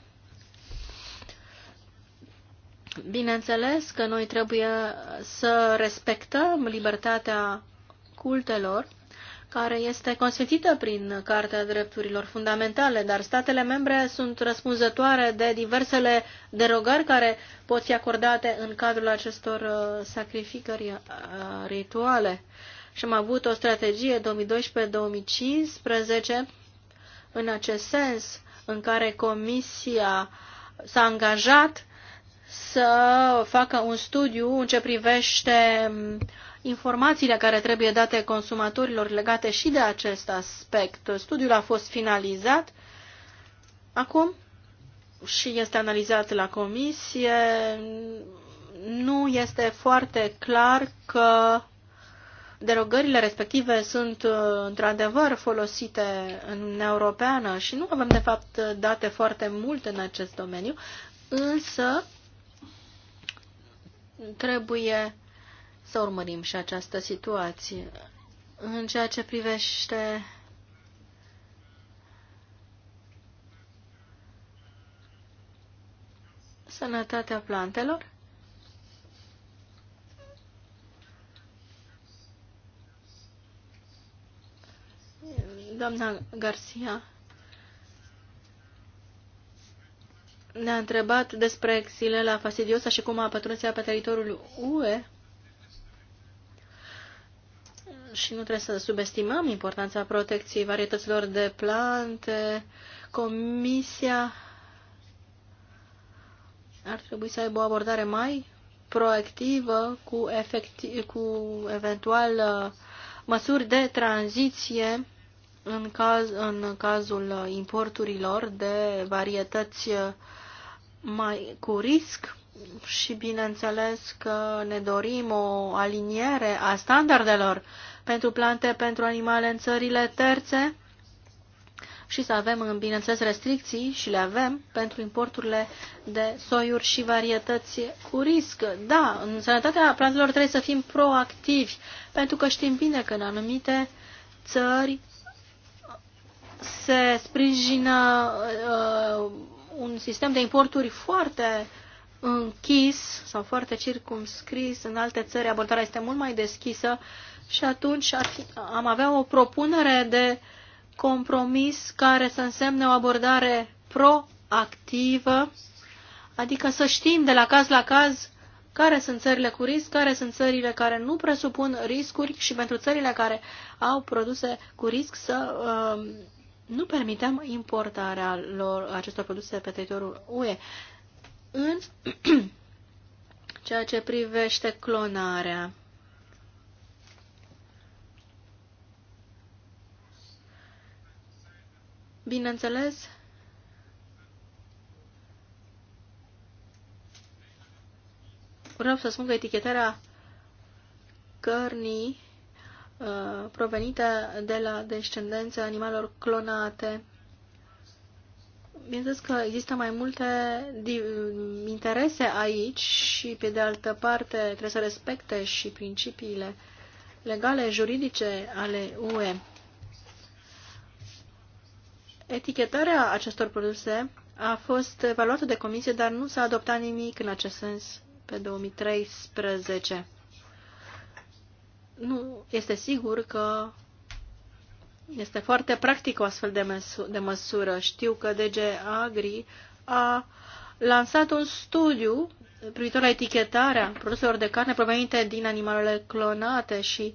Bineînțeles că noi trebuie să respectăm libertatea cultelor, care este consfințită prin Cartea Drepturilor Fundamentale, dar statele membre sunt răspunzătoare de diversele derogări care pot fi acordate în cadrul acestor uh, sacrificări uh, rituale și am avut o strategie 2012-2015 în acest sens în care Comisia s-a angajat să facă un studiu în ce privește informațiile care trebuie date consumatorilor legate și de acest aspect. Studiul a fost finalizat acum și este analizat la comisie. Nu este foarte clar că derogările respective sunt uh, într-adevăr folosite în Uniunea Europeană și nu avem de fapt date foarte multe în acest domeniu, însă trebuie să urmărim și această situație. În ceea ce privește sănătatea plantelor, doamna Garcia ne-a întrebat despre exilela fastidiosa și cum a pătruns ea pe teritoriul UE și nu trebuie să subestimăm importanța protecției varietăților de plante. Comisia ar trebui să aibă o abordare mai proactivă cu, efectiv, cu eventual uh, măsuri de tranziție în, caz, în cazul importurilor de varietăți mai cu risc și bineînțeles că ne dorim o aliniere a standardelor pentru plante, pentru animale în țările terțe și să avem, bineînțeles, restricții și le avem pentru importurile de soiuri și varietăți cu risc. Da, în sănătatea plantelor trebuie să fim proactivi, pentru că știm bine că în anumite țări se sprijină uh, un sistem de importuri foarte închis sau foarte circumscris. În alte țări abordarea este mult mai deschisă și atunci ar fi, am avea o propunere de compromis care să însemne o abordare proactivă, adică să știm de la caz la caz care sunt țările cu risc, care sunt țările care nu presupun riscuri și pentru țările care au produse cu risc să uh, nu permitem importarea lor, acestor produse pe teritoriul UE. În ceea ce privește clonarea, bineînțeles, vreau să spun că etichetarea cărnii Uh, provenite de la descendențe animalelor clonate. Bineînțeles că există mai multe interese aici și, pe de altă parte, trebuie să respecte și principiile legale, juridice ale UE. Etichetarea acestor produse a fost evaluată de comisie, dar nu s-a adoptat nimic în acest sens pe 2013 nu este sigur că este foarte practic o astfel de, măsu- de măsură. Știu că DG Agri a lansat un studiu privitor la etichetarea produselor de carne provenite din animalele clonate și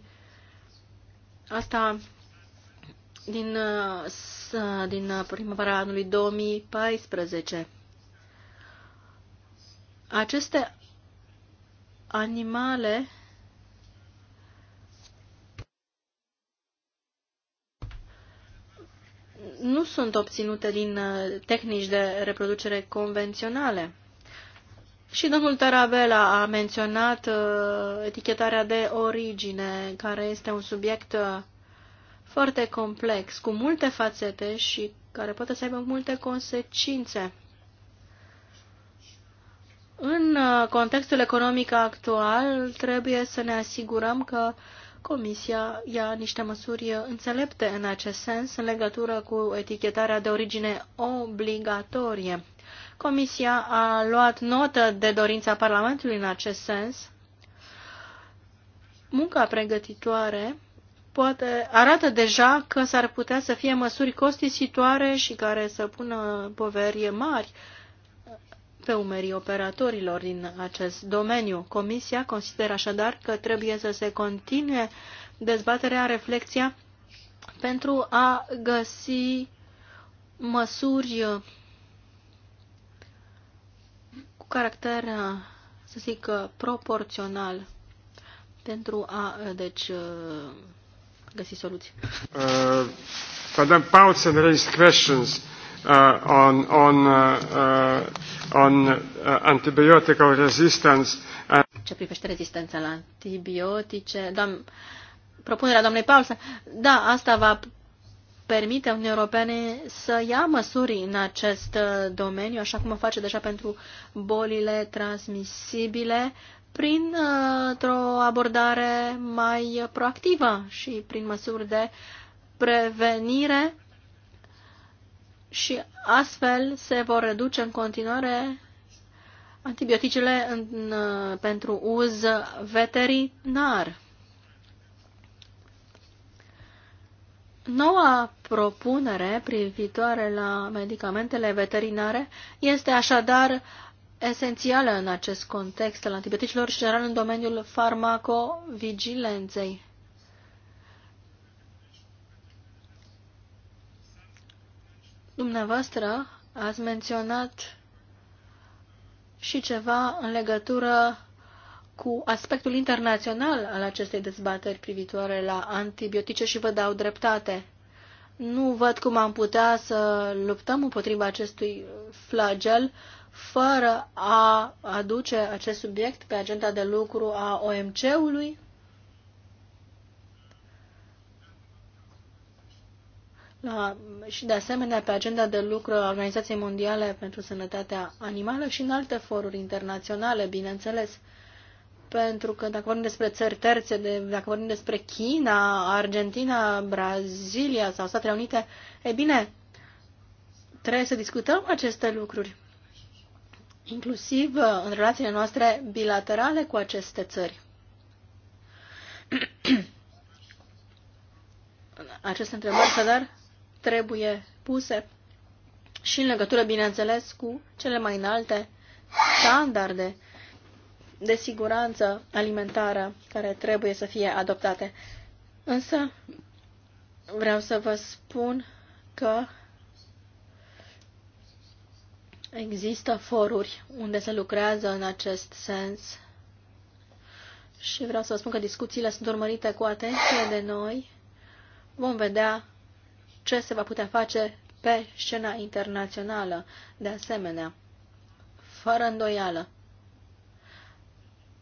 asta din, uh, din primăvara anului 2014. Aceste animale nu sunt obținute din uh, tehnici de reproducere convenționale. Și domnul Tarabella a menționat uh, etichetarea de origine, care este un subiect uh, foarte complex, cu multe fațete și care poate să aibă multe consecințe. În contextul economic actual, trebuie să ne asigurăm că uh, Comisia ia niște măsuri înțelepte în acest sens în legătură cu etichetarea de origine obligatorie. Comisia a luat notă de dorința Parlamentului în acest sens. Munca pregătitoare poate, arată deja că s-ar putea să fie măsuri costisitoare și care să pună poveri mari uh, pe umerii operatorilor din acest domeniu. Comisia consideră așadar că trebuie să se continue dezbaterea, reflexia pentru a găsi măsuri cu caracter, să zic, proporțional pentru a, deci, găsi soluții. Uh, Madame Paulsen uh, on, on, uh, uh, on uh, antibiotical resistance. And Ce privește rezistența la antibiotice, doam, propunerea doamnei Paulsen, da, asta va permite Uniunii Europene să ia măsuri în acest uh, domeniu, așa cum o face deja pentru bolile transmisibile, prin uh, o abordare mai proactivă și prin măsuri de prevenire și astfel se vor reduce în continuare antibioticele în, uh, pentru uz veterinar. Noua propunere privitoare la medicamentele veterinare este așadar esențială în acest context al antibioticilor și general în domeniul farmacovigilenței. Dumneavoastră ați menționat și ceva în legătură cu aspectul internațional al acestei dezbateri privitoare la antibiotice și vă dau dreptate. Nu văd cum am putea să luptăm împotriva acestui flagel fără a aduce acest subiect pe agenda de lucru a OMC-ului la, ah, și de asemenea pe agenda de lucru a Organizației Mondiale pentru Sănătatea Animală și în alte foruri internaționale, bineînțeles. Pentru că dacă vorbim despre țări terțe, de, dacă vorbim despre China, Argentina, Brazilia sau Statele Unite, e bine, trebuie să discutăm aceste lucruri, inclusiv uh, în relațiile noastre bilaterale cu aceste țări. aceste întrebări, dar trebuie puse și în legătură, bineînțeles, cu cele mai înalte standarde de siguranță alimentară care trebuie să fie adoptate. Însă, vreau să vă spun că există foruri unde se lucrează în acest sens și vreau să vă spun că discuțiile sunt urmărite cu atenție de noi. Vom vedea ce se va putea face pe scena internațională, de asemenea, fără îndoială.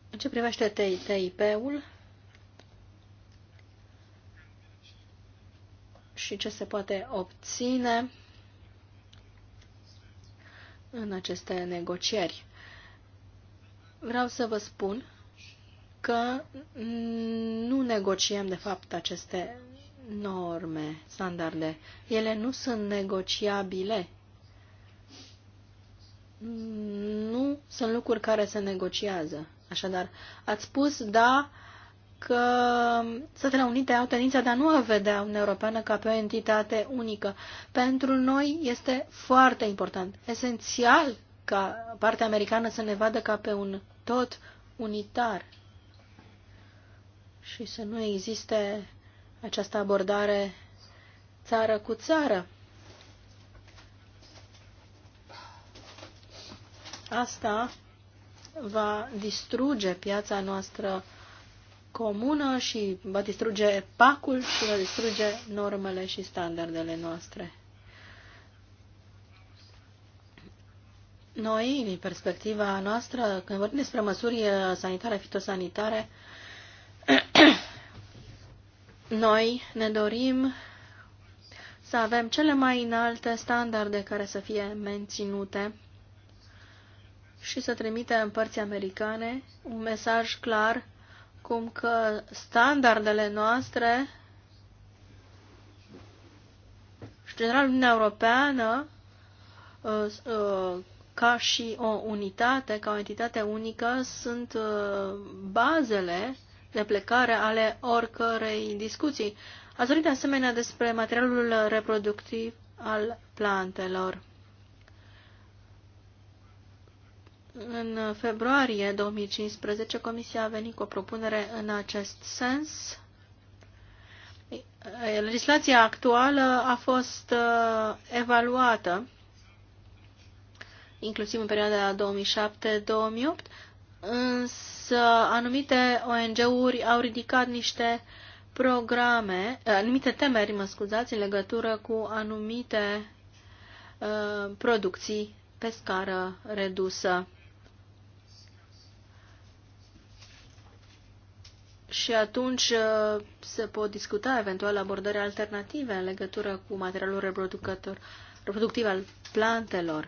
În ce privește TIP-ul și ce se poate obține în aceste negocieri, vreau să vă spun că nu negociem, de fapt, aceste norme, standarde. Ele nu sunt negociabile. Nu sunt lucruri care se negociază. Așadar, ați spus, da, că Statele Unite au tendința de a nu a vedea Uniunea Europeană ca pe o entitate unică. Pentru noi este foarte important, esențial ca partea americană să ne vadă ca pe un tot unitar și să nu existe această abordare țară cu țară. Asta va distruge piața noastră comună și va distruge pacul și va distruge normele și standardele noastre. Noi, din perspectiva noastră, când vorbim despre măsuri sanitare, fitosanitare, noi ne dorim să avem cele mai înalte standarde care să fie menținute și să trimitem părții americane un mesaj clar cum că standardele noastre și general Uniunea Europeană uh, uh, ca și o unitate, ca o entitate unică, sunt uh, bazele de plecare ale oricărei discuții. Ați vorbit de asemenea despre materialul reproductiv al plantelor. În februarie 2015, Comisia a venit cu o propunere în acest sens. Legislația actuală a fost uh, evaluată, inclusiv în perioada 2007-2008, însă anumite ONG-uri au ridicat niște programe, eh, anumite temeri, mă scuzați, în legătură cu anumite uh, producții pe scară redusă. Și atunci eh, se pot discuta eventual abordări alternative în legătură cu materialul reproducător, reproductiv al plantelor.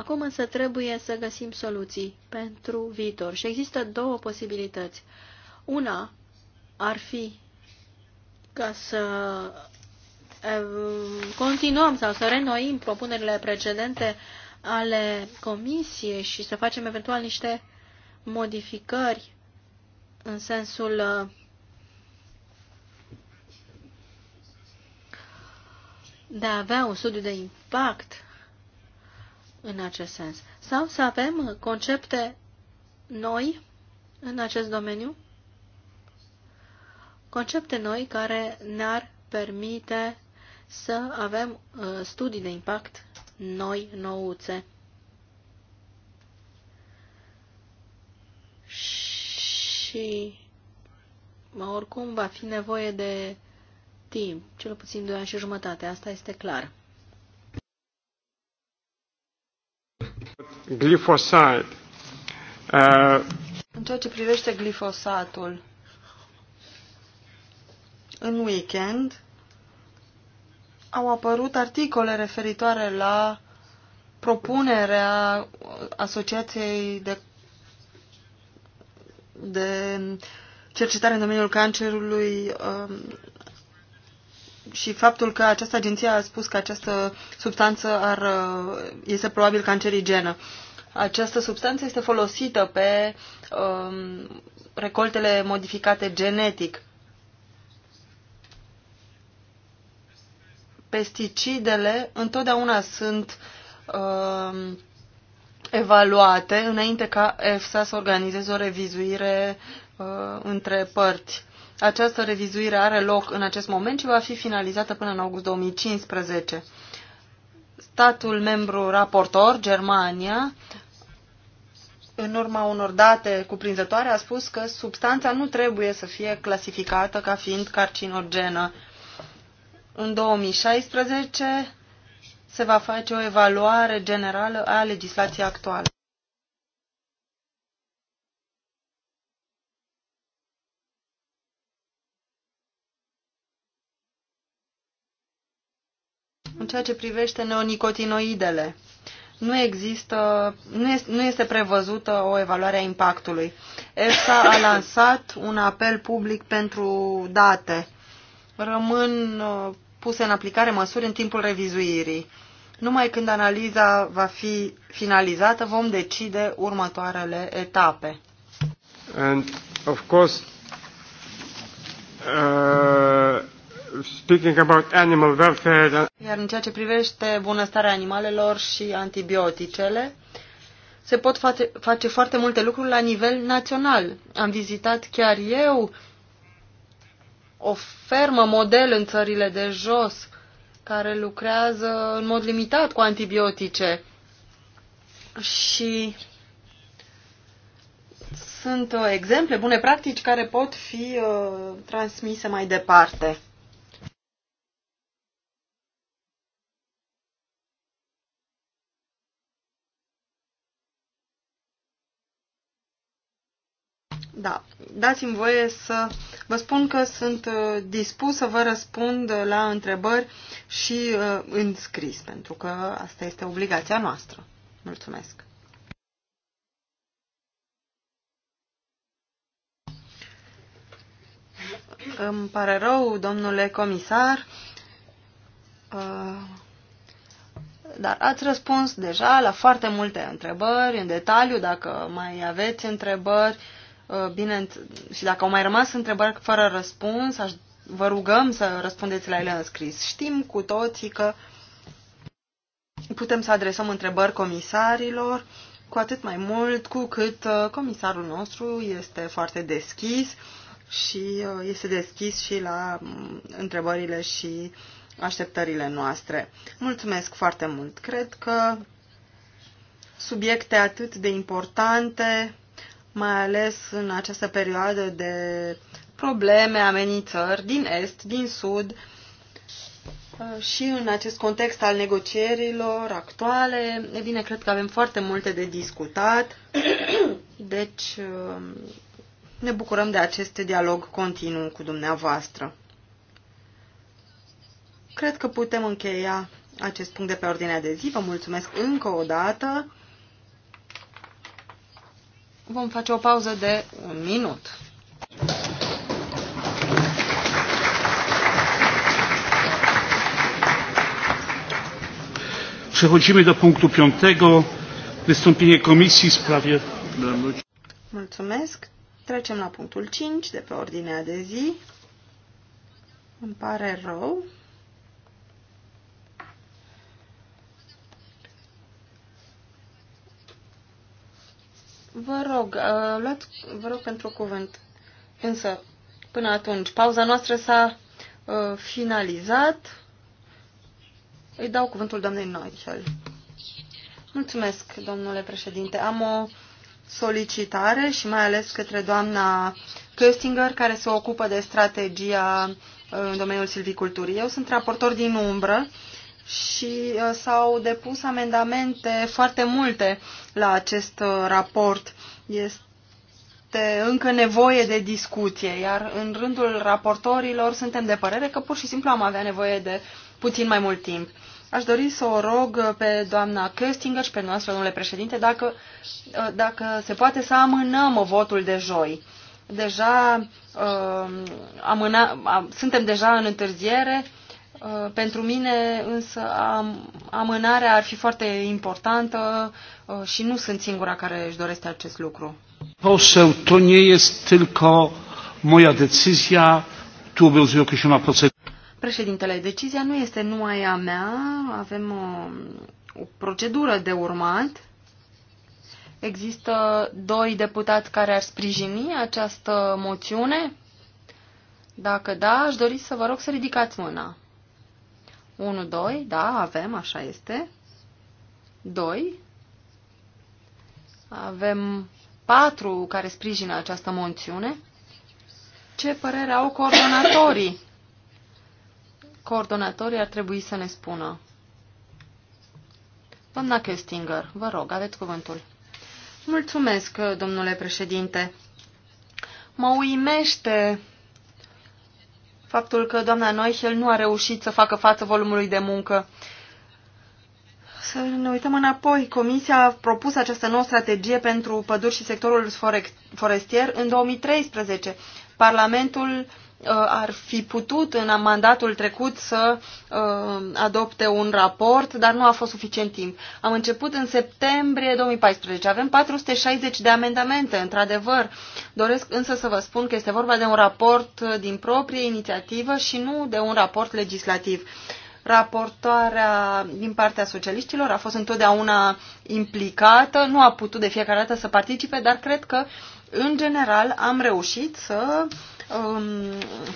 Acum însă trebuie să găsim soluții pentru viitor și există două posibilități. Una ar fi ca să continuăm sau să renoim propunerile precedente ale comisiei și să facem eventual niște modificări în sensul de a avea un studiu de impact în acest sens. Sau să avem concepte noi în acest domeniu? Concepte noi care ne-ar permite să avem uh, studii de impact noi, nouțe. Și oricum va fi nevoie de timp, cel puțin 2 ani și jumătate, asta este clar. Glifosat. Uh, în ceea ce privește glifosatul, în weekend au apărut articole referitoare la propunerea Asociației de, de cercetare în domeniul cancerului um, și faptul că această agenție a spus că această substanță ar, uh, este probabil cancerigenă. Această substanță este folosită pe um, recoltele modificate genetic. Pesticidele întotdeauna sunt um, evaluate înainte ca EFSA să organizeze o revizuire uh, între părți această revizuire are loc în acest moment și va fi finalizată până în august 2015. Statul membru raportor, Germania, în urma unor date cuprinzătoare, a spus că substanța nu trebuie să fie clasificată ca fiind carcinogenă. În 2016 se va face o evaluare generală a legislației actuale. În ceea ce privește neonicotinoidele, nu există, nu este, nu este prevăzută o evaluare a impactului. EFSA a lansat un apel public pentru date. Rămân uh, puse în aplicare măsuri în timpul revizuirii. Numai când analiza va fi finalizată, vom decide următoarele etape. And of course, uh speaking about animal welfare. Iar în ceea ce privește bunăstarea animalelor și antibioticele, se pot face, face foarte multe lucruri la nivel național. Am vizitat chiar eu o fermă model în țările de jos care lucrează în mod limitat cu antibiotice și sunt uh, exemple, bune practici care pot fi uh, transmise mai departe. Da, dați-mi voie să vă spun că sunt uh, dispus să vă răspund la întrebări și uh, în scris, pentru că asta este obligația noastră. Mulțumesc! Îmi pare rău, domnule comisar, uh, dar ați răspuns deja la foarte multe întrebări, în detaliu, dacă mai aveți întrebări, Uh, bine, și dacă au mai rămas întrebări fără răspuns, aș, vă rugăm să răspundeți la ele în scris. Știm cu toții că putem să adresăm întrebări comisarilor, cu atât mai mult cu cât uh, comisarul nostru este foarte deschis și uh, este deschis și la mm, întrebările și așteptările noastre. Mulțumesc foarte mult! Cred că subiecte atât de importante mai ales în această perioadă de probleme, amenințări din est, din sud uh, și în acest context al negocierilor actuale, e bine, cred că avem foarte multe de discutat, deci uh, ne bucurăm de acest dialog continuu cu dumneavoastră. Cred că putem încheia acest punct de pe ordinea de zi. Vă mulțumesc încă o dată Vom face o pauză de un minut. Przechodzimy do punktu piątego. Wystąpienie Komisji w sprawie... Mulțumesc. Trecem la punctul 5 de pe ordinea de zi. Îmi pare rău, Vă rog, uh, luați, vă rog pentru cuvânt. Însă, până atunci, pauza noastră s-a uh, finalizat. Îi dau cuvântul doamnei Noichel. Mulțumesc, domnule președinte. Am o solicitare și mai ales către doamna Köstinger, care se ocupă de strategia uh, în domeniul silviculturii. Eu sunt raportor din umbră și uh, s-au depus amendamente foarte multe la acest uh, raport. Este încă nevoie de discuție, iar în rândul raportorilor suntem de părere că pur și simplu am avea nevoie de puțin mai mult timp. Aș dori să o rog uh, pe doamna Köstinger și pe noastră, domnule președinte, dacă, dacă se poate să amânăm votul de joi. Deja amâna, suntem deja în întârziere, Uh, pentru mine însă amânarea ar fi foarte importantă uh, și nu sunt singura care își dorește acest lucru. Poseł, to nie jest tylko moja decyzja, tu obowiązuje określona procedură. Președintele, decizia nu este numai a mea, avem o, uh, o procedură de urmat. Există doi deputați care ar sprijini această moțiune? Dacă da, aș dori să vă rog să ridicați mâna. 1, 2, da, avem, așa este. 2. Avem 4 care sprijină această moțiune. Ce părere au coordonatorii? Coordonatorii ar trebui să ne spună. Doamna Köstinger, vă rog, aveți cuvântul. Mulțumesc, domnule președinte. Mă uimește faptul că doamna Noichel nu a reușit să facă față volumului de muncă. Să ne uităm înapoi. Comisia a propus această nouă strategie pentru păduri și sectorul forestier în 2013. Parlamentul Uh, ar fi putut în mandatul trecut să uh, adopte un raport, dar nu a fost suficient timp. Am început în septembrie 2014. Avem 460 de amendamente, într-adevăr. Doresc însă să vă spun că este vorba de un raport din proprie inițiativă și nu de un raport legislativ. Raportoarea din partea socialiștilor a fost întotdeauna implicată, nu a putut de fiecare dată să participe, dar cred că, în general, am reușit să uh,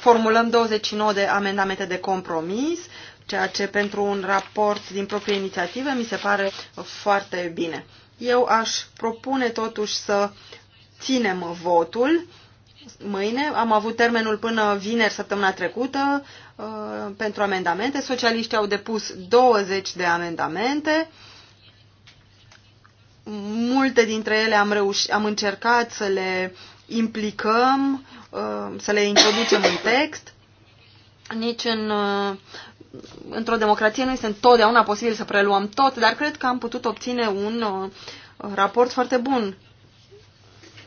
formulăm 29 de amendamente de compromis, ceea ce pentru un raport din proprie inițiativă mi se pare foarte bine. Eu aș propune totuși să ținem votul mâine. Am avut termenul până vineri săptămâna trecută uh, pentru amendamente. Socialiștii au depus 20 de amendamente. Multe dintre ele am, reuș- am încercat să le uh, implicăm, uh, să le introducem în text. Nici în, uh, într-o democrație nu este întotdeauna posibil să preluăm tot, dar cred că am putut obține un uh, raport foarte bun.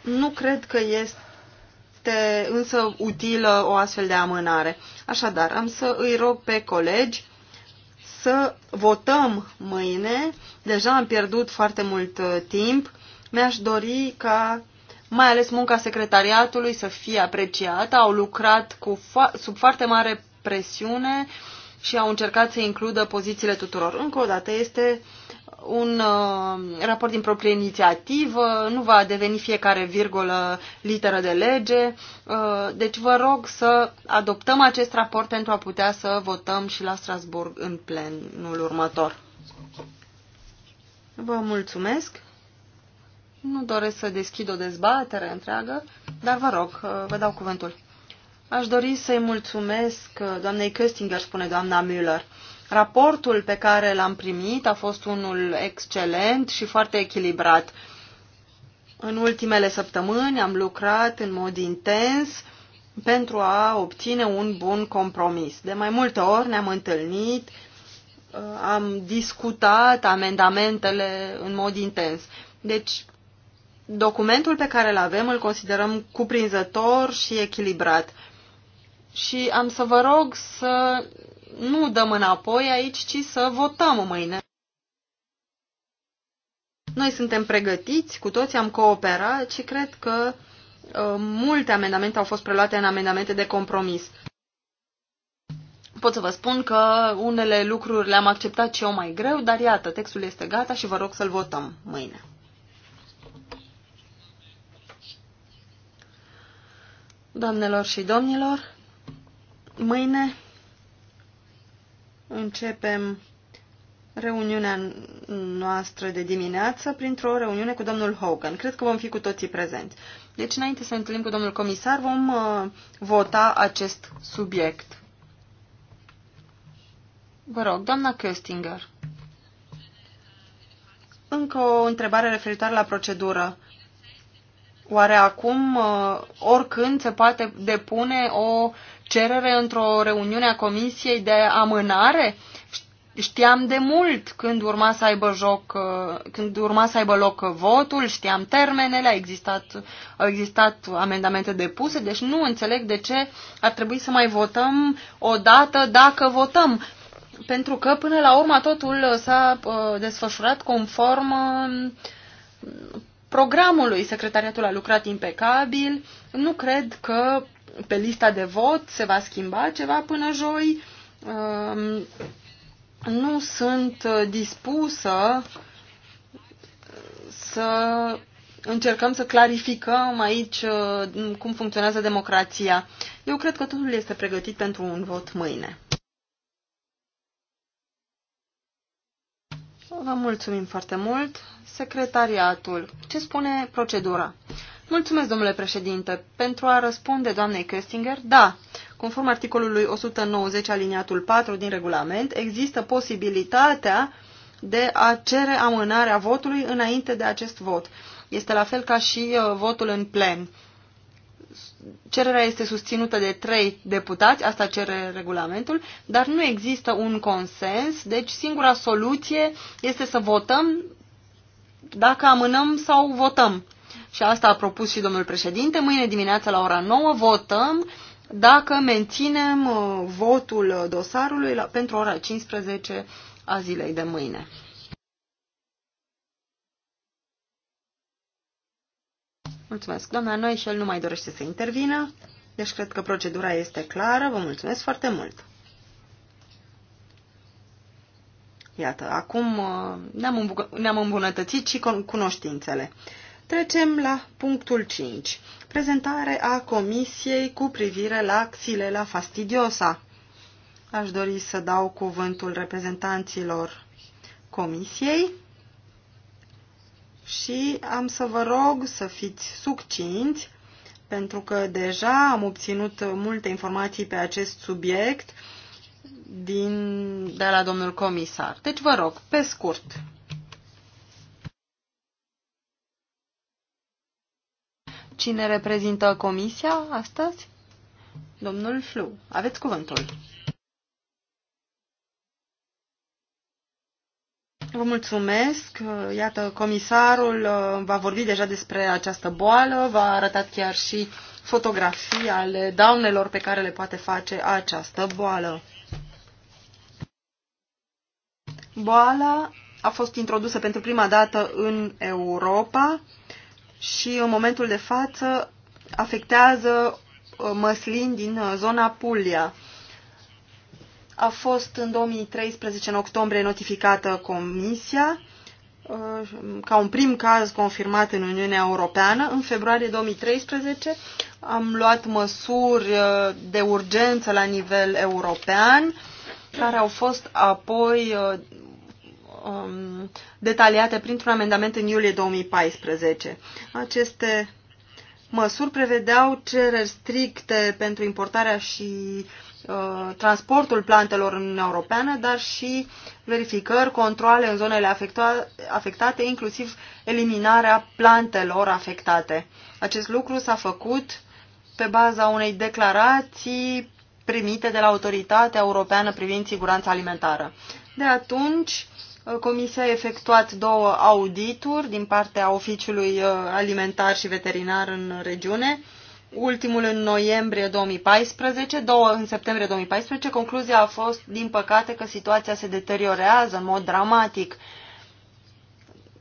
Nu cred că este însă utilă o astfel de amânare. Așadar, am să îi rog pe colegi să votăm mâine. Deja am pierdut foarte mult timp. Mi-aș dori ca mai ales munca secretariatului să fie apreciată. Au lucrat cu sub foarte mare presiune și au încercat să includă pozițiile tuturor. Încă o dată, este un uh, raport din proprie inițiativă, nu va deveni fiecare virgulă literă de lege, uh, deci vă rog să adoptăm acest raport pentru a putea să votăm și la Strasburg în plenul următor. Vă mulțumesc! Nu doresc să deschid o dezbatere întreagă, dar vă rog, uh, vă dau cuvântul. Aș dori să-i mulțumesc uh, doamnei Köstinger, spune doamna Müller. Raportul pe care l-am primit a fost unul excelent și foarte echilibrat. În ultimele săptămâni am lucrat în mod intens pentru a obține un bun compromis. De mai multe ori ne-am întâlnit, uh, am discutat amendamentele în mod intens. Deci documentul pe care îl avem îl considerăm cuprinzător și echilibrat. Și am să vă rog să nu dăm înapoi aici, ci să votăm mâine. Noi suntem pregătiți, cu toți am cooperat și cred că uh, multe amendamente au fost preluate în amendamente de compromis. Pot să vă spun că unele lucruri le-am acceptat și eu mai greu, dar iată, textul este gata și vă rog să-l votăm mâine. Doamnelor și domnilor, mâine începem reuniunea noastră de dimineață printr-o reuniune cu domnul Hogan. Cred că vom fi cu toții prezenți. Deci, înainte să întâlnim cu domnul comisar, vom uh, vota acest subiect. Vă rog, doamna Köstinger. Încă o întrebare referitoare la procedură. Oare acum, uh, oricând, se poate depune o cerere într-o reuniune a Comisiei de amânare? Știam de mult când urma să aibă, joc, uh, când urma să aibă loc votul, știam termenele, au existat, au existat amendamente depuse, deci nu înțeleg de ce ar trebui să mai votăm o dată dacă votăm. Pentru că până la urmă totul s-a uh, desfășurat conform programului. Secretariatul a lucrat impecabil. Nu cred că pe lista de vot se va schimba ceva până joi. Um, nu sunt uh, dispusă să încercăm să clarificăm aici uh, cum funcționează democrația. Eu cred că totul este pregătit pentru un vot mâine. Vă mulțumim foarte mult. Secretariatul, ce spune procedura? Mulțumesc, domnule președinte. Pentru a răspunde doamnei Köstinger, da, conform articolului 190 aliniatul 4 din regulament, există posibilitatea de a cere amânarea votului înainte de acest vot. Este la fel ca și uh, votul în plen cererea este susținută de trei deputați, asta cere regulamentul, dar nu există un consens, deci singura soluție este să votăm dacă amânăm sau votăm. Și asta a propus și domnul președinte. Mâine dimineața la ora 9 votăm dacă menținem uh, votul uh, dosarului pentru ora 15 a zilei de mâine. Mulțumesc. Doamna Noișel nu mai dorește să intervină, deci cred că procedura este clară. Vă mulțumesc foarte mult. Iată, acum uh, ne-am, îmbunătățit și cunoștințele. Trecem la punctul 5. Prezentare a comisiei cu privire la Xilela fastidiosa. Aș dori să dau cuvântul reprezentanților comisiei și am să vă rog să fiți succinți, pentru că deja am obținut multe informații pe acest subiect din, de la domnul comisar. Deci vă rog, pe scurt. Cine reprezintă comisia astăzi? Domnul Flu, aveți cuvântul. Vă mulțumesc. Iată, comisarul uh, va vorbi deja despre această boală, v-a arătat chiar și fotografii ale daunelor pe care le poate face această boală. Boala a fost introdusă pentru prima dată în Europa și în momentul de față afectează uh, măslin din uh, zona Puglia. A fost în 2013, în octombrie, notificată Comisia uh, ca un prim caz confirmat în Uniunea Europeană. În februarie 2013 am luat măsuri uh, de urgență la nivel european, care au fost apoi uh, um, detaliate printr-un amendament în iulie 2014. Aceste măsuri prevedeau cereri stricte pentru importarea și Uh, transportul plantelor în Uniunea Europeană, dar și verificări, controle în zonele afectate, inclusiv eliminarea plantelor afectate. Acest lucru s-a făcut pe baza unei declarații primite de la Autoritatea Europeană privind siguranța alimentară. De atunci, uh, Comisia a efectuat două audituri din partea Oficiului uh, Alimentar și Veterinar în regiune, ultimul în noiembrie 2014, două în septembrie 2014. Concluzia a fost, din păcate, că situația se deteriorează în mod dramatic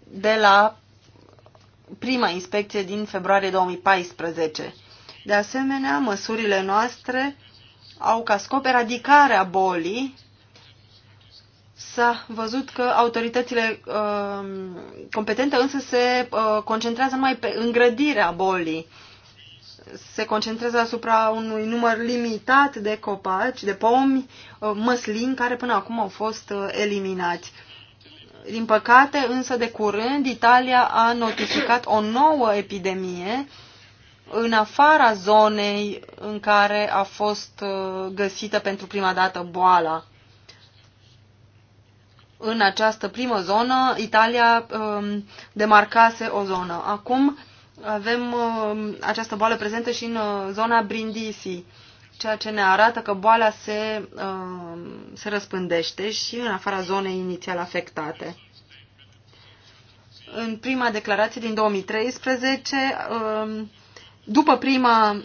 de la prima inspecție din februarie 2014. De asemenea, măsurile noastre au ca scop eradicarea bolii. S-a văzut că autoritățile uh, competente însă se uh, concentrează mai pe îngrădirea bolii. Uh, se concentrează asupra unui număr limitat de copaci, de pomi, uh, măslin, care până acum au fost uh, eliminați. Din păcate, însă, de curând, Italia a notificat o nouă epidemie în afara zonei în care a fost uh, găsită pentru prima dată boala. În această primă zonă, Italia um, demarcase o zonă. Acum, avem uh, această boală prezentă și în uh, zona Brindisi, ceea ce ne arată că boala se, uh, se răspândește și în afara zonei inițial afectate. În prima declarație din 2013, uh, după prima uh,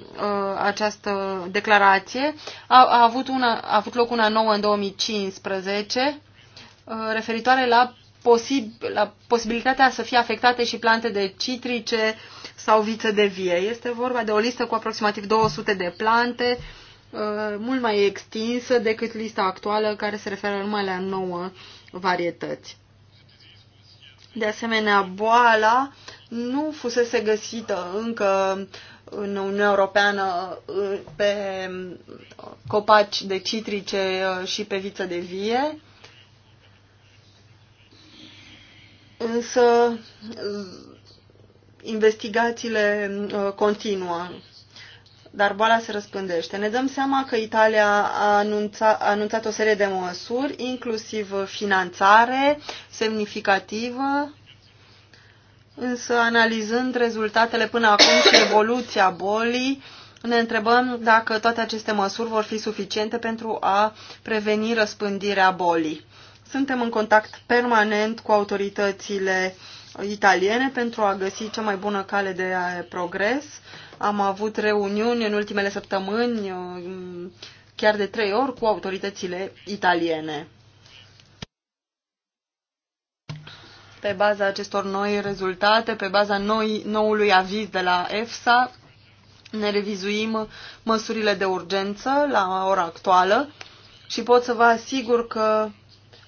această declarație, a, avut una, a avut loc una nouă în 2015, uh, referitoare la, posib la posibilitatea să fie afectate și plante de citrice, sau viță de vie. Este vorba de o listă cu aproximativ 200 de plante, uh, mult mai extinsă decât lista actuală care se referă numai la 9 varietăți. De asemenea, boala nu fusese găsită încă în Uniunea Europeană uh, pe copaci de citrice uh, și pe viță de vie, însă investigațiile uh, continuă, dar boala se răspândește. Ne dăm seama că Italia a, anunța, a anunțat o serie de măsuri, inclusiv finanțare semnificativă, însă analizând rezultatele până acum și evoluția bolii, ne întrebăm dacă toate aceste măsuri vor fi suficiente pentru a preveni răspândirea bolii. Suntem în contact permanent cu autoritățile uh, italiene pentru a găsi cea mai bună cale de progres. Am avut reuniuni în ultimele săptămâni, uh, chiar de trei ori, cu autoritățile italiene. Pe baza acestor noi rezultate, pe baza noi, noului aviz de la EFSA, ne revizuim măsurile de urgență la ora actuală și pot să vă asigur că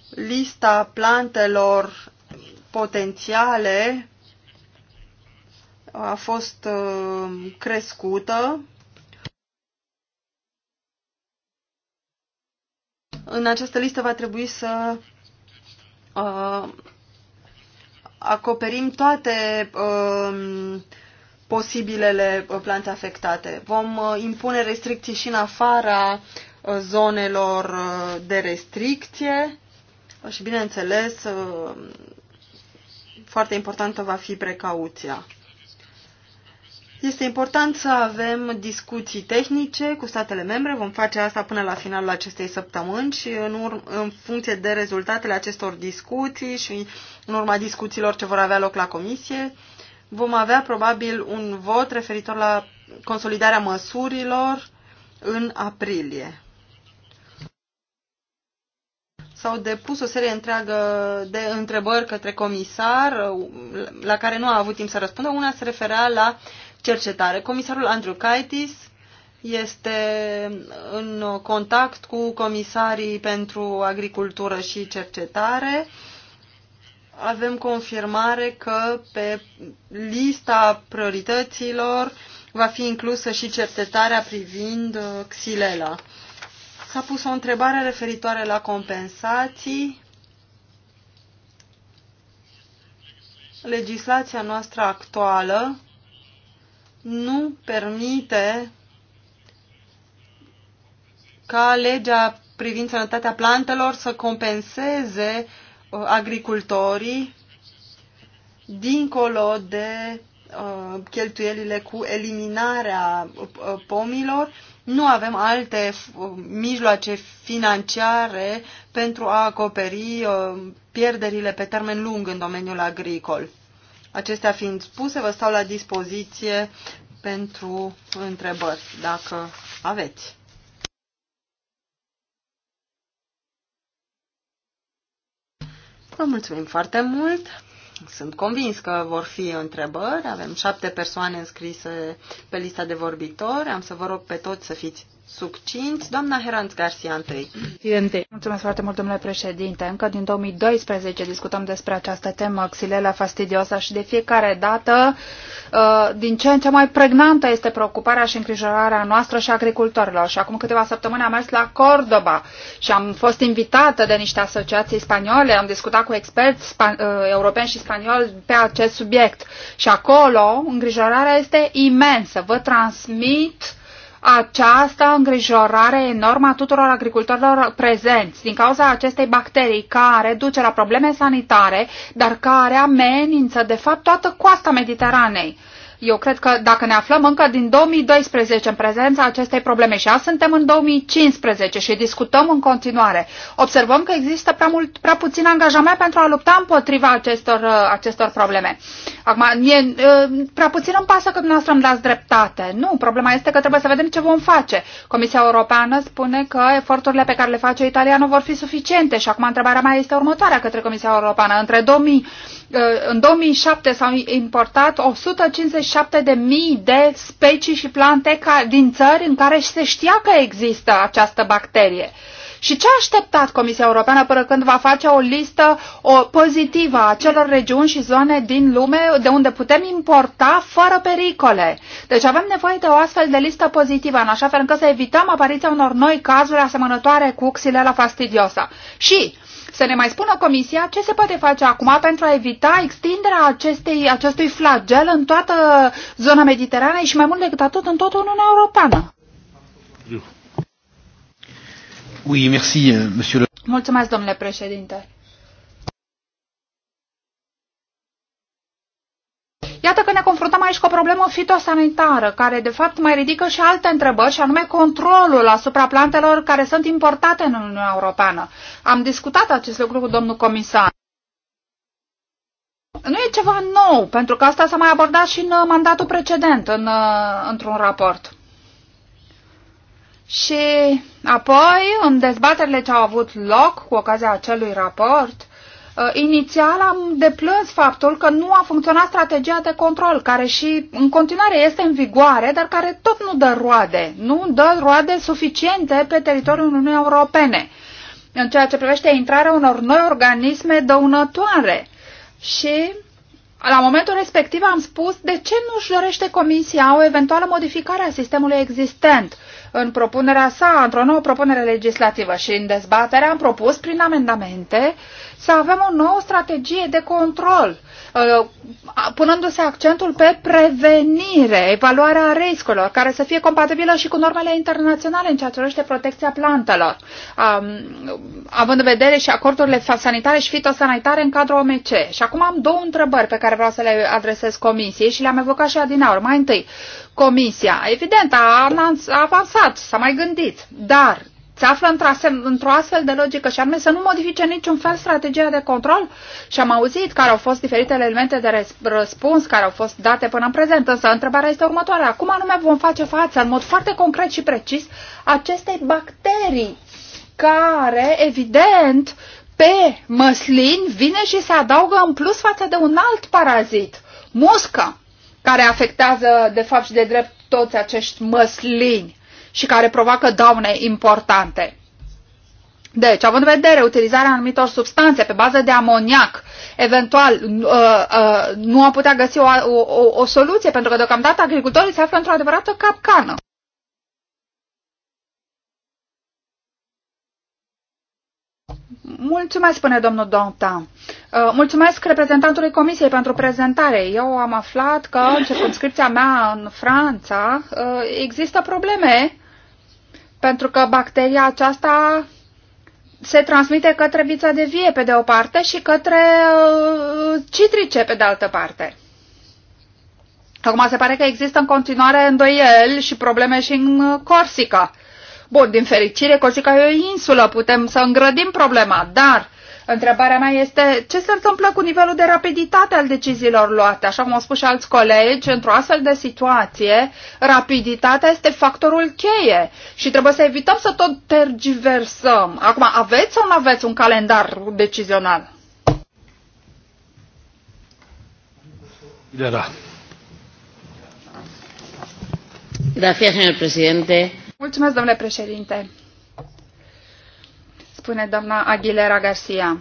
lista plantelor potențiale a fost uh, crescută. În această listă va trebui să uh, acoperim toate uh, posibilele plante afectate. Vom impune restricții și în afara zonelor de restricție și, bineînțeles, foarte importantă va fi precauția. Este important să avem discuții tehnice cu statele membre. Vom face asta până la finalul acestei săptămâni și în, în funcție de rezultatele acestor discuții și în urma discuțiilor ce vor avea loc la comisie, vom avea probabil un vot referitor la consolidarea măsurilor în aprilie s-au depus o serie întreagă de întrebări către comisar, la care nu a avut timp să răspundă. Una se referea la cercetare. Comisarul Andrew Kaitis este în contact cu comisarii pentru agricultură și cercetare. Avem confirmare că pe lista priorităților va fi inclusă și cercetarea privind uh, xilela. S-a pus o întrebare referitoare la compensații. Legislația noastră actuală nu permite ca legea privind sănătatea plantelor să compenseze uh, agricultorii dincolo de uh, cheltuielile cu eliminarea uh, pomilor nu avem alte uh, mijloace financiare pentru a acoperi uh, pierderile pe termen lung în domeniul agricol. Acestea fiind spuse, vă stau la dispoziție pentru întrebări, dacă aveți. Vă mulțumim foarte mult! Sunt convins că vor fi întrebări. Avem șapte persoane înscrise pe lista de vorbitori. Am să vă rog pe toți să fiți succinți. Doamna Heranț Garcia întâi. Mulțumesc foarte mult, domnule președinte. Încă din 2012 discutăm despre această temă, xilela fastidiosa și de fiecare dată uh, din ce în ce mai pregnantă este preocuparea și îngrijorarea noastră și agricultorilor. Și acum câteva săptămâni am mers la Cordoba și am fost invitată de niște asociații spaniole, am discutat cu experți uh, europeni și spanioli pe acest subiect. Și acolo îngrijorarea este imensă. Vă transmit uh, această îngrijorare enormă a tuturor agricultorilor prezenți din cauza acestei bacterii care duce la probleme sanitare, dar care amenință de fapt toată coasta Mediteranei. Eu cred că dacă ne aflăm încă din 2012 în prezența acestei probleme și azi suntem în 2015 și discutăm în continuare, observăm că există prea, mult, prea puțin angajament pentru a lupta împotriva acestor, uh, acestor probleme. Acum, e, uh, prea puțin îmi pasă că dumneavoastră îmi dați dreptate. Nu, problema este că trebuie să vedem ce vom face. Comisia Europeană spune că eforturile pe care le face Italia nu vor fi suficiente și acum întrebarea mea este următoarea către Comisia Europeană. Între 2000 Uh, în 2007 s-au importat 157.000 de specii și plante ca, din țări în care se știa că există această bacterie. Și ce a așteptat Comisia Europeană până când va face o listă o, pozitivă a celor regiuni și zone din lume de unde putem importa fără pericole? Deci avem nevoie de o astfel de listă pozitivă, în așa fel încât să evităm apariția unor noi cazuri asemănătoare cu Xylella fastidiosa. Și să ne mai spună Comisia ce se poate face acum pentru a evita extinderea acestei, acestui flagel în toată zona mediterană și mai mult decât atât în toată Uniunea Europeană. Oui, merci, euh, monsieur le... Mulțumesc, domnule președinte. Iată că ne confruntăm aici cu o problemă fitosanitară, care de fapt mai ridică și alte întrebări, și anume controlul asupra plantelor care sunt importate în Uniunea Europeană. Am discutat acest lucru cu domnul comisar. Nu e ceva nou, pentru că asta s-a mai abordat și în uh, mandatul precedent, în, uh, într-un raport. Și apoi, în dezbaterile ce au avut loc cu ocazia acelui raport, Uh, inițial am deplâns faptul că nu a funcționat strategia de control, care și în continuare este în vigoare, dar care tot nu dă roade, nu dă roade suficiente pe teritoriul Uniunii Europene, în ceea ce privește intrarea unor noi organisme dăunătoare. Și la momentul respectiv am spus de ce nu își dorește Comisia o eventuală modificare a sistemului existent în propunerea sa, într-o nouă propunere legislativă și în dezbatere am propus prin amendamente să avem o nouă strategie de control Uh, punându-se accentul pe prevenire, evaluarea riscurilor, care să fie compatibilă și cu normele internaționale în ceea ce privește protecția plantelor, um, având în vedere și acordurile sanitare și fitosanitare în cadrul OMC. Și acum am două întrebări pe care vreau să le adresez comisiei și le-am evocat și adinaur. Mai întâi, comisia, evident, a avansat, s-a mai gândit, dar se află într-o într astfel de logică și anume să nu modifice niciun fel strategia de control și am auzit care au fost diferitele elemente de răspuns care au fost date până în prezent, însă întrebarea este următoarea. Cum anume vom face față în mod foarte concret și precis acestei bacterii care, evident, pe măslin vine și se adaugă în plus față de un alt parazit, musca, care afectează de fapt și de drept toți acești măslini și care provoacă daune importante. Deci, având în vedere utilizarea anumitor substanțe pe bază de amoniac, eventual uh, uh, nu am putea găsi o, o, o soluție, pentru că deocamdată agricultorii se află într-o adevărată capcană. Mulțumesc, spune domnul Donta. Uh, mulțumesc reprezentantului Comisiei pentru prezentare. Eu am aflat că în circunscripția mea în Franța uh, există probleme pentru că bacteria aceasta se transmite către vița de vie pe de o parte și către uh, citrice pe de altă parte. Acum se pare că există în continuare îndoieli și probleme și în uh, Corsica. Bun, din fericire, Corsica e o insulă, putem să îngrădim problema, dar Întrebarea mea este ce se întâmplă cu nivelul de rapiditate al deciziilor luate? Așa cum au spus și alți colegi, într-o astfel de situație, rapiditatea este factorul cheie și trebuie să evităm să tot tergiversăm. Acum, aveți sau nu aveți un calendar decizional? Da. Gracias, señor presidente. Mulțumesc, domnule președinte spune doamna Aguilera Garcia.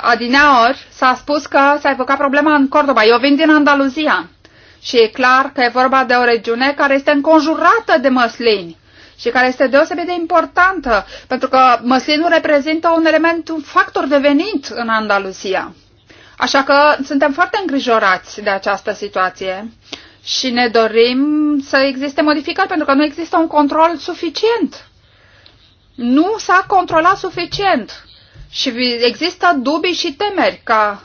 Adineori s-a spus că s-a evocat problema în Cordoba. Eu vin din Andaluzia și e clar că e vorba de o regiune care este înconjurată de măslini și care este deosebit de importantă, pentru că măslinul reprezintă un element, un factor de venit în Andaluzia. Așa că suntem foarte îngrijorați de această situație și ne dorim să existe modificări, pentru că nu există un control suficient nu s-a controlat suficient și există dubii și temeri ca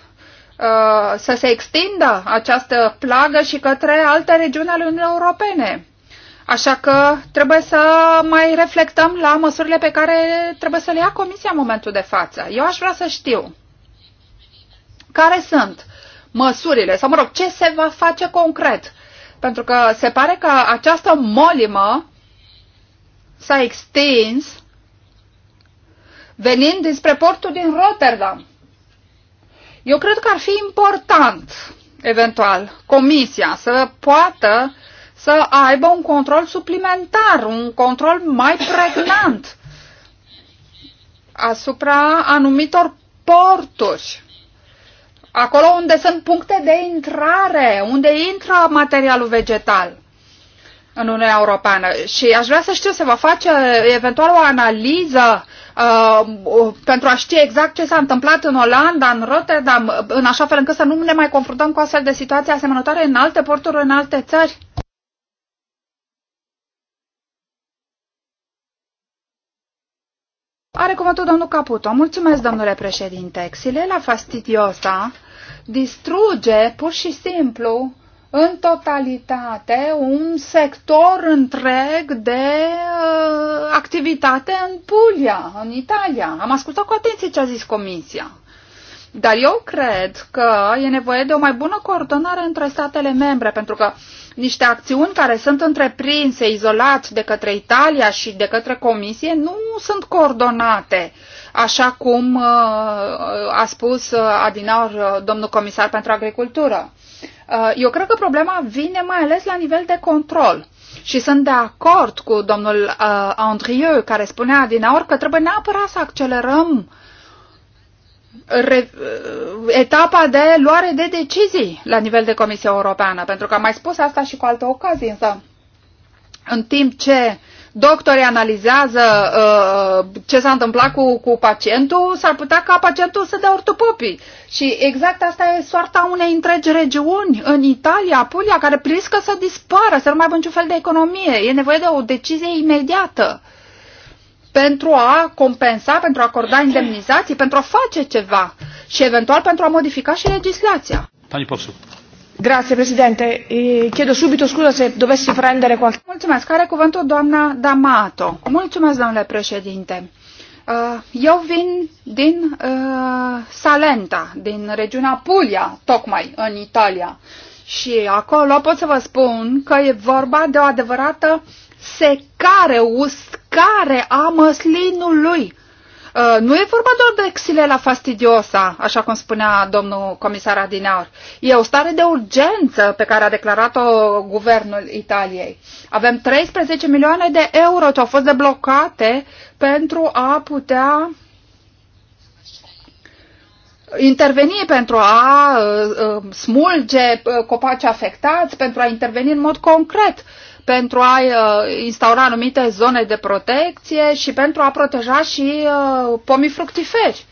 uh, să se extindă această plagă și către alte regiuni ale Uniunii Europene. Așa că trebuie să mai reflectăm la măsurile pe care trebuie să le ia Comisia în momentul de față. Eu aș vrea să știu care sunt măsurile sau, mă rog, ce se va face concret. Pentru că se pare că această molimă s-a extins venind dinspre portul din Rotterdam. Eu cred că ar fi important, eventual, comisia să poată să aibă un control suplimentar, un control mai pregnant asupra anumitor porturi. Acolo unde sunt puncte de intrare, unde intră materialul vegetal în Uniunea Europeană și aș vrea să știu se va face eventual o analiză uh, uh pentru a ști exact ce s-a întâmplat în Olanda, în Rotterdam, uh, în așa fel încât să nu ne mai confruntăm cu astfel de situații asemănătoare în alte porturi, în alte țări? Are cuvântul domnul Caputo. Mulțumesc, domnule președinte. Xilela fastidiosa distruge pur și simplu în totalitate un sector întreg de uh, activitate în Puglia, în Italia. Am ascultat cu atenție ce a zis Comisia. Dar eu cred că e nevoie de o mai bună coordonare între statele membre, pentru că niște acțiuni care sunt întreprinse izolat de către Italia și de către Comisie nu sunt coordonate, așa cum uh, a spus uh, Adinaur, uh, domnul comisar pentru agricultură. Uh, eu cred că problema vine mai ales la nivel de control. Și sunt de acord cu domnul uh, Andrieu, care spunea din aur că trebuie neapărat să accelerăm re, uh, etapa de luare de decizii la nivel de Comisia Europeană, pentru că am mai spus asta și cu alte ocazii, însă în timp ce doctorii analizează uh, ce s-a întâmplat cu, cu pacientul, s-ar putea ca pacientul să dea ortopopii. Și exact asta e soarta unei întregi regiuni în Italia, Apulia, care riscă să dispară, să nu mai avem niciun fel de economie. E nevoie de o decizie imediată pentru a compensa, pentru a acorda indemnizații, pentru a face ceva și eventual pentru a modifica și legislația. Pani Popsu. Grazie Presidente. chiedo subito scuza se dovessi prendere qualche... Mulțumesc. Care cuvântul doamna D'Amato? Mulțumesc, domnule președinte. Uh, eu vin din uh, Salenta, din regiunea Puglia, tocmai în Italia. Și acolo pot să vă spun că e vorba de o adevărată secare, uscare a măslinului Uh, nu e vorba doar de xilela fastidiosa, așa cum spunea domnul comisar Adinaur. E o stare de urgență pe care a declarat-o guvernul Italiei. Avem 13 milioane de euro ce au fost deblocate pentru a putea interveni pentru a uh, uh, smulge copaci afectați, pentru a interveni în mod concret pentru a uh, instaura anumite zone de protecție și pentru a proteja și uh, pomii fructiferi.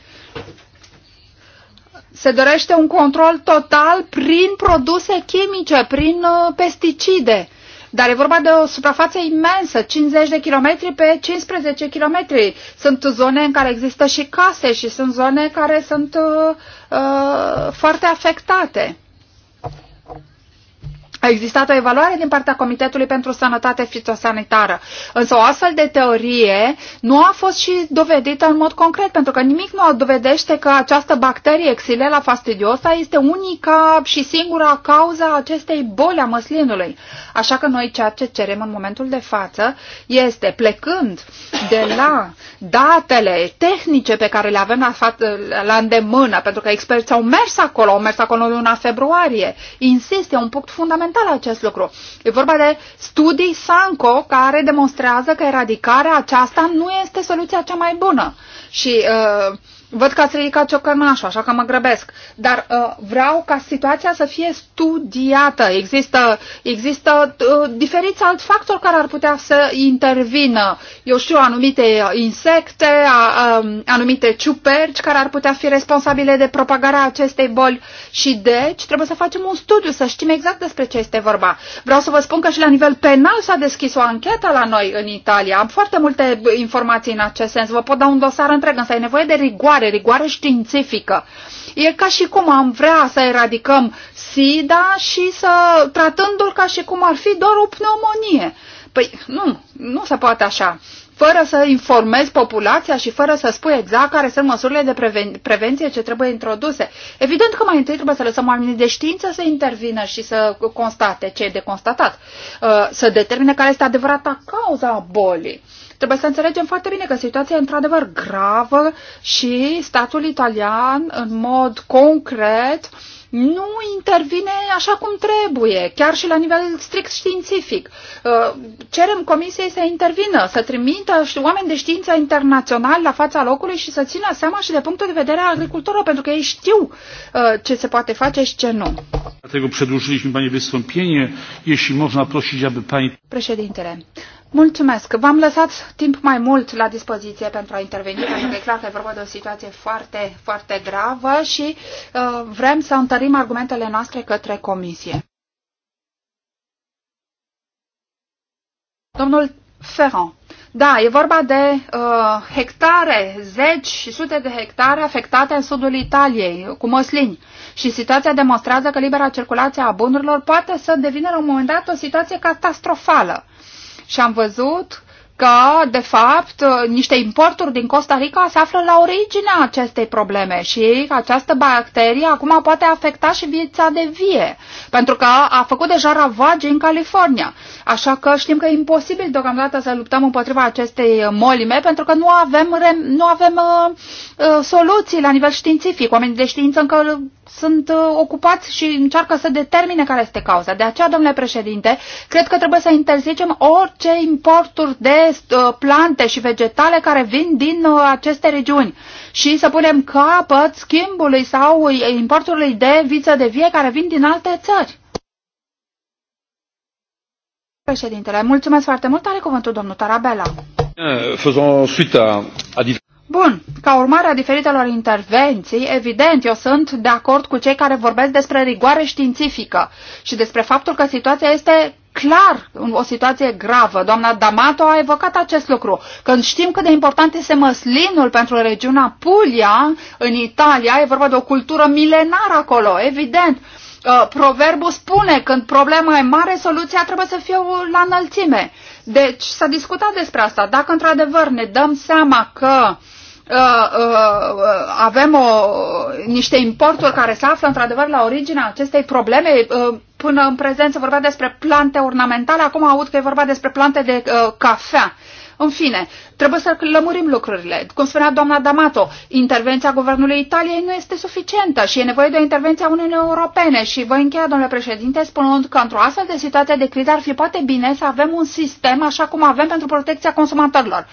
Se dorește un control total prin produse chimice, prin uh, pesticide. Dar e vorba de o suprafață imensă, 50 de kilometri pe 15 kilometri. Sunt zone în care există și case și sunt zone care sunt uh, foarte afectate. A existat o evaluare din partea Comitetului pentru Sănătate Fitosanitară, însă o astfel de teorie nu a fost și dovedită în mod concret, pentru că nimic nu dovedește că această bacterie Xylella fastidiosa este unica și singura cauza acestei boli a măslinului. Așa că noi ceea ce cerem în momentul de față este, plecând de la datele tehnice pe care le avem la, la îndemână, pentru că experții au mers acolo, au mers acolo în luna februarie. Insist, e un punct fundamental acest lucru. E vorba de studii Sanco care demonstrează că eradicarea aceasta nu este soluția cea mai bună. Și uh, Văd că ați ridicat ciocănașul, așa că mă grăbesc. Dar uh, vreau ca situația să fie studiată. Există, există uh, diferiți alți factori care ar putea să intervină. Eu știu, anumite uh, insecte, a, uh, anumite ciuperci care ar putea fi responsabile de propagarea acestei boli. Și deci trebuie să facem un studiu, să știm exact despre ce este vorba. Vreau să vă spun că și la nivel penal s-a deschis o anchetă la noi în Italia. Am foarte multe informații în acest sens. Vă pot da un dosar întreg, însă ai nevoie de rigoare mare rigoare științifică. E ca și cum am vrea să eradicăm SIDA și să tratându-l ca și cum ar fi doar o pneumonie. Păi nu, nu se poate așa fără să informezi populația și fără să spui exact care sunt măsurile de preven- prevenție ce trebuie introduse. Evident că mai întâi trebuie să lăsăm oamenii de știință să intervină și să constate ce e de constatat, uh, să determine care este adevărata cauza a bolii. Trebuie să înțelegem foarte bine că situația e într-adevăr gravă și statul italian, în mod concret, nu intervine așa cum trebuie, chiar și la nivel strict științific. Uh, cerem comisiei să intervină, să trimită oameni de știință internațional la fața locului și să țină seama și de punctul de vedere al agricultorilor, pentru că ei știu uh, ce se poate face și ce nu. Dlatego przedłużyliśmy wystąpienie. Jeśli można prosić, aby Pani... Președintele, Mulțumesc. V-am lăsat timp mai mult la dispoziție pentru a interveni, pentru că e clar că e vorba de o situație foarte, foarte gravă și uh, vrem să întărim argumentele noastre către comisie. Domnul Ferrand. Da, e vorba de uh, hectare, zeci și sute de hectare afectate în sudul Italiei cu măslini. Și situația demonstrează că libera circulație a bunurilor poate să devină la un moment dat o situație catastrofală. Uh, și am văzut că, de fapt, niște importuri din Costa Rica se află la originea acestei probleme și această bacterie acum poate afecta și viața de vie, pentru că a făcut deja ravage în California. Așa că știm că e imposibil deocamdată să luptăm împotriva acestei molime, pentru că nu avem, nu avem uh, uh, soluții la nivel științific. Oamenii de știință încă sunt uh, ocupați și încearcă să determine care este cauza. De aceea, domnule președinte, cred că trebuie să interzicem orice importuri de Uh, plante și vegetale care vin din uh, aceste regiuni și să punem capăt schimbului sau importului de viță de vie care vin din alte țări. Președintele, mulțumesc foarte mult. Are cuvântul domnul Tarabella. Eh, Bun, ca urmare a diferitelor intervenții, evident, eu sunt de acord cu cei care vorbesc despre rigoare științifică și despre faptul că situația este clar o situație gravă. Doamna Damato a evocat acest lucru. Când știm cât de important este măslinul pentru regiunea Puglia, în Italia, e vorba de o cultură milenară acolo, evident. Uh, proverbul spune, când problema e mare, soluția trebuie să fie la înălțime. Deci s-a discutat despre asta. Dacă într-adevăr ne dăm seama că Uh, uh, uh, avem o, niște importuri care se află într-adevăr la originea acestei probleme, uh, până în prezent se vorbea despre plante ornamentale, acum aud că e vorba despre plante de uh, cafea. În fine, trebuie să lămurim lucrurile. Cum spunea doamna D'Amato, intervenția guvernului Italiei nu este suficientă și e nevoie de o intervenție a Uniunii Europene. Și voi încheia, domnule președinte, spunând că într-o astfel de situație de criză ar fi poate bine să avem un sistem așa cum avem pentru protecția consumatorilor,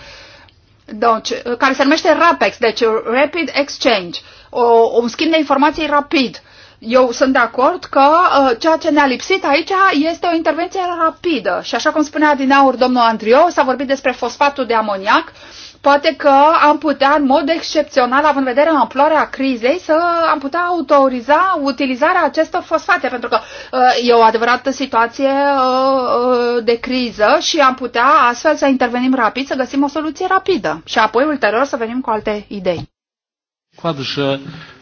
deci, care se numește RAPEX, deci Rapid Exchange, o, un schimb de informații rapid. Uh, eu sunt de acord că uh, ceea ce ne-a lipsit aici este o intervenție rapidă. Și așa cum spunea din aur domnul Andriu, s-a vorbit despre fosfatul de amoniac. Poate că am putea, în mod excepțional, având în vedere amploarea crizei, să am putea autoriza utilizarea acestor fosfate, pentru că uh, e o adevărată situație uh, uh de criză și am putea astfel să intervenim rapid, să găsim o soluție rapidă și apoi ulterior să venim cu alte idei. Quadro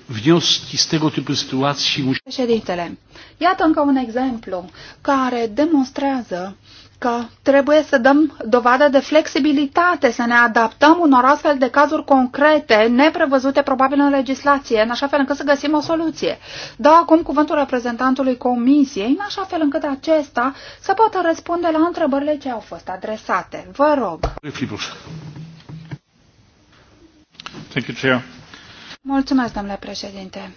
wnioski z tego typu sytuații... Președintele, iată încă un exemplu care demonstrează că trebuie să dăm dovadă de flexibilitate, să ne adaptăm unor astfel de cazuri concrete, neprevăzute probabil în legislație, în așa fel încât să găsim o soluție. Dau acum cuvântul reprezentantului Comisiei, în așa fel încât acesta să poată răspunde la întrebările ce au fost adresate. Vă rog. Thank you, Chair. Mulțumesc, domnule președinte.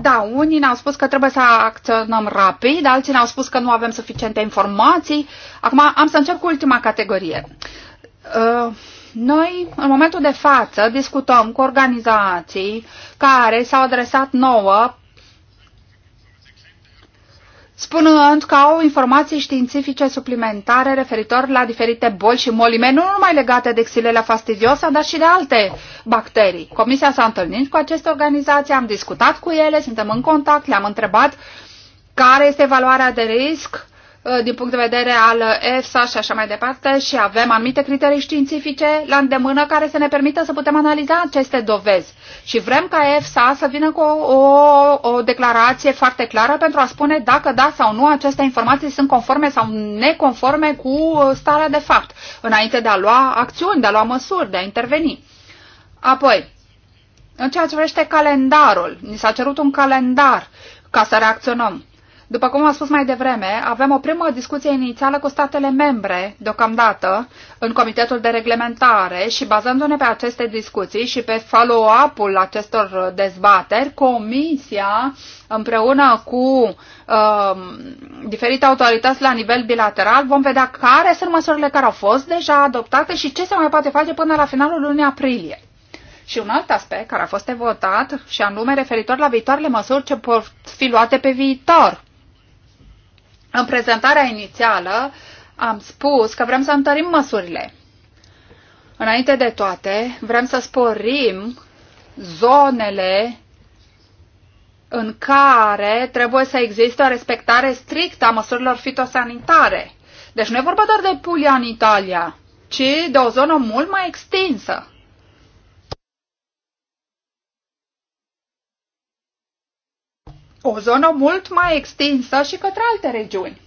Da, unii ne-au spus că trebuie să acționăm rapid, alții ne-au spus că nu avem suficiente informații. Acum am să încep cu ultima categorie. Uh, noi, în momentul de față, discutăm cu organizații care s-au adresat nouă spunând că au informații științifice suplimentare referitor la diferite boli și molime, nu numai legate de xilele fastidiosa, dar și de alte bacterii. Comisia s-a întâlnit cu aceste organizații, am discutat cu ele, suntem în contact, le-am întrebat care este evaluarea de risc Uh, din punct de vedere al EFSA și așa mai departe și avem anumite criterii științifice la îndemână care să ne permită să putem analiza aceste dovezi. Și vrem ca EFSA să vină cu o, o, o declarație foarte clară pentru a spune dacă da sau nu aceste informații sunt conforme sau neconforme cu starea de fapt, înainte de a lua acțiuni, de a lua măsuri, de a interveni. Apoi, în ceea ce vrește calendarul, ni s-a cerut un calendar ca să reacționăm. După cum am spus mai devreme, avem o primă discuție inițială cu statele membre, deocamdată, în Comitetul de Reglementare și bazându-ne pe aceste discuții și pe follow-up-ul acestor dezbateri, Comisia, împreună cu uh, diferite autorități la nivel bilateral, vom vedea care sunt măsurile care au fost deja adoptate și ce se mai poate face până la finalul lunii aprilie. Și un alt aspect care a fost votat și anume referitor la viitoarele măsuri ce pot fi luate pe viitor. În prezentarea inițială am spus că vrem să întărim măsurile. Înainte de toate, vrem să sporim zonele în care trebuie să existe o respectare strictă a măsurilor fitosanitare. Deci nu e vorba doar de Puglia în Italia, ci de o zonă mult mai extinsă. o zonă mult mai extinsă și către alte regiuni.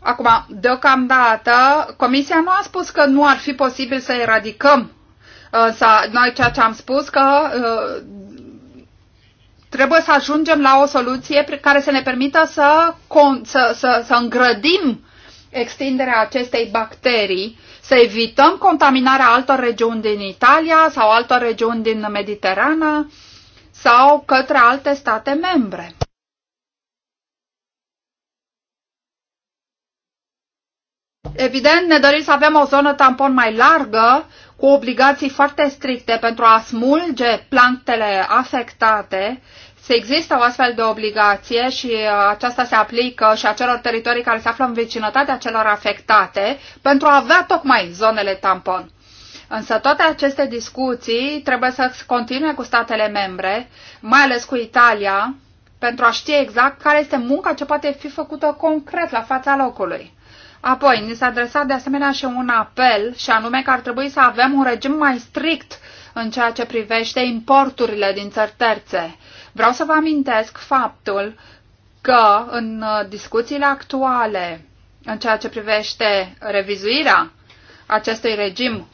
Acum, deocamdată, Comisia nu a spus că nu ar fi posibil să eradicăm. Însă, noi ceea ce am spus că uh, trebuie să ajungem la o soluție care să ne permită să, să, să, să îngrădim extinderea acestei bacterii, să evităm contaminarea altor regiuni din Italia sau altor regiuni din Mediterana sau către alte state membre. Evident, ne dorim să avem o zonă tampon mai largă, cu obligații foarte stricte pentru a smulge planctele afectate se există o astfel de obligație și uh, aceasta se aplică și acelor teritorii care se află în vecinătatea celor afectate pentru a avea tocmai zonele tampon. Însă toate aceste discuții trebuie să continue cu statele membre, mai ales cu Italia, pentru a ști exact care este munca ce poate fi făcută concret la fața locului. Apoi, ni s-a adresat de asemenea și un apel, și anume că ar trebui să avem un regim mai strict în ceea ce privește importurile din țări terțe Vreau să vă amintesc faptul că în uh, discuțiile actuale, în ceea ce privește revizuirea acestui regim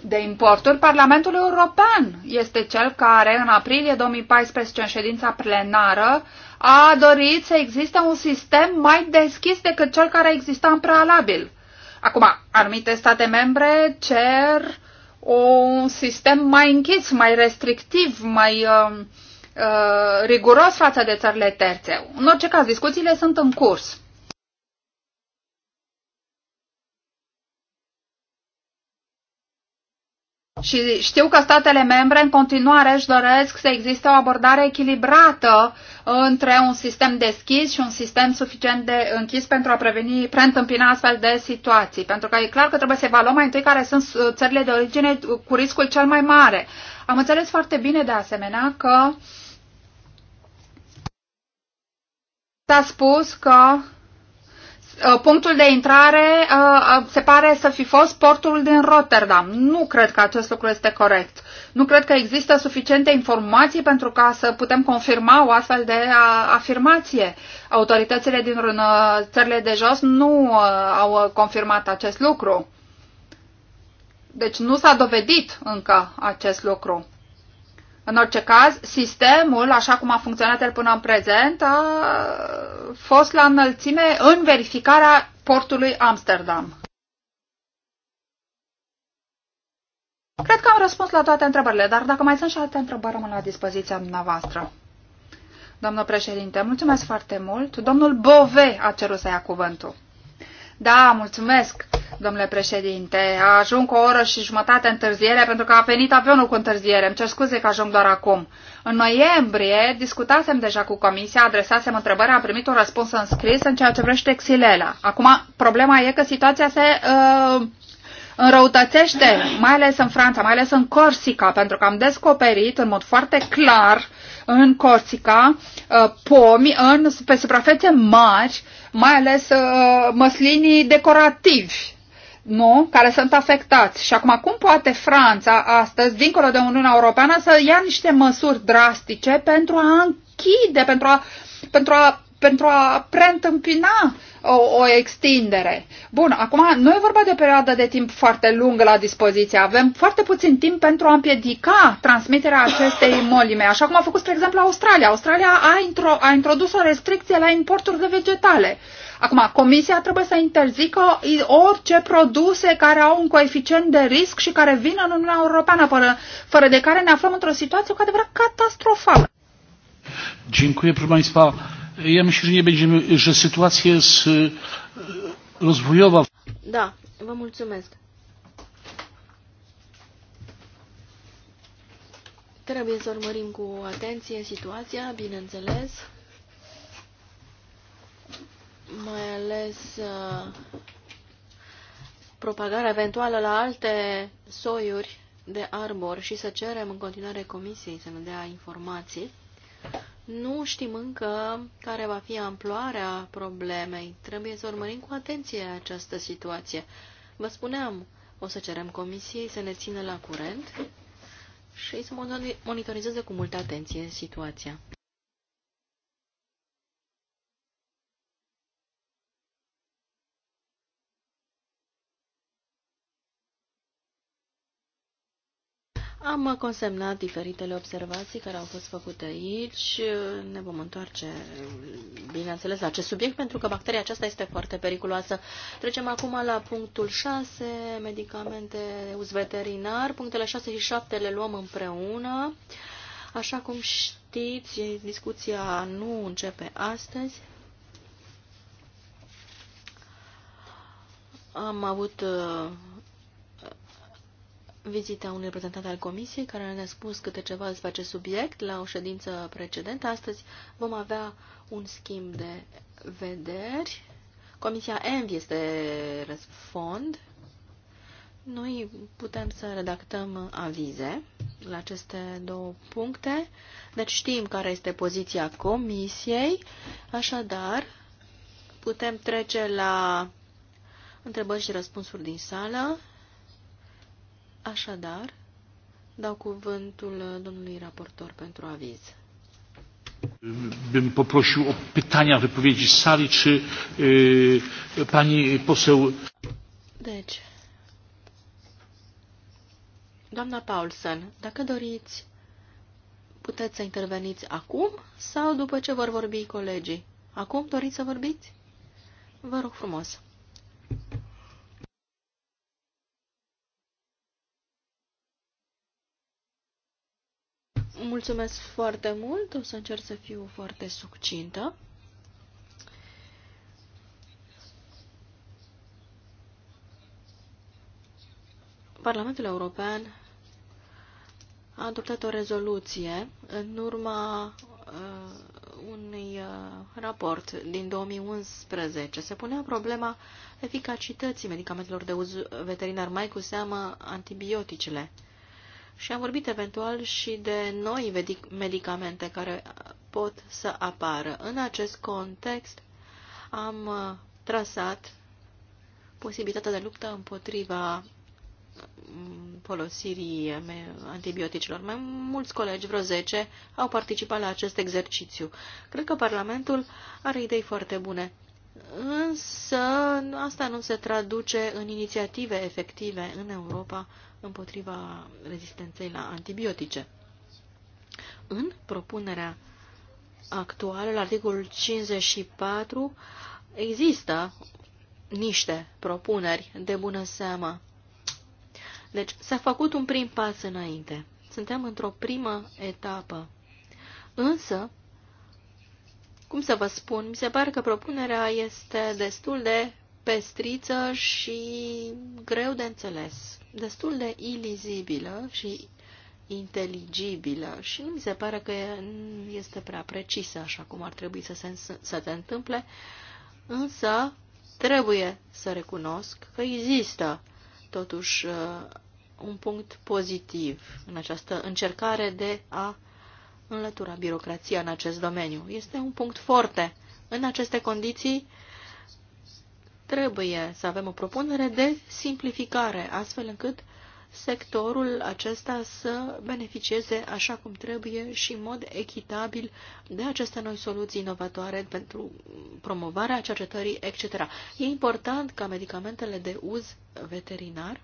de importuri, Parlamentul European este cel care, în aprilie 2014, în ședința plenară, a dorit să existe un sistem mai deschis decât cel care exista în prealabil. Acum, anumite state membre cer un sistem mai închis, mai restrictiv, mai uh, uh, riguros față de țările terțe. În orice caz, discuțiile sunt în curs. Și știu că statele membre în continuare își doresc să existe o abordare echilibrată între un sistem deschis și un sistem suficient de închis pentru a preveni, preîntâmpina astfel de situații. Pentru că e clar că trebuie să evaluăm mai întâi care sunt uh, țările de origine cu riscul cel mai mare. Am înțeles foarte bine de asemenea că uh, s-a spus că uh, punctul de intrare uh, uh, se pare să fi fost portul din Rotterdam. Nu cred că acest lucru este corect. Nu cred că există suficiente informații pentru ca să putem confirma o astfel de afirmație. Autoritățile din țările de jos nu au confirmat acest lucru. Deci nu s-a dovedit încă acest lucru. În orice caz, sistemul, așa cum a funcționat el până în prezent, a fost la înălțime în verificarea portului Amsterdam. Cred că am răspuns la toate întrebările, dar dacă mai sunt și alte întrebări, rămân la dispoziția dumneavoastră. Domnul președinte, mulțumesc foarte mult. Domnul Bove a cerut să ia cuvântul. Da, mulțumesc, domnule președinte. Ajung cu o oră și jumătate întârziere pentru că a venit avionul cu întârziere. Îmi cer scuze că ajung doar acum. În noiembrie discutasem deja cu comisia, adresasem întrebări, am primit un răspuns în scris în ceea ce vrește Xilela. Acum, problema e că situația se uh, înrăutățește, mai ales în Franța, mai ales în Corsica, pentru că am descoperit în mod foarte clar în Corsica uh, pomi în, pe suprafețe mari mai ales uh, măslinii decorativi nu, care sunt afectați. Și acum, cum poate Franța astăzi, dincolo de Uniunea Europeană, să ia niște măsuri drastice pentru a închide, pentru a, pentru a pentru a preîntâmpina o, o extindere. Bun, acum nu e vorba de o perioadă de timp foarte lungă la dispoziție. Avem foarte puțin timp pentru a împiedica transmiterea acestei molime, așa cum a făcut, spre exemplu, Australia. Australia a, intro, a introdus o restricție la importuri de vegetale. Acum, Comisia trebuie să interzică orice produse care au un coeficient de risc și care vin în Uniunea Europeană, fără, fără de care ne aflăm într-o situație cu adevărat catastrofală. Dziękuję, proszę Państwa. Ja myślę, że nie będziemy, że sytuacja jest rozwojowa. Da, vă mulțumesc. Trebuie să urmărim cu atenție situația, bineînțeles, mai ales uh, propagarea eventuală la alte soiuri de arbor și să cerem în continuare comisiei să ne dea informații nu știm încă care va fi amploarea problemei. Trebuie să urmărim cu atenție această situație. Vă spuneam, o să cerem comisiei să ne țină la curent și să monitorizeze cu multă atenție situația. Am consemnat diferitele observații care au fost făcute aici. Ne vom întoarce, bineînțeles, la acest subiect, pentru că bacteria aceasta este foarte periculoasă. Trecem acum la punctul 6, medicamente uz veterinar. Punctele 6 și 7 le luăm împreună. Așa cum știți, discuția nu începe astăzi. Am avut vizita unui reprezentant al Comisiei care ne-a spus câte ceva despre acest subiect la o ședință precedentă. Astăzi vom avea un schimb de vederi. Comisia ENV este răspund. Noi putem să redactăm avize la aceste două puncte. Deci știm care este poziția Comisiei. Așadar, putem trece la întrebări și răspunsuri din sală. Așadar, dau cuvântul domnului raportor pentru aviz. Bym poprosił o pytania, wypowiedzi z sali, czy y, pani poseł... Deci, doamna Paulsen, dacă doriți, puteți să interveniți acum sau după ce vor vorbi colegii? Acum doriți să vorbiți? Vă rog frumos. mulțumesc foarte mult, o să încerc să fiu foarte succintă. Parlamentul European a adoptat o rezoluție în urma uh, unui uh, raport din 2011. Se punea problema eficacității medicamentelor de uz veterinar, mai cu seamă antibioticele. Uh, și am vorbit eventual și de noi medicamente care pot să apară. În acest context am uh, trasat posibilitatea de luptă împotriva mm, folosirii antibioticilor. Mai mulți colegi, vreo 10, au participat la acest exercițiu. Cred că Parlamentul are idei foarte bune însă asta nu se traduce în inițiative efective în Europa împotriva rezistenței la antibiotice. În propunerea actuală, la articolul 54, există niște propuneri de bună seamă. Deci s-a făcut un prim pas înainte. Suntem într-o primă etapă. Însă, cum să vă spun, mi se pare că propunerea este destul de pestriță și greu de înțeles, destul de ilizibilă și inteligibilă și nu mi se pare că este prea precisă așa cum ar trebui să se, să se întâmple, însă trebuie să recunosc că există totuși uh, un punct pozitiv în această încercare de a înlătura birocrația în acest domeniu. Este un punct foarte. În aceste condiții trebuie să avem o propunere de simplificare, astfel încât sectorul acesta să beneficieze așa cum trebuie și în mod echitabil de aceste noi soluții inovatoare pentru promovarea cercetării, etc. E important ca medicamentele de uz veterinar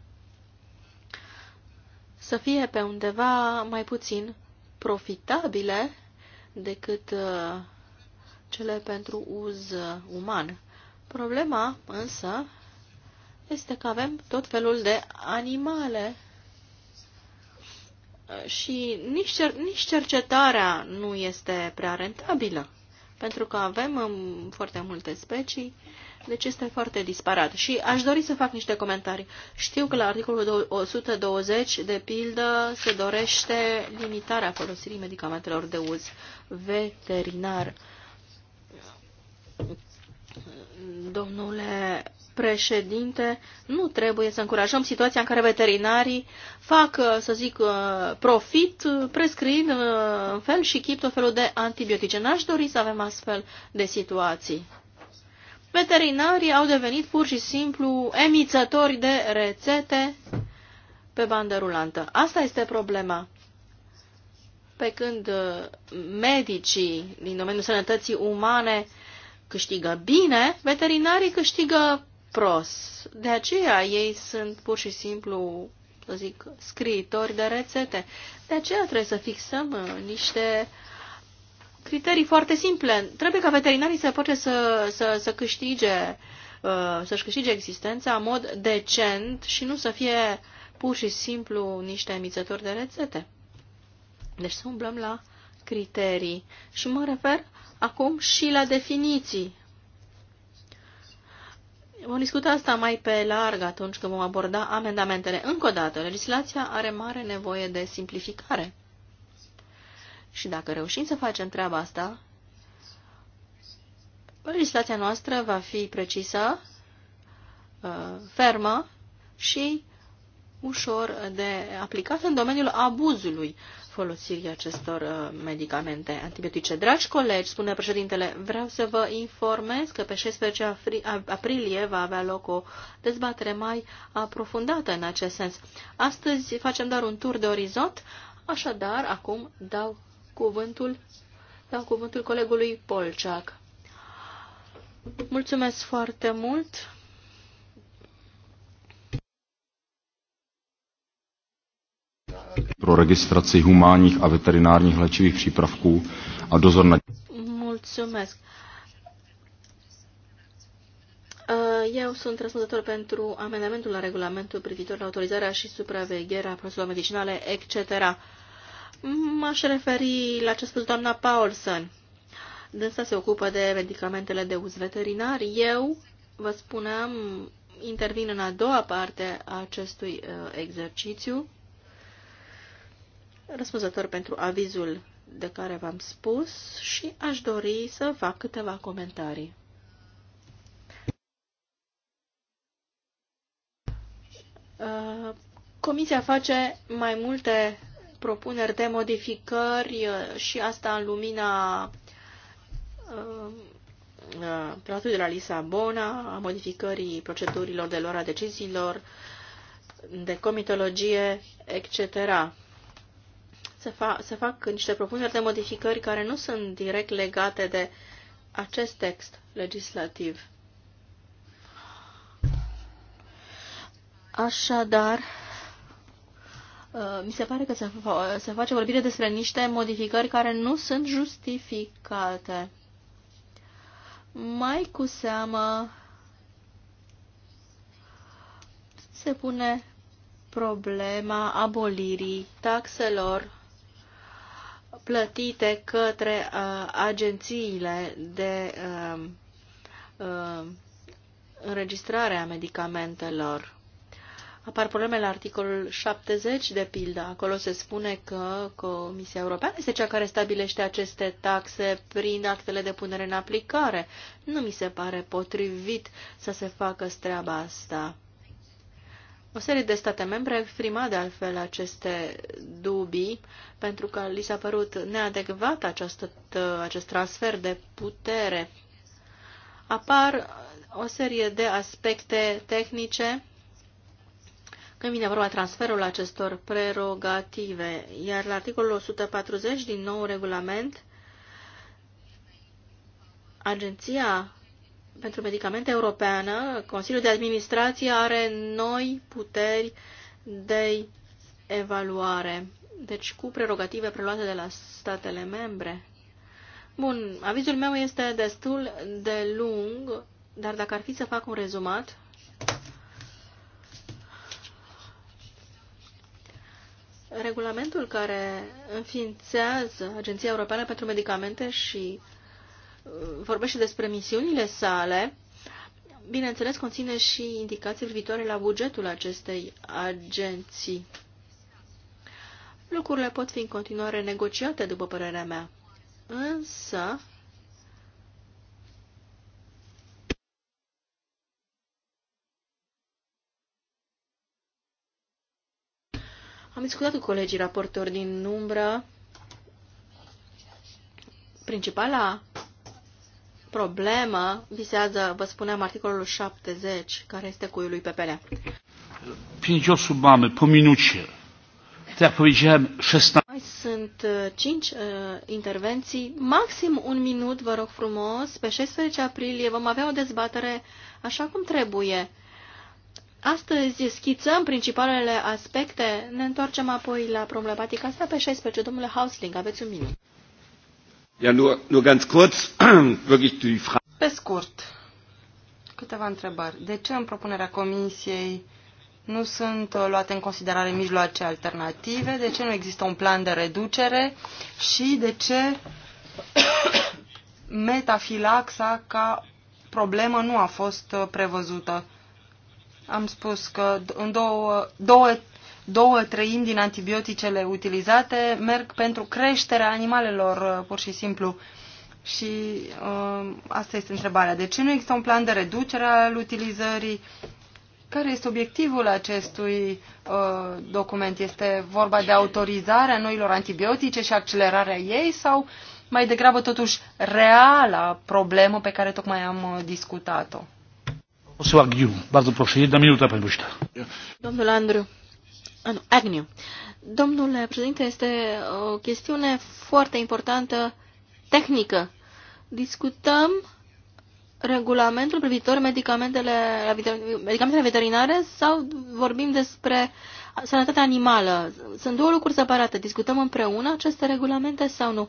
să fie pe undeva mai puțin profitabile decât uh, cele pentru uz uh, uman. Problema însă este că avem tot felul de animale uh, și nici, cer nici cercetarea nu este prea rentabilă, pentru că avem um, foarte multe specii deci este foarte disparat. Și aș dori să fac niște comentarii. Știu că la articolul 120, de pildă, se dorește limitarea folosirii medicamentelor de uz veterinar. Domnule președinte, nu trebuie să încurajăm situația în care veterinarii fac, uh, să zic, uh, profit uh, prescriind în fel și chip tot felul de antibiotice. N-aș dori să avem astfel de situații veterinarii au devenit pur și simplu emițători de rețete pe bandă rulantă. Asta este problema. Pe când uh, medicii din domeniul sănătății umane câștigă bine, veterinarii câștigă prost. De aceea ei sunt pur și simplu, să zic, scriitori de rețete. De aceea trebuie să fixăm uh, niște uh, criterii foarte simple. Trebuie ca veterinarii să poate să, să, să câștige, uh, să-și câștige existența în mod decent și nu să fie pur și simplu niște emițători de rețete. Deci să umblăm la criterii. Și mă refer acum și la definiții. Vom discuta asta mai pe larg atunci când vom aborda amendamentele. Încă o dată, legislația are mare nevoie de simplificare. Și dacă reușim să facem treaba asta, legislația noastră va fi precisă, uh, fermă și ușor de aplicat în domeniul abuzului folosirii acestor uh, medicamente antibiotice. Dragi colegi, spune președintele, vreau să vă informez că pe 16 aprilie va avea loc o dezbatere mai aprofundată în acest sens. Astăzi facem doar un tur de orizont, așadar acum dau cuvântul, dau cuvântul colegului Polceac. Mulțumesc foarte mult! pro registraci humánních a veterinárních léčivých přípravků a dozor na... Mulțumesc. Eh, eu sunt răspunzător pentru amendamentul la regulamentul privitor la autorizarea și supravegherea produselor medicinale, etc. M-aș referi la ce a spus doamna Paulson. Dânsa se ocupă de medicamentele de uz veterinar. Eu, vă spuneam, intervin în a doua parte a acestui uh, exercițiu, răspunzător pentru avizul de care v-am spus și aș dori să fac câteva comentarii. Uh, comisia face mai multe propuneri de modificări uh, și asta în lumina uh, uh, Tratatului de la Lisabona, a modificării procedurilor de luare a deciziilor, de comitologie, etc. Se, fa- se fac niște propuneri de modificări care nu sunt direct legate de acest text legislativ. Așadar, Uh, mi se pare că se, fa se face vorbire despre niște modificări care nu sunt justificate. Mai cu seamă se pune problema abolirii taxelor plătite către uh, agențiile de uh, uh, înregistrare a medicamentelor apar probleme la articolul 70, de pildă. Acolo se spune că Comisia Europeană este cea care stabilește aceste taxe prin actele de punere în aplicare. Nu mi se pare potrivit să se facă treaba asta. O serie de state membre exprimat de altfel aceste dubii, pentru că li s-a părut neadecvat această, acest transfer de putere. Apar o serie de aspecte tehnice când vine vorba transferul acestor prerogative. Iar la articolul 140 din nou regulament, Agenția pentru Medicamente Europeană, Consiliul de Administrație are noi puteri de evaluare, deci cu prerogative preluate de la statele membre. Bun, avizul meu este destul de lung, dar dacă ar fi să fac un rezumat, Regulamentul care înființează Agenția Europeană pentru Medicamente și uh, vorbește despre misiunile sale, bineînțeles conține și indicații privitoare la bugetul acestei agenții. Lucrurile pot fi în continuare negociate, după părerea mea. Însă, Am discutat cu colegii raportori din umbră. Principala problemă visează, vă spuneam, articolul 70, care este cu lui Pepelea. 5 osób mamy po minucie. Tak jak powiedziałem, 16. Mai sunt 5 uh, intervenții, maxim un minut, vă rog frumos. Pe 16 aprilie vom avea o dezbatere așa cum trebuie. Astăzi schițăm principalele aspecte, ne întoarcem apoi la problematica asta pe 16. Domnule Hausling, aveți un minut. Ja, nur, nur ganz kurz, wirklich die Frage. Pe scurt, câteva întrebări. De ce în propunerea Comisiei nu sunt uh, luate în considerare mijloace alternative? De ce nu există un plan de reducere? Și de ce metafilaxa ca problemă nu a fost uh, prevăzută? Am spus că în două, două, două treimi din antibioticele utilizate merg pentru creșterea animalelor, uh, pur și simplu. Și uh, asta este întrebarea. De ce nu există un plan de reducere al utilizării? Care este obiectivul acestui uh, document? Este vorba de autorizarea noilor antibiotice și accelerarea ei sau mai degrabă totuși reala problemă pe care tocmai am uh, discutat-o? Domnul Andru, Agniu, Domnule președinte, este o chestiune foarte importantă, tehnică. Discutăm regulamentul privitor medicamentele, medicamentele veterinare sau vorbim despre sănătatea animală? Sunt două lucruri separate. Discutăm împreună aceste regulamente sau nu?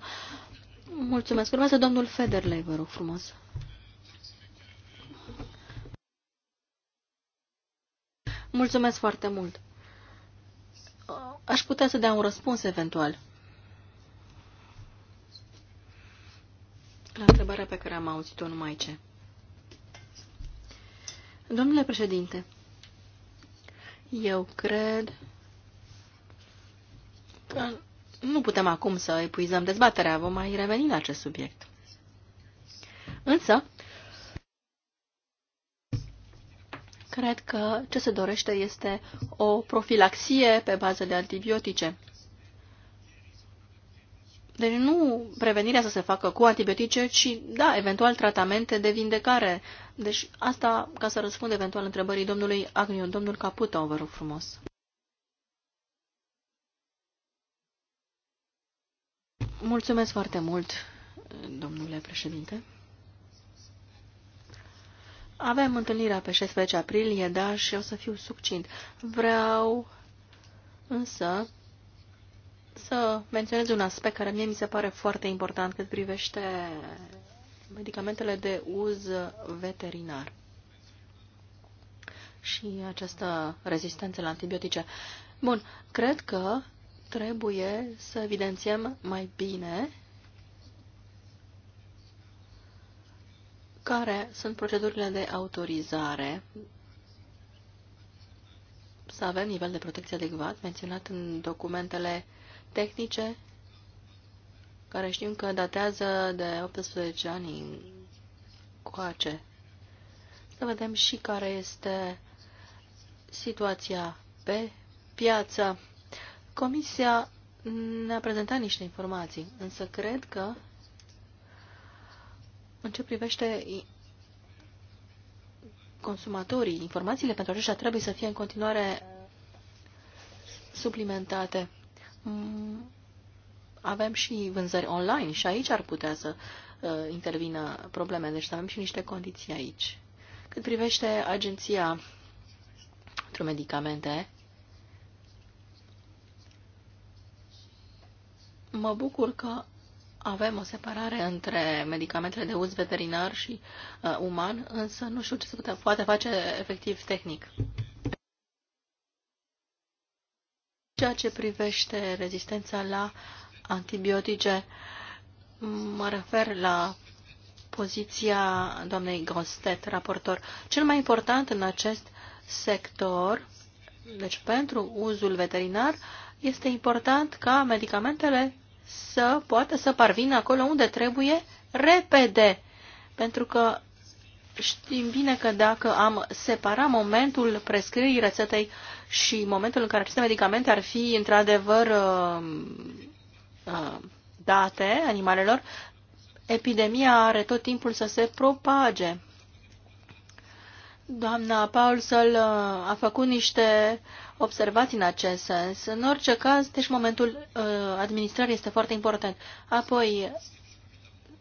Mulțumesc. Urmează domnul Federley, vă rog frumos. Mulțumesc foarte mult. Aș putea să dea un răspuns eventual. La întrebarea pe care am auzit-o numai ce. Domnule președinte, eu cred că nu putem acum să epuizăm dezbaterea, vom mai reveni la acest subiect. Însă, Cred că ce se dorește este o profilaxie pe bază de antibiotice. Deci nu prevenirea să se facă cu antibiotice, ci, da, eventual tratamente de vindecare. Deci asta ca să răspund eventual întrebării domnului Agniu. Domnul Caputo, vă rog frumos. Mulțumesc foarte mult, domnule președinte. Avem întâlnirea pe 16 aprilie, da, și o să fiu succint. Vreau însă să menționez un aspect care mie mi se pare foarte important cât privește medicamentele de uz veterinar și această rezistență la antibiotice. Bun, cred că trebuie să evidențiem mai bine care sunt procedurile de autorizare să avem nivel de protecție adecvat menționat în documentele tehnice care știm că datează de 18 ani coace. Să vedem și care este situația pe piață. Comisia ne-a prezentat niște informații, însă cred că în ce privește consumatorii, informațiile pentru aceștia trebuie să fie în continuare suplimentate. Mm, avem și vânzări online și aici ar putea să uh, intervină probleme, deci avem și niște condiții aici. Cât privește agenția pentru medicamente, mă bucur că avem o separare între medicamentele de uz veterinar și uh, uman, însă nu știu ce se putea, poate face efectiv tehnic. Ceea ce privește rezistența la antibiotice, mă refer la poziția doamnei Gostet, raportor. Cel mai important în acest sector, deci pentru uzul veterinar, este important ca medicamentele să poată să parvină acolo unde trebuie repede. Pentru că știm bine că dacă am separa momentul prescrierii rețetei și momentul în care aceste medicamente ar fi într-adevăr uh, uh, date animalelor, epidemia are tot timpul să se propage. Doamna Paulsel uh, a făcut niște observații în acest sens. În orice caz, deci momentul uh, administrării este foarte important. Apoi,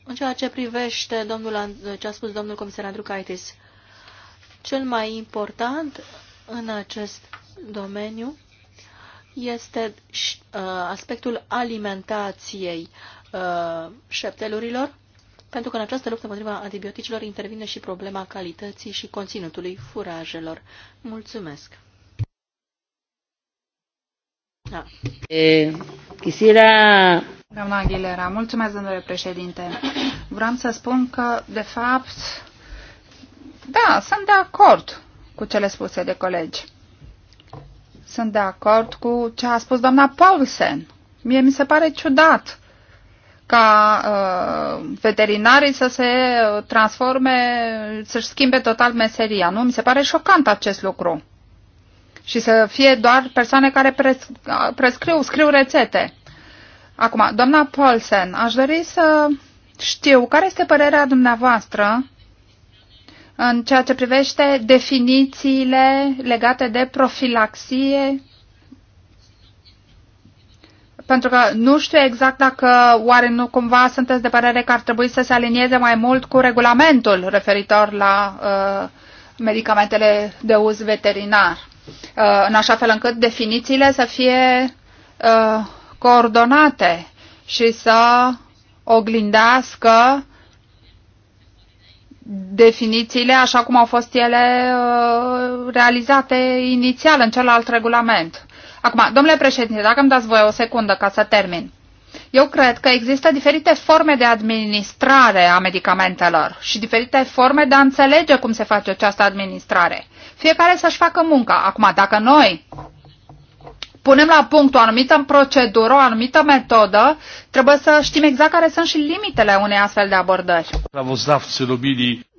în ceea ce privește domnul, uh, ce a spus domnul comisar Andrew Kaitis, cel mai important în acest domeniu este aspectul alimentației șeptelurilor pentru că în această luptă împotriva antibioticilor intervine și problema calității și conținutului furajelor. Mulțumesc! Da. E, quisiera... Doamna Aguilera, mulțumesc, domnule președinte. Vreau să spun că, de fapt, da, sunt de acord cu cele spuse de colegi. Sunt de acord cu ce a spus doamna Paulsen. Mie mi se pare ciudat ca uh, veterinarii să se uh, transforme, să-și schimbe total meseria. Nu? Mi se pare șocant acest lucru. Și să fie doar persoane care pres, uh, prescriu, scriu rețete. Acum, doamna Paulsen, aș dori să știu care este părerea dumneavoastră în ceea ce privește definițiile legate de profilaxie pentru că nu știu exact dacă oare nu cumva sunteți de părere că ar trebui să se alinieze mai mult cu regulamentul referitor la uh, medicamentele de uz veterinar, uh, în așa fel încât definițiile să fie uh, coordonate și să oglindească definițiile așa cum au fost ele uh, realizate inițial în celălalt regulament. Acum, domnule președinte, dacă îmi dați voie o secundă ca să termin. Eu cred că există diferite forme de administrare a medicamentelor și diferite forme de a înțelege cum se face această administrare. Fiecare să-și facă munca. Acum, dacă noi punem la punct o anumită procedură, o anumită metodă, trebuie să știm exact care sunt și limitele unei astfel de abordări.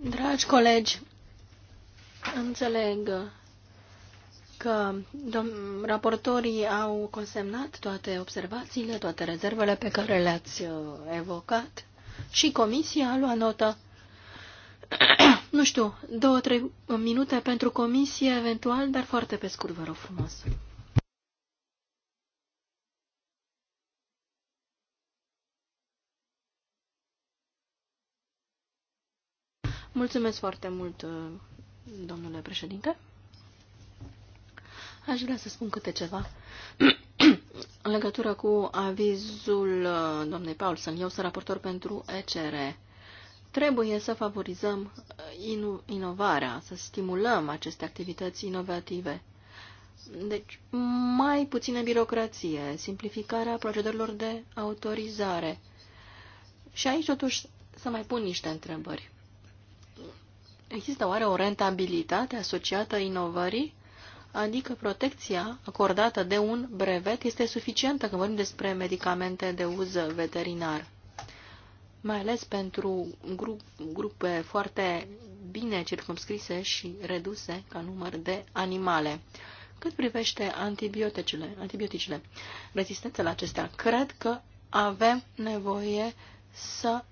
Dragi colegi, înțeleg că raportorii au consemnat toate observațiile, toate rezervele pe care le-ați uh, evocat și comisia a luat notă. nu știu, două, trei minute pentru comisie eventual, dar foarte pe scurt, vă rog frumos. Mulțumesc foarte mult, uh, domnule președinte. Aș vrea să spun câte ceva. În legătură cu avizul uh, doamnei Paulsen, eu sunt raportor pentru ECR. Trebuie să favorizăm uh, inovarea, să stimulăm aceste activități inovative. Deci, mai puțină birocrație, simplificarea procedurilor de autorizare. Și aici, totuși, să mai pun niște întrebări. Există oare o rentabilitate asociată inovării? adică protecția acordată de un brevet este suficientă când vorbim despre medicamente de uz veterinar, mai ales pentru grup, grupe foarte bine circumscrise și reduse ca număr de animale. Cât privește antibioticele, antibioticele, rezistența la acestea, cred că avem nevoie să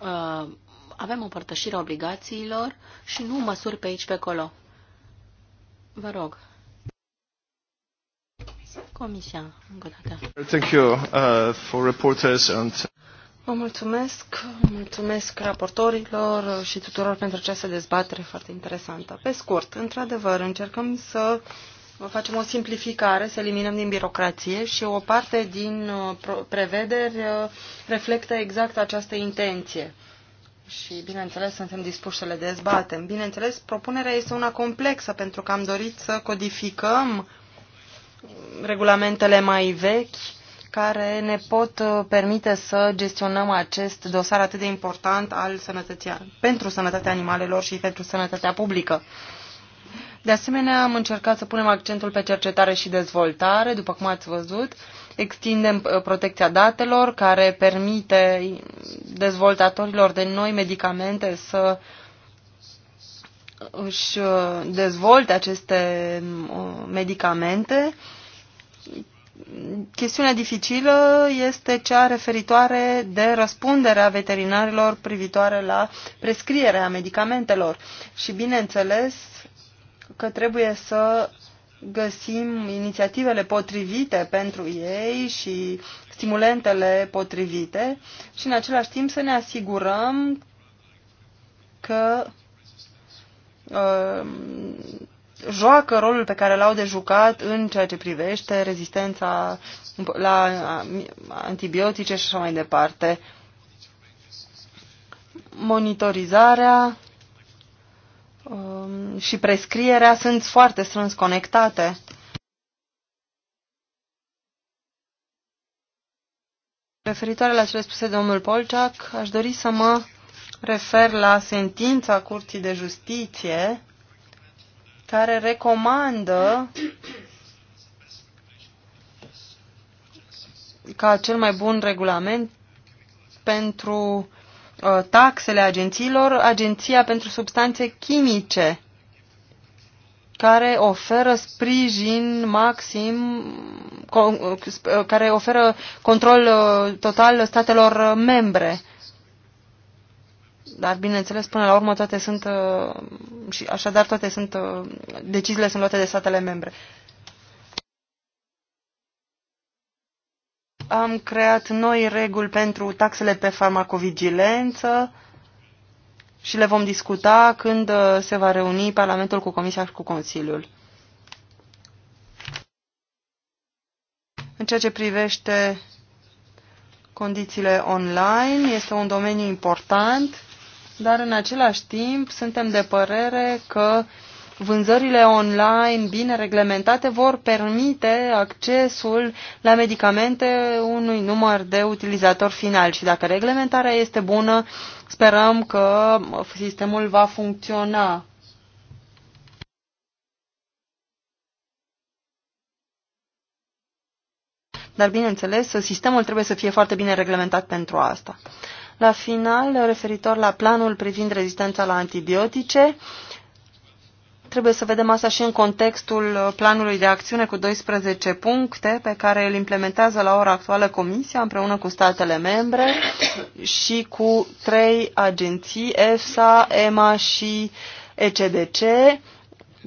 uh, avem împărtășirea obligațiilor și nu măsuri pe aici pe acolo. Vă rog. Comisia, încă o dată. Thank you uh, for reporters and... Vă mulțumesc, mulțumesc raportorilor și tuturor pentru această dezbatere foarte interesantă. Pe scurt, într-adevăr, încercăm să facem o simplificare, să eliminăm din birocrație și o parte din uh, prevederi uh, reflectă exact această intenție și, bineînțeles, suntem dispuși să le dezbatem. Bineînțeles, propunerea este una complexă pentru că am dorit să codificăm regulamentele mai vechi care ne pot uh, permite să gestionăm acest dosar atât de important al sănătății, pentru sănătatea animalelor și pentru sănătatea publică. De asemenea, am încercat să punem accentul pe cercetare și dezvoltare, după cum ați văzut, extindem uh, protecția datelor care permite dezvoltatorilor de noi medicamente să își uh, dezvolte aceste uh, medicamente. Chestiunea dificilă este cea referitoare de răspunderea veterinarilor privitoare la prescrierea medicamentelor și, bineînțeles, că trebuie să găsim inițiativele potrivite pentru ei și stimulentele potrivite și în același timp să ne asigurăm că uh, joacă rolul pe care l-au de jucat în ceea ce privește rezistența la antibiotice și așa mai departe. Monitorizarea Um, și prescrierea sunt foarte strâns conectate. Referitoare la cele spuse domnul Polciac, aș dori să mă refer la sentința Curții de Justiție care recomandă ca cel mai bun regulament pentru Uh, taxele agențiilor, Agenția pentru Substanțe Chimice, care oferă sprijin maxim, uh, care oferă control uh, total statelor membre. Dar, bineînțeles, până la urmă toate sunt, și așadar toate sunt, deciziile sunt luate de statele membre. Am creat noi reguli pentru taxele pe farmacovigilență și le vom discuta când uh, se va reuni Parlamentul cu Comisia și cu Consiliul. În ceea ce privește condițiile online, este un domeniu important, dar în același timp suntem de părere că uh, vânzările online bine reglementate vor permite accesul la medicamente unui număr de utilizatori final și dacă reglementarea este bună, sperăm că sistemul va funcționa. Dar, bineînțeles, sistemul trebuie să fie foarte bine reglementat pentru asta. La final, referitor la planul privind rezistența la antibiotice, uh, Trebuie să vedem asta și în contextul planului de acțiune cu 12 puncte pe care îl implementează la ora actuală Comisia împreună cu statele membre și cu trei agenții, EFSA, EMA și ECDC.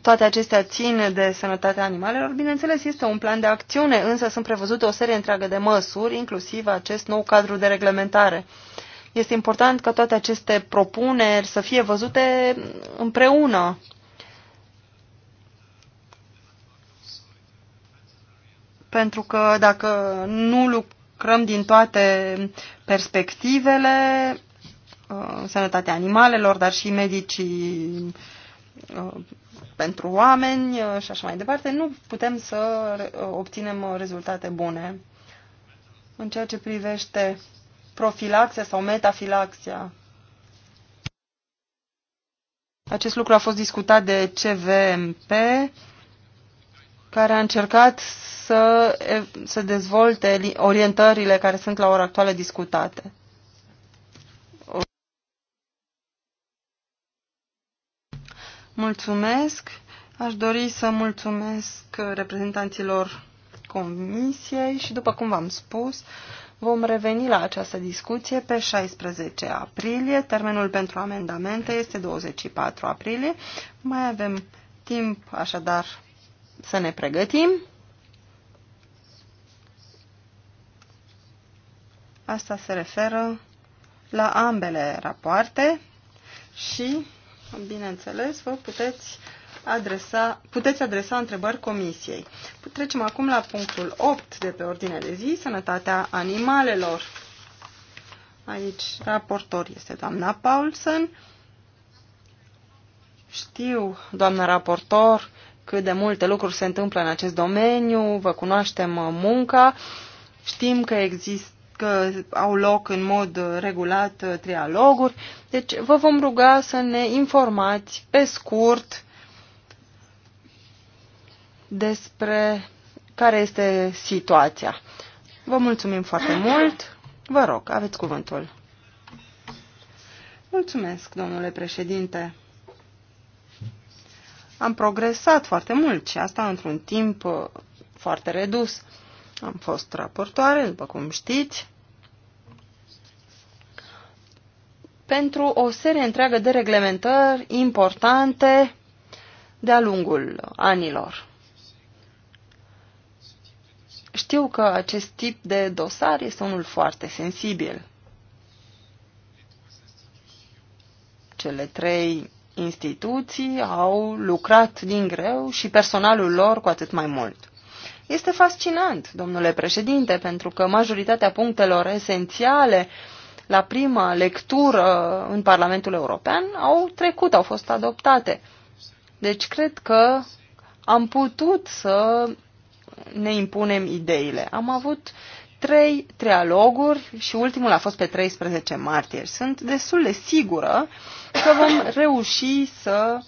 Toate acestea țin de sănătatea animalelor. Bineînțeles, este un plan de acțiune, însă sunt prevăzute o serie întreagă de măsuri, inclusiv acest nou cadru de reglementare. Este important ca toate aceste propuneri să fie văzute împreună pentru că dacă nu lucrăm din toate perspectivele, uh, sănătatea animalelor, dar și medicii uh, pentru oameni uh, și așa mai departe, nu putem să obținem rezultate bune. În ceea ce privește profilaxia sau metafilaxia, acest lucru a fost discutat de CVMP care a încercat să, să dezvolte orientările care sunt la ora actuală discutate. Mulțumesc. Aș dori să mulțumesc reprezentanților Comisiei și, după cum v-am spus, vom reveni la această discuție pe 16 aprilie. Termenul pentru amendamente este 24 aprilie. Mai avem timp, așadar, să ne pregătim. Asta se referă la ambele rapoarte și, bineînțeles, vă puteți adresa, puteți adresa întrebări comisiei. Trecem acum la punctul 8 de pe ordine de zi, sănătatea animalelor. Aici raportor este doamna Paulsen. Știu, doamna raportor, cât de multe lucruri se întâmplă în acest domeniu, vă cunoaștem uh, munca, știm că există că au loc în mod uh, regulat uh, trialoguri. Deci vă vom ruga să ne informați pe scurt despre care este situația. Vă mulțumim foarte mult. Vă rog, aveți cuvântul. Mulțumesc, domnule președinte am progresat foarte mult și asta într-un timp uh, foarte redus. Am fost raportoare, după cum știți, pentru o serie întreagă de reglementări importante de-a lungul anilor. Știu că acest tip de dosar este unul foarte sensibil. Cele trei instituții au lucrat din greu și personalul lor cu atât mai mult. Este fascinant, domnule președinte, pentru că majoritatea punctelor esențiale la prima lectură în Parlamentul European au trecut, au fost adoptate. Deci cred că am putut să ne impunem ideile. Am avut trei trialoguri și ultimul a fost pe 13 martie. Sunt destul de sigură că vom reuși să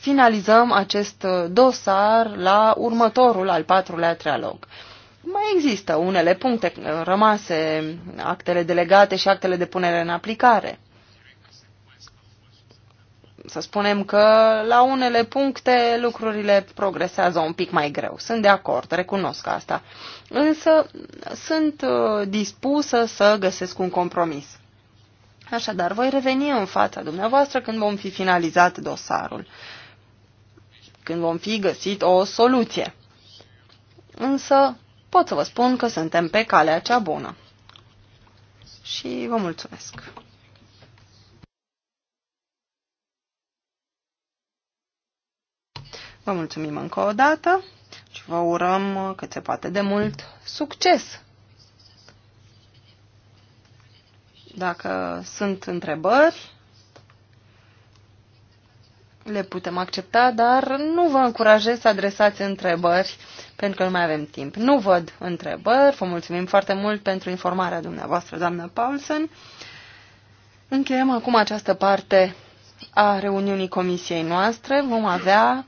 finalizăm acest uh, dosar la următorul, al patrulea trialog. Mai există unele puncte uh, rămase, actele delegate și actele de punere în aplicare să spunem că la unele puncte lucrurile progresează un pic mai greu. Sunt de acord, recunosc asta. Însă sunt uh, dispusă să găsesc un compromis. Așadar, voi reveni în fața dumneavoastră când vom fi finalizat dosarul, când vom fi găsit o soluție. Însă pot să vă spun că suntem pe calea cea bună. Și vă mulțumesc. Vă mulțumim încă o dată și vă urăm cât se poate de mult succes! Dacă sunt întrebări, le putem accepta, dar nu vă încurajez să adresați întrebări, pentru că nu mai avem timp. Nu văd întrebări. Vă mulțumim foarte mult pentru informarea dumneavoastră, doamnă Paulsen. Încheiem acum această parte a reuniunii comisiei noastre. Vom avea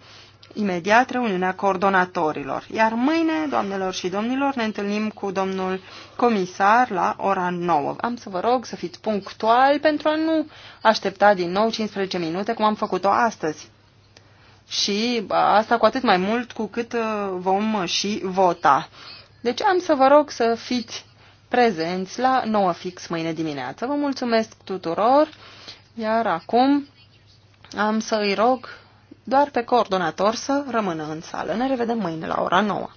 imediat reuniunea coordonatorilor. Iar mâine, doamnelor și domnilor, ne întâlnim cu domnul comisar la ora 9. Am să vă rog să fiți punctuali pentru a nu aștepta din nou 15 minute cum am făcut-o astăzi. Și asta cu atât mai mult cu cât uh, vom și vota. Deci am să vă rog să fiți prezenți la 9 fix mâine dimineață. Vă mulțumesc tuturor, iar acum am să îi rog doar pe coordonator să rămână în sală. Ne revedem mâine la ora 9.